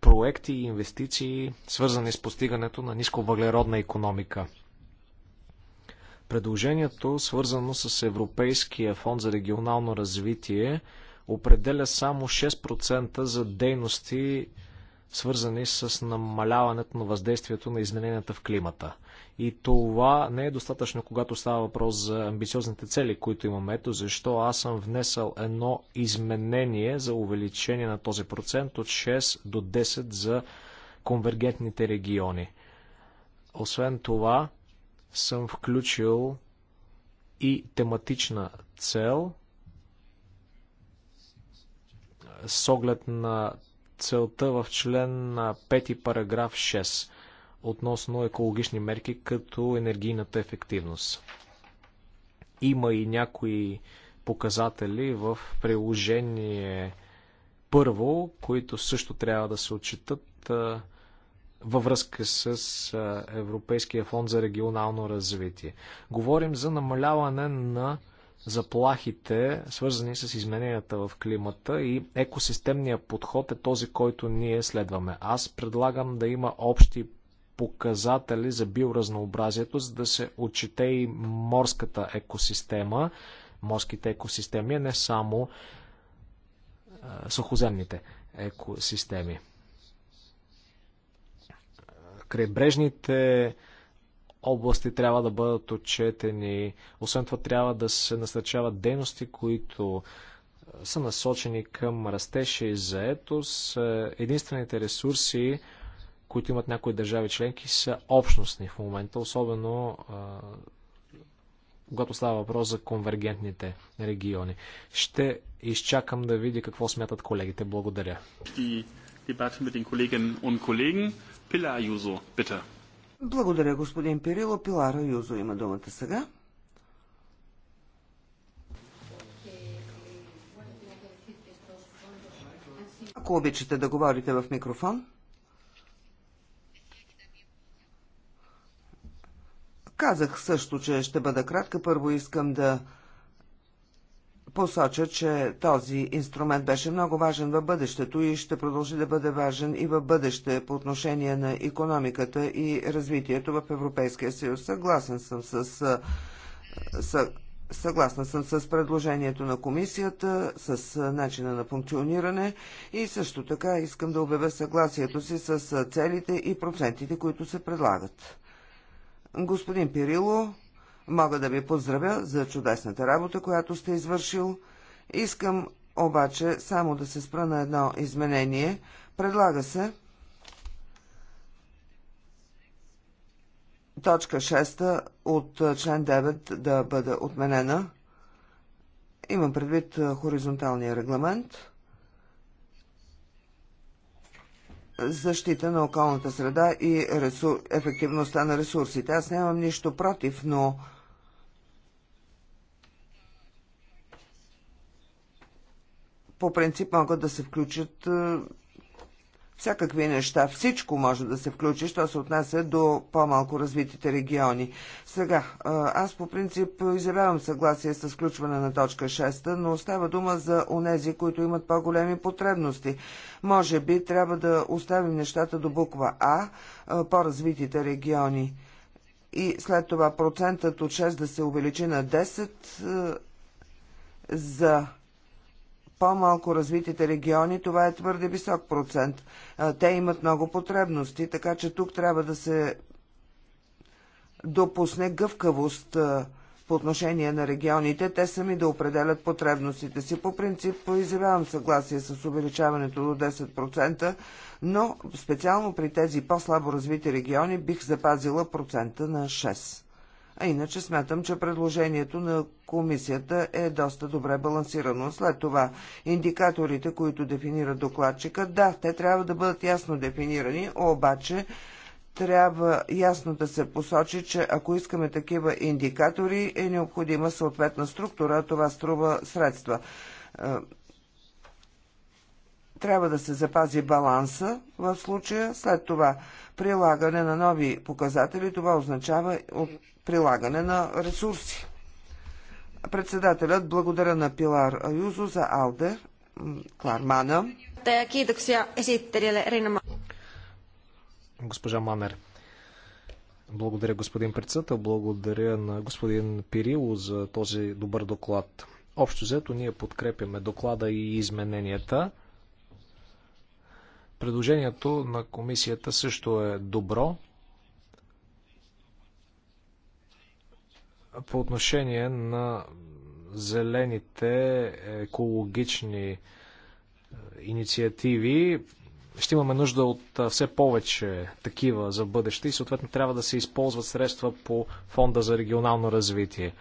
проекти и инвестиции, свързани с постигането на нисковъглеродна економика. Предложението, свързано с Европейския фонд за регионално развитие, определя само 6% за дейности, свързани с намаляването на въздействието на измененията в климата – и това не е достатъчно, когато става въпрос за амбициозните цели, които имаме. Ето защо аз съм внесъл едно изменение за увеличение на този процент от 6 до 10 за конвергентните региони. Освен това, съм включил и тематична цел с оглед на целта в член 5 параграф 6 относно екологични мерки като енергийната ефективност. Има и някои показатели в приложение първо, които също трябва да се отчитат във връзка с Европейския фонд за регионално развитие. Говорим за намаляване на заплахите, свързани с измененията в климата и екосистемния подход е този, който ние следваме. Аз предлагам да има общи показатели за биоразнообразието, за да се отчете и морската екосистема, морските екосистеми, не само е, сухоземните екосистеми. Крайбрежните области трябва да бъдат отчетени. Освен това трябва да се насърчават дейности, които е, са насочени към растеж и заетост. Е, единствените ресурси, които имат някои държави членки, са общностни в момента, особено когато става въпрос за конвергентните региони. Ще изчакам да видя какво смятат колегите. Благодаря. Благодаря, господин Пирило. Пилара Юзо има думата сега. Ако обичате да говорите в микрофон. Казах също, че ще бъда кратка. Първо искам да посоча, че този инструмент беше много важен в бъдещето и ще продължи да бъде важен и в бъдеще по отношение на економиката и развитието в Европейския съюз. Съгласен съм с, с Съгласна съм с предложението на комисията, с начина на функциониране и също така искам да обявя съгласието си с целите и процентите, които се предлагат. Господин Пирило, мога да ви поздравя за чудесната работа, която сте извършил. Искам обаче само да се спра на едно изменение. Предлага се точка 6 от член 9 да бъде отменена. Имам предвид хоризонталния регламент. защита на околната среда и ресур... ефективността на ресурсите. Аз нямам нищо против, но по принцип могат да се включат е, всякакви неща, всичко може да се включи, що се отнася до по-малко развитите региони. Сега, аз по принцип изявявам съгласие с включване на точка 6, но става дума за онези, които имат по-големи потребности. Може би трябва да оставим нещата до буква А, по-развитите региони. И след това процентът от 6 да се увеличи на 10 за по-малко развитите региони, това е твърде висок процент. Те имат много потребности, така че тук трябва да се допусне гъвкавост по отношение на регионите, те сами да определят потребностите си. По принцип изявявам съгласие с увеличаването до 10%, но специално при тези по-слабо развити региони бих запазила процента на 6%. А иначе смятам, че предложението на комисията е доста добре балансирано. След това, индикаторите, които дефинира докладчика, да, те трябва да бъдат ясно дефинирани, обаче трябва ясно да се посочи, че ако искаме такива индикатори, е необходима съответна структура, това струва средства. Е, трябва да се запази баланса в случая, след това прилагане на нови показатели, това означава прилагане на ресурси. Председателят благодаря на Пилар Аюзо за Алдер, Клармана. Госпожа Манер. Благодаря, господин председател. Благодаря на господин Пирило за този добър доклад. Общо взето ние подкрепяме доклада и измененията. Предложението на комисията също е добро. По отношение на зелените екологични е, инициативи, ще имаме нужда от е, все повече такива за бъдеще и съответно трябва да се използват средства по Фонда за регионално развитие.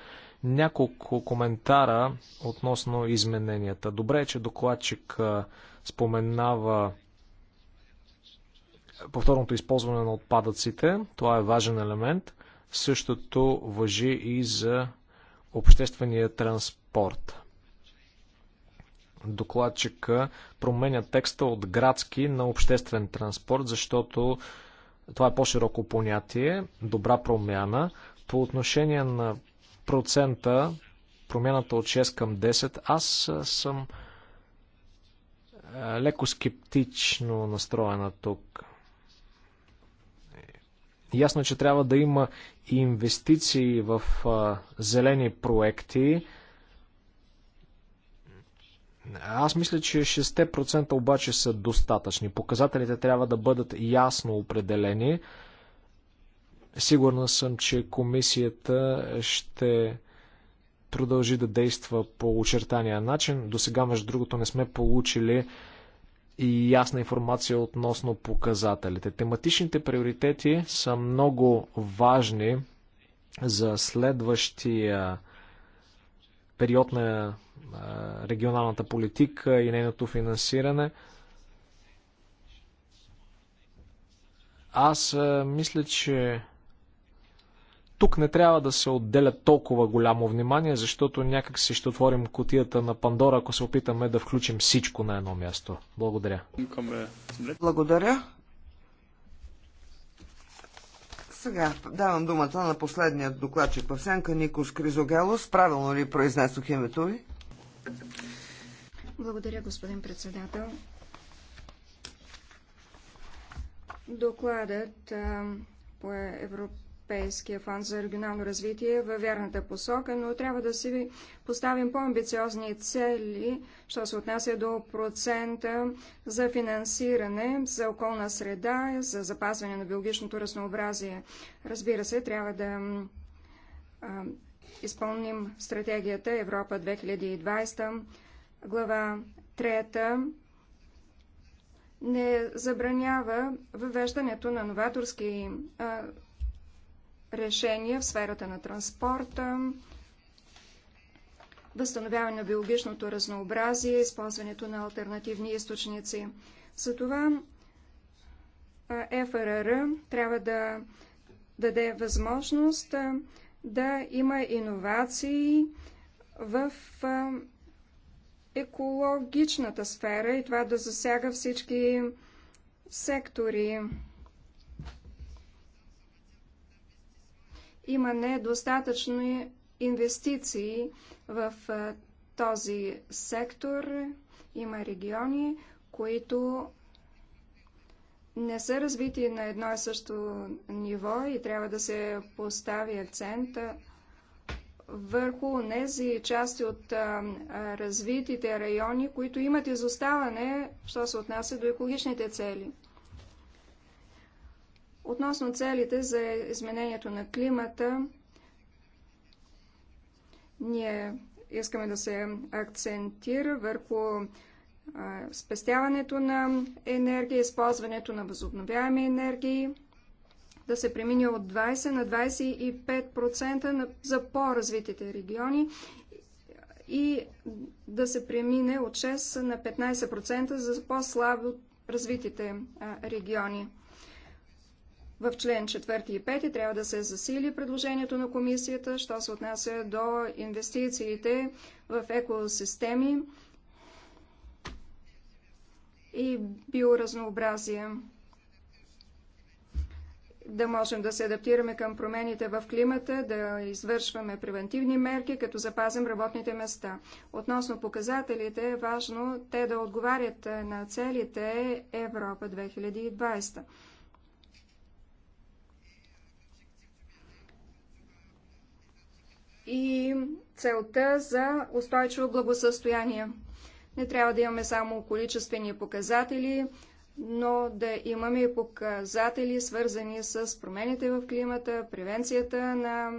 Няколко коментара относно измененията. Добре е, че докладчик е, споменава повторното използване на отпадъците. Това е важен елемент. Същото въжи и за обществения транспорт. Докладчика променя текста от градски на обществен транспорт, защото това е по-широко понятие, добра промяна. По отношение на процента, промяната от 6 към 10, аз съм леко скептично настроена тук. Ясно е, че трябва да има инвестиции в зелени проекти. Аз мисля, че 6% обаче са достатъчни. Показателите трябва да бъдат ясно определени. Сигурна съм, че комисията ще продължи да действа по очертания начин. До сега, между другото, не сме получили и ясна информация относно показателите. Тематичните приоритети са много важни за следващия период на регионалната политика и нейното финансиране. Аз мисля, че тук не трябва да се отделя толкова голямо внимание, защото някак си ще отворим котията на Пандора, ако се опитаме да включим всичко на едно място. Благодаря. Благодаря. Сега давам думата на последния докладчик в Никос Кризогелос. Правилно ли произнесох името ви? Благодаря, господин председател. Докладът по Европа Европейския фонд за регионално развитие във вярната посока, но трябва да си поставим по-амбициозни цели, що се отнася до процента за финансиране за околна среда, за запазване на биологичното разнообразие. Разбира се, трябва да а, изпълним стратегията Европа 2020, глава 3 не забранява въвеждането на новаторски а, решения в сферата на транспорта, възстановяване на биологичното разнообразие, използването на альтернативни източници. Затова ФРР трябва да даде възможност да има иновации в екологичната сфера и това да засяга всички сектори. има недостатъчно инвестиции в този сектор. Има региони, които не са развити на едно и също ниво и трябва да се постави акцент върху тези части от развитите райони, които имат изоставане, що се отнася до екологичните цели. Относно целите за изменението на климата, ние искаме да се акцентира върху спестяването на енергия, използването на възобновяеми енергии, да се премине от 20 на 25% за по-развитите региони и да се премине от 6 на 15% за по-слабо развитите региони. В член 4 и 5 трябва да се засили предложението на комисията, що се отнася до инвестициите в екосистеми и биоразнообразие. Да можем да се адаптираме към промените в климата, да извършваме превентивни мерки, като запазим работните места. Относно показателите е важно те да отговарят на целите Европа 2020. и целта за устойчиво благосъстояние. Не трябва да имаме само количествени показатели, но да имаме показатели, свързани с промените в климата, превенцията на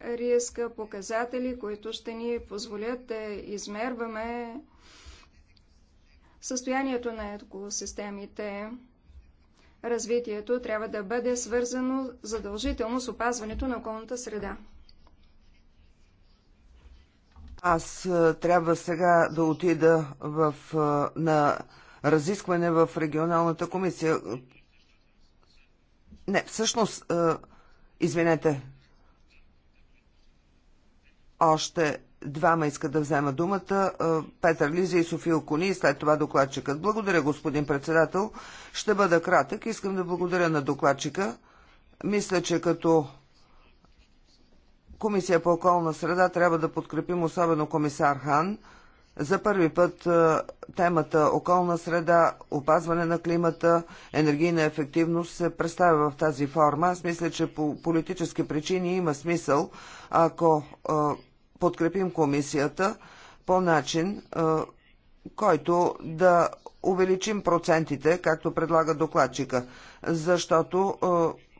риска, показатели, които ще ни позволят да измерваме състоянието на екосистемите. Развитието трябва да бъде свързано задължително с опазването на околната среда. Аз е, трябва сега да отида в, е, на разискване в регионалната комисия. Не, всъщност, е, извинете, още двама искат да взема думата. Петър Лиза и София Кони и след това докладчикът. Благодаря, господин председател. Ще бъда кратък. Искам да благодаря на докладчика. Мисля, че като Комисия по околна среда трябва да подкрепим особено комисар Хан. За първи път е, темата околна среда, опазване на климата, енергийна ефективност се представя в тази форма. Аз мисля, че по политически причини има смисъл, ако е, подкрепим комисията по начин, е, който да увеличим процентите, както предлага докладчика, защото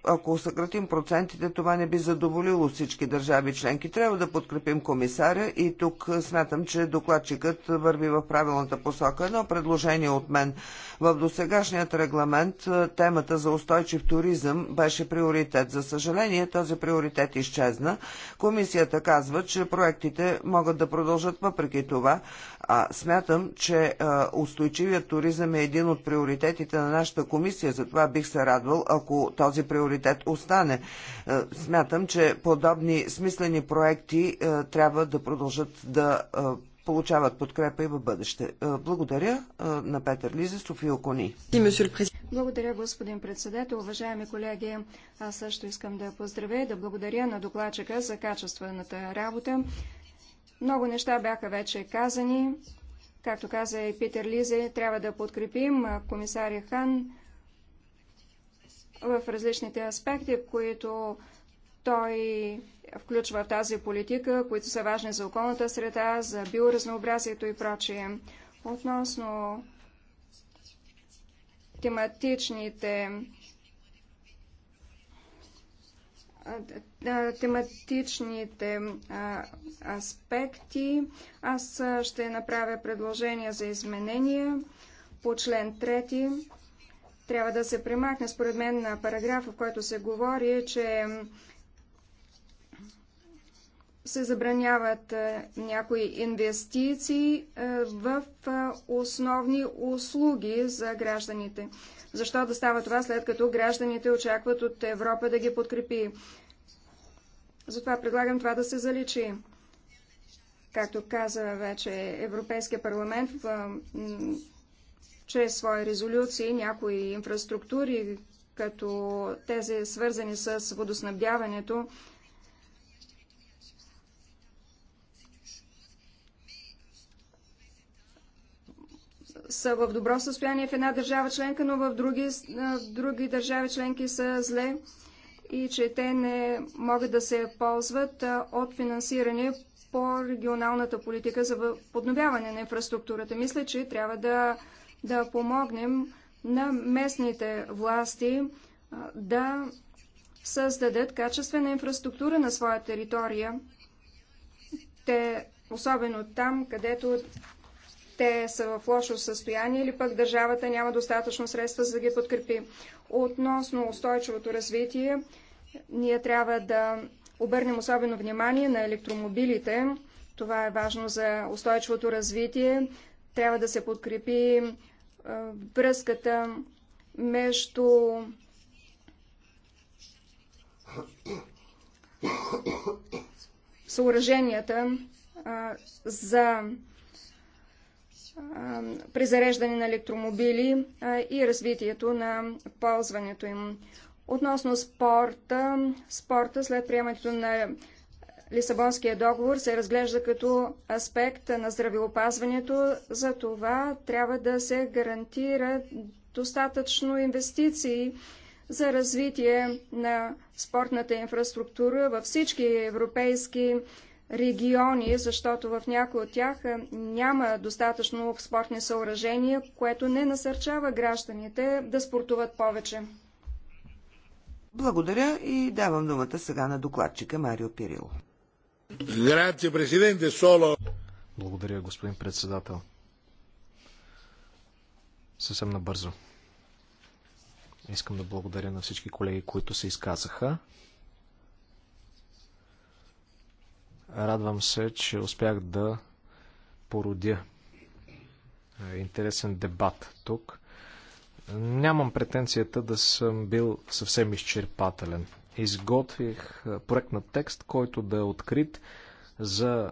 ако съкратим процентите, това не би задоволило всички държави членки. Трябва да подкрепим комисаря и тук смятам, че докладчикът върви в правилната посока. Едно предложение от мен. В досегашният регламент е, темата за устойчив туризъм беше приоритет. За съжаление, този приоритет изчезна. Комисията казва, че проектите могат да продължат въпреки това. А смятам, че е, устойчивият туризъм е един от приоритетите на нашата комисия. Затова бих се радвал, ако този приоритет приоритет остане. Е, смятам, че подобни смислени проекти е, трябва да продължат да е, получават подкрепа и в бъдеще. Благодаря на Петър Лиза, София Кони. Благодаря, господин председател. Уважаеми колеги, аз също искам да поздравя и да благодаря на докладчика за качествената работа. Много неща бяха вече казани. Както каза и Питер Лизе, трябва да подкрепим комисаря Хан в различните аспекти, които той включва в тази политика, които са важни за околната среда, за биоразнообразието и прочие. Относно тематичните тематичните аспекти. Аз ще направя предложение за изменение по член 3 трябва да се премахне, според мен, на параграфа, в който се говори, че се забраняват е, някои инвестиции е, в е, основни услуги за гражданите. Защо да става това, след като гражданите очакват от Европа да ги подкрепи? Затова предлагам това да се заличи. Както каза вече Европейския парламент, в чрез свои резолюции някои инфраструктури, като тези свързани с водоснабдяването, са в добро състояние в една държава членка, но в други, в други държави членки са зле и че те не могат да се ползват от финансиране по регионалната политика за подновяване на инфраструктурата. Мисля, че трябва да да помогнем на местните власти да създадат качествена инфраструктура на своя територия. Те, особено там, където те са в лошо състояние или пък държавата няма достатъчно средства за да ги подкрепи. Относно устойчивото развитие, ние трябва да обърнем особено внимание на електромобилите. Това е важно за устойчивото развитие. Трябва да се подкрепи връзката между съоръженията за презареждане на електромобили и развитието на ползването им. Относно спорта, спорта след приемането на Лисабонския договор се разглежда като аспект на здравеопазването, за това трябва да се гарантира достатъчно инвестиции за развитие на спортната инфраструктура във всички европейски региони, защото в някои от тях няма достатъчно спортни съоръжения, което не насърчава гражданите да спортуват повече. Благодаря и давам думата сега на докладчика Марио Пирило. Благодаря, господин председател. Съвсем набързо. Искам да благодаря на всички колеги, които се изказаха. Радвам се, че успях да породя интересен дебат тук. Нямам претенцията да съм бил съвсем изчерпателен изготвих проект на текст, който да е открит за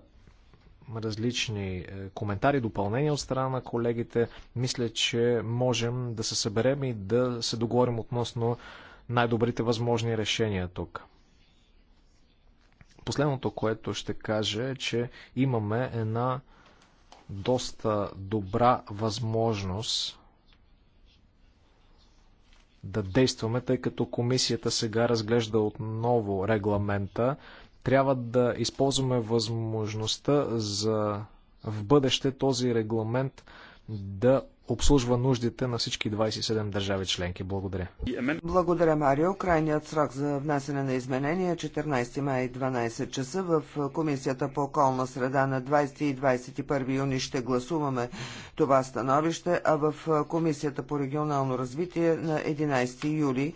различни е, коментари, допълнения от страна на колегите. Мисля, че можем да се съберем и да се договорим относно най-добрите възможни решения тук. Последното, което ще кажа е, че имаме една доста добра възможност да действаме, тъй като комисията сега разглежда отново регламента. Трябва да използваме възможността за в бъдеще този регламент да обслужва нуждите на всички 27 държави членки. Благодаря. Благодаря, Марио. Крайният срок за внасяне на изменения е 14 май 12 часа. В Комисията по околна среда на 20 и 21 юни ще гласуваме това становище, а в Комисията по регионално развитие на 11 юли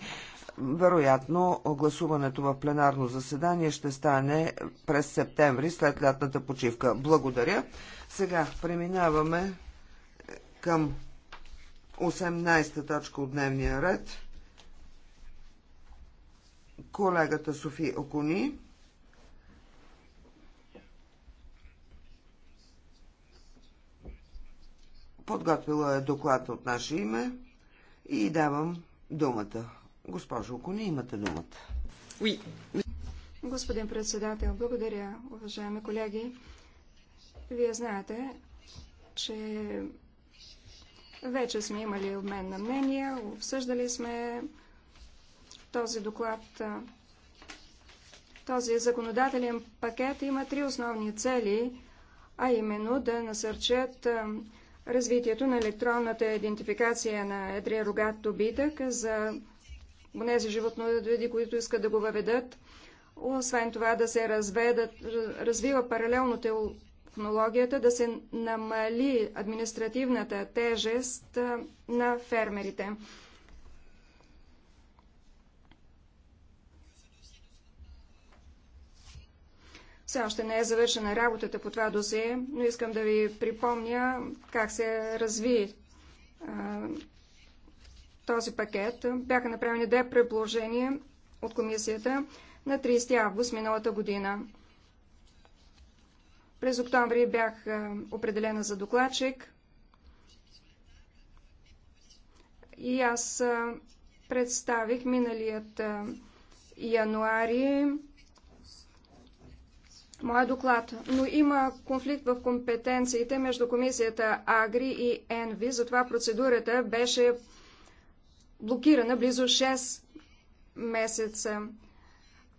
вероятно гласуването в пленарно заседание ще стане през септември след лятната почивка. Благодаря. Сега преминаваме към 18-та точка от дневния ред. Колегата Софи Окуни. Подготвила е доклад от наше име и давам думата. Госпожо Окуни, имате думата. Oui. Господин председател, благодаря, уважаеми колеги. Вие знаете, че вече сме имали обмен на мнения, обсъждали сме този доклад. Този законодателен пакет има три основни цели, а именно да насърчат развитието на електронната идентификация на едрия рогат добитък за тези животноведи, които искат да го въведат. Освен това да се разведат, развива паралелно технологията да се намали административната тежест на фермерите. Все още не е завършена работата по това досие, но искам да ви припомня как се разви а, този пакет. Бяха направени две предложения от комисията на 30 август миналата година. През октомври бях определена за докладчик и аз представих миналият януари моя доклад, но има конфликт в компетенциите между комисията Агри и Енви, затова процедурата беше блокирана близо 6 месеца.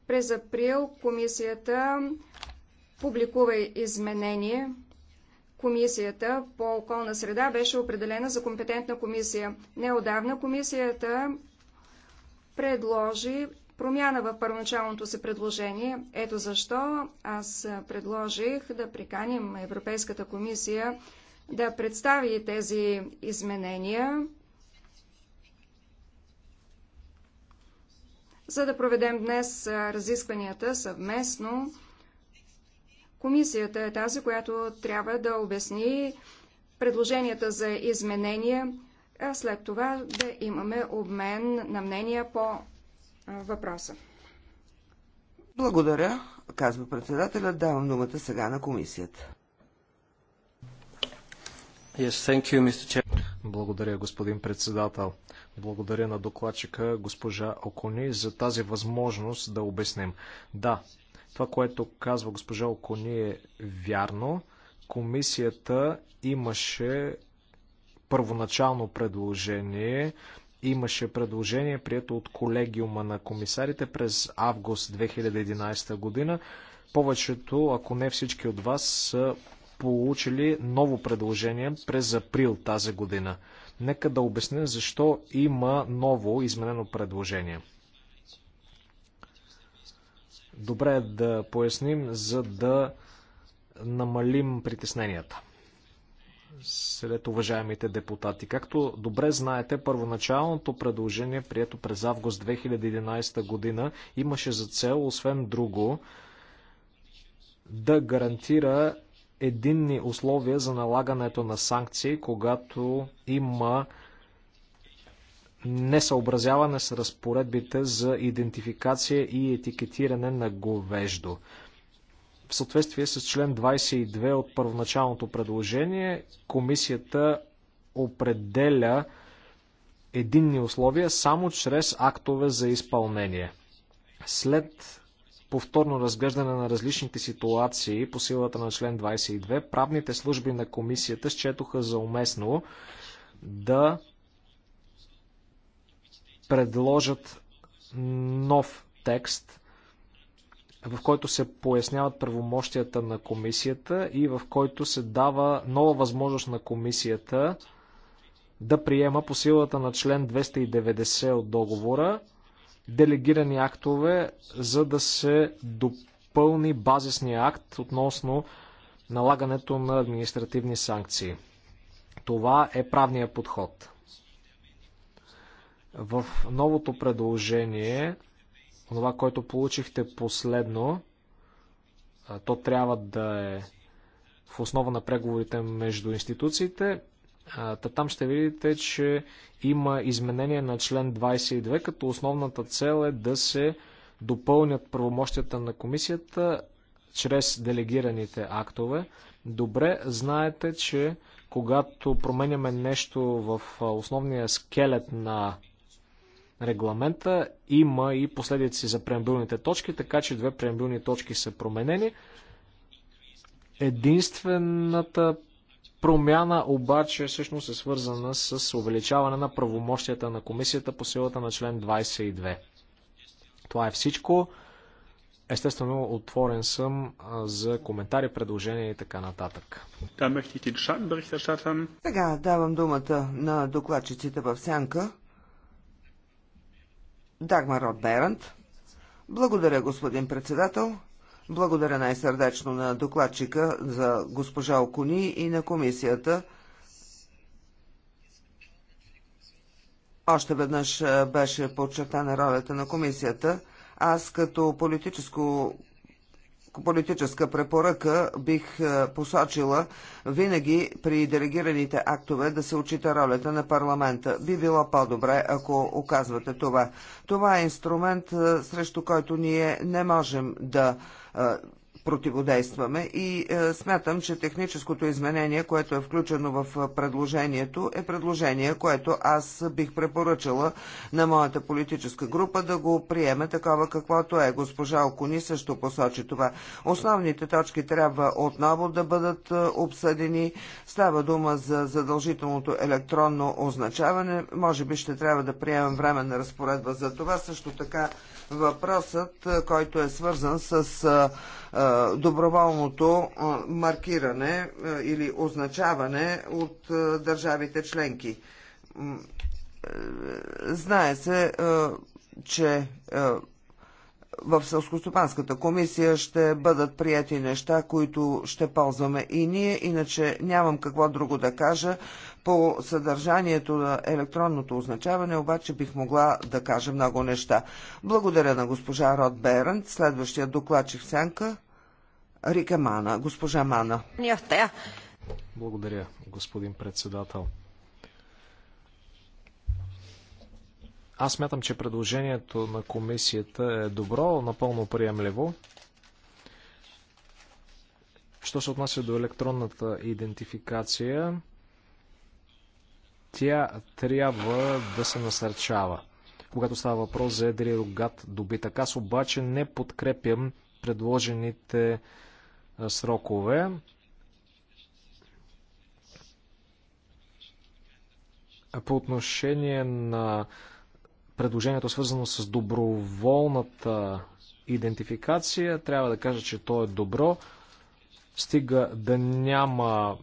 През април комисията публикува изменение, Комисията по околна среда беше определена за компетентна комисия. Неодавна комисията предложи промяна в първоначалното си предложение. Ето защо аз предложих да приканим Европейската комисия да представи тези изменения, за да проведем днес разискванията съвместно Комисията е тази, която трябва да обясни предложенията за изменения, а след това да имаме обмен на мнения по въпроса. Благодаря, казва председателя. Давам думата сега на комисията. Yes, thank you, Mr. Chair. Благодаря, господин председател. Благодаря на докладчика госпожа Окони за тази възможност да обясним. Да, това, което казва госпожа Окони е вярно. Комисията имаше първоначално предложение. Имаше предложение, прието от колегиума на комисарите през август 2011 година. Повечето, ако не всички от вас, са получили ново предложение през април тази година. Нека да обясня защо има ново изменено предложение. Добре е да поясним, за да намалим притесненията След уважаемите депутати. Както добре знаете, първоначалното предложение, прието през август 2011 година, имаше за цел, освен друго, да гарантира единни условия за налагането на санкции, когато има несъобразяване с разпоредбите за идентификация и етикетиране на говеждо. В съответствие с член 22 от първоначалното предложение, комисията определя единни условия само чрез актове за изпълнение. След повторно разглеждане на различните ситуации по силата на член 22, правните служби на комисията счетоха за уместно да предложат нов текст, в който се поясняват правомощията на комисията и в който се дава нова възможност на комисията да приема по силата на член 290 от договора делегирани актове, за да се допълни базисния акт относно налагането на административни санкции. Това е правният подход. В новото предложение, това, което получихте последно, то трябва да е в основа на преговорите между институциите. Та там ще видите, че има изменение на член 22, като основната цел е да се допълнят правомощията на комисията чрез делегираните актове. Добре знаете, че когато променяме нещо в основния скелет на регламента има и последици за преамбилните точки, така че две преамбилни точки са променени. Единствената промяна обаче всъщност е свързана с увеличаване на правомощията на комисията по силата на член 22. Това е всичко. Естествено, отворен съм за коментари, предложения и така нататък. Сега давам думата на докладчиците в сянка. Дагмар от Берант. Благодаря, господин председател. Благодаря най-сърдечно на докладчика за госпожа Окуни и на комисията. Още веднъж беше подчертана ролята на комисията. Аз като политическо политическа препоръка бих е, посочила винаги при делегираните актове да се очита ролята на парламента. Би било по-добре, ако оказвате това. Това е инструмент, е, срещу който ние не можем да е, противодействаме и е, смятам, че техническото изменение, което е включено в е, предложението, е предложение, което аз бих препоръчала на моята политическа група да го приеме такова каквото е. Госпожа Окуни също посочи това. Основните точки трябва отново да бъдат е, обсъдени. Става дума за задължителното електронно означаване. Може би ще трябва да приемем време на разпоредба за това. Също така въпросът, който е свързан с доброволното маркиране или означаване от държавите членки. Е, знае се, че в Сълскостопанската комисия ще бъдат прияти неща, които ще ползваме и ние, иначе нямам какво друго да кажа, по съдържанието на електронното означаване обаче бих могла да кажа много неща. Благодаря на госпожа Род Берент. Следващия докладчик в сянка Рика Мана. Госпожа Мана. Благодаря, господин председател. Аз мятам, че предложението на комисията е добро, напълно приемливо. Що се отнася до електронната идентификация, тя трябва да се насърчава. Когато става въпрос за едри рогат добитък, аз обаче не подкрепям предложените срокове. По отношение на предложението, свързано с доброволната идентификация, трябва да кажа, че то е добро. Стига да няма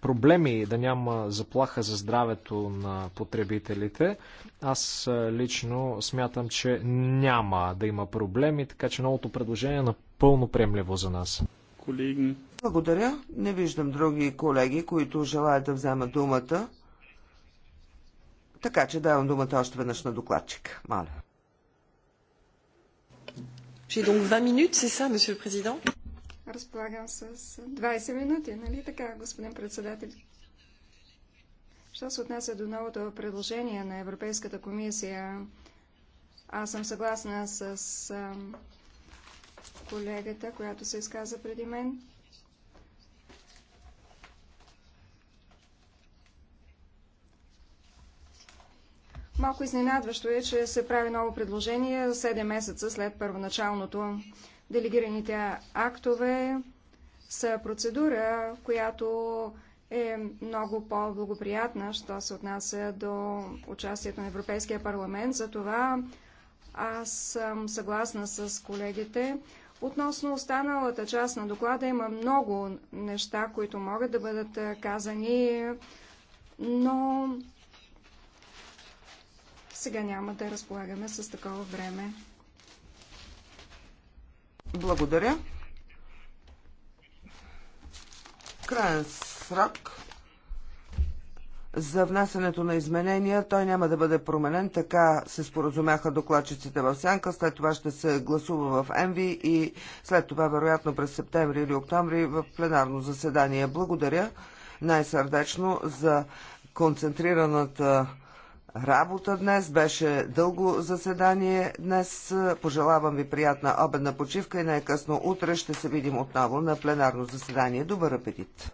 проблеми, да няма заплаха за здравето на потребителите. Аз лично смятам, че няма да има проблеми, така че новото предложение е напълно приемливо за нас. Колеги. Благодаря. Не виждам други колеги, които желаят да вземат думата. Така че давам думата още веднъж на докладчик. Маля. J'ai donc 20 minutes, c'est ça, Monsieur le Président разполагам с 20 минути, нали така, господин председател? Що се отнася до новото предложение на Европейската комисия, аз съм съгласна с колегата, която се изказа преди мен. Малко изненадващо е, че се прави ново предложение 7 месеца след първоначалното. Делегираните актове са процедура, която е много по-благоприятна, що се отнася до участието на Европейския парламент. Затова аз съм съгласна с колегите. Относно останалата част на доклада има много неща, които могат да бъдат казани, но сега няма да разполагаме с такова време. Благодаря. Краен срок за внасенето на изменения. Той няма да бъде променен. Така се споразумяха докладчиците в Сянка. След това ще се гласува в Енви и след това, вероятно, през септември или октомври в пленарно заседание. Благодаря най-сърдечно за концентрираната работа днес. Беше дълго заседание днес. Пожелавам ви приятна обедна почивка и най-късно утре ще се видим отново на пленарно заседание. Добър апетит!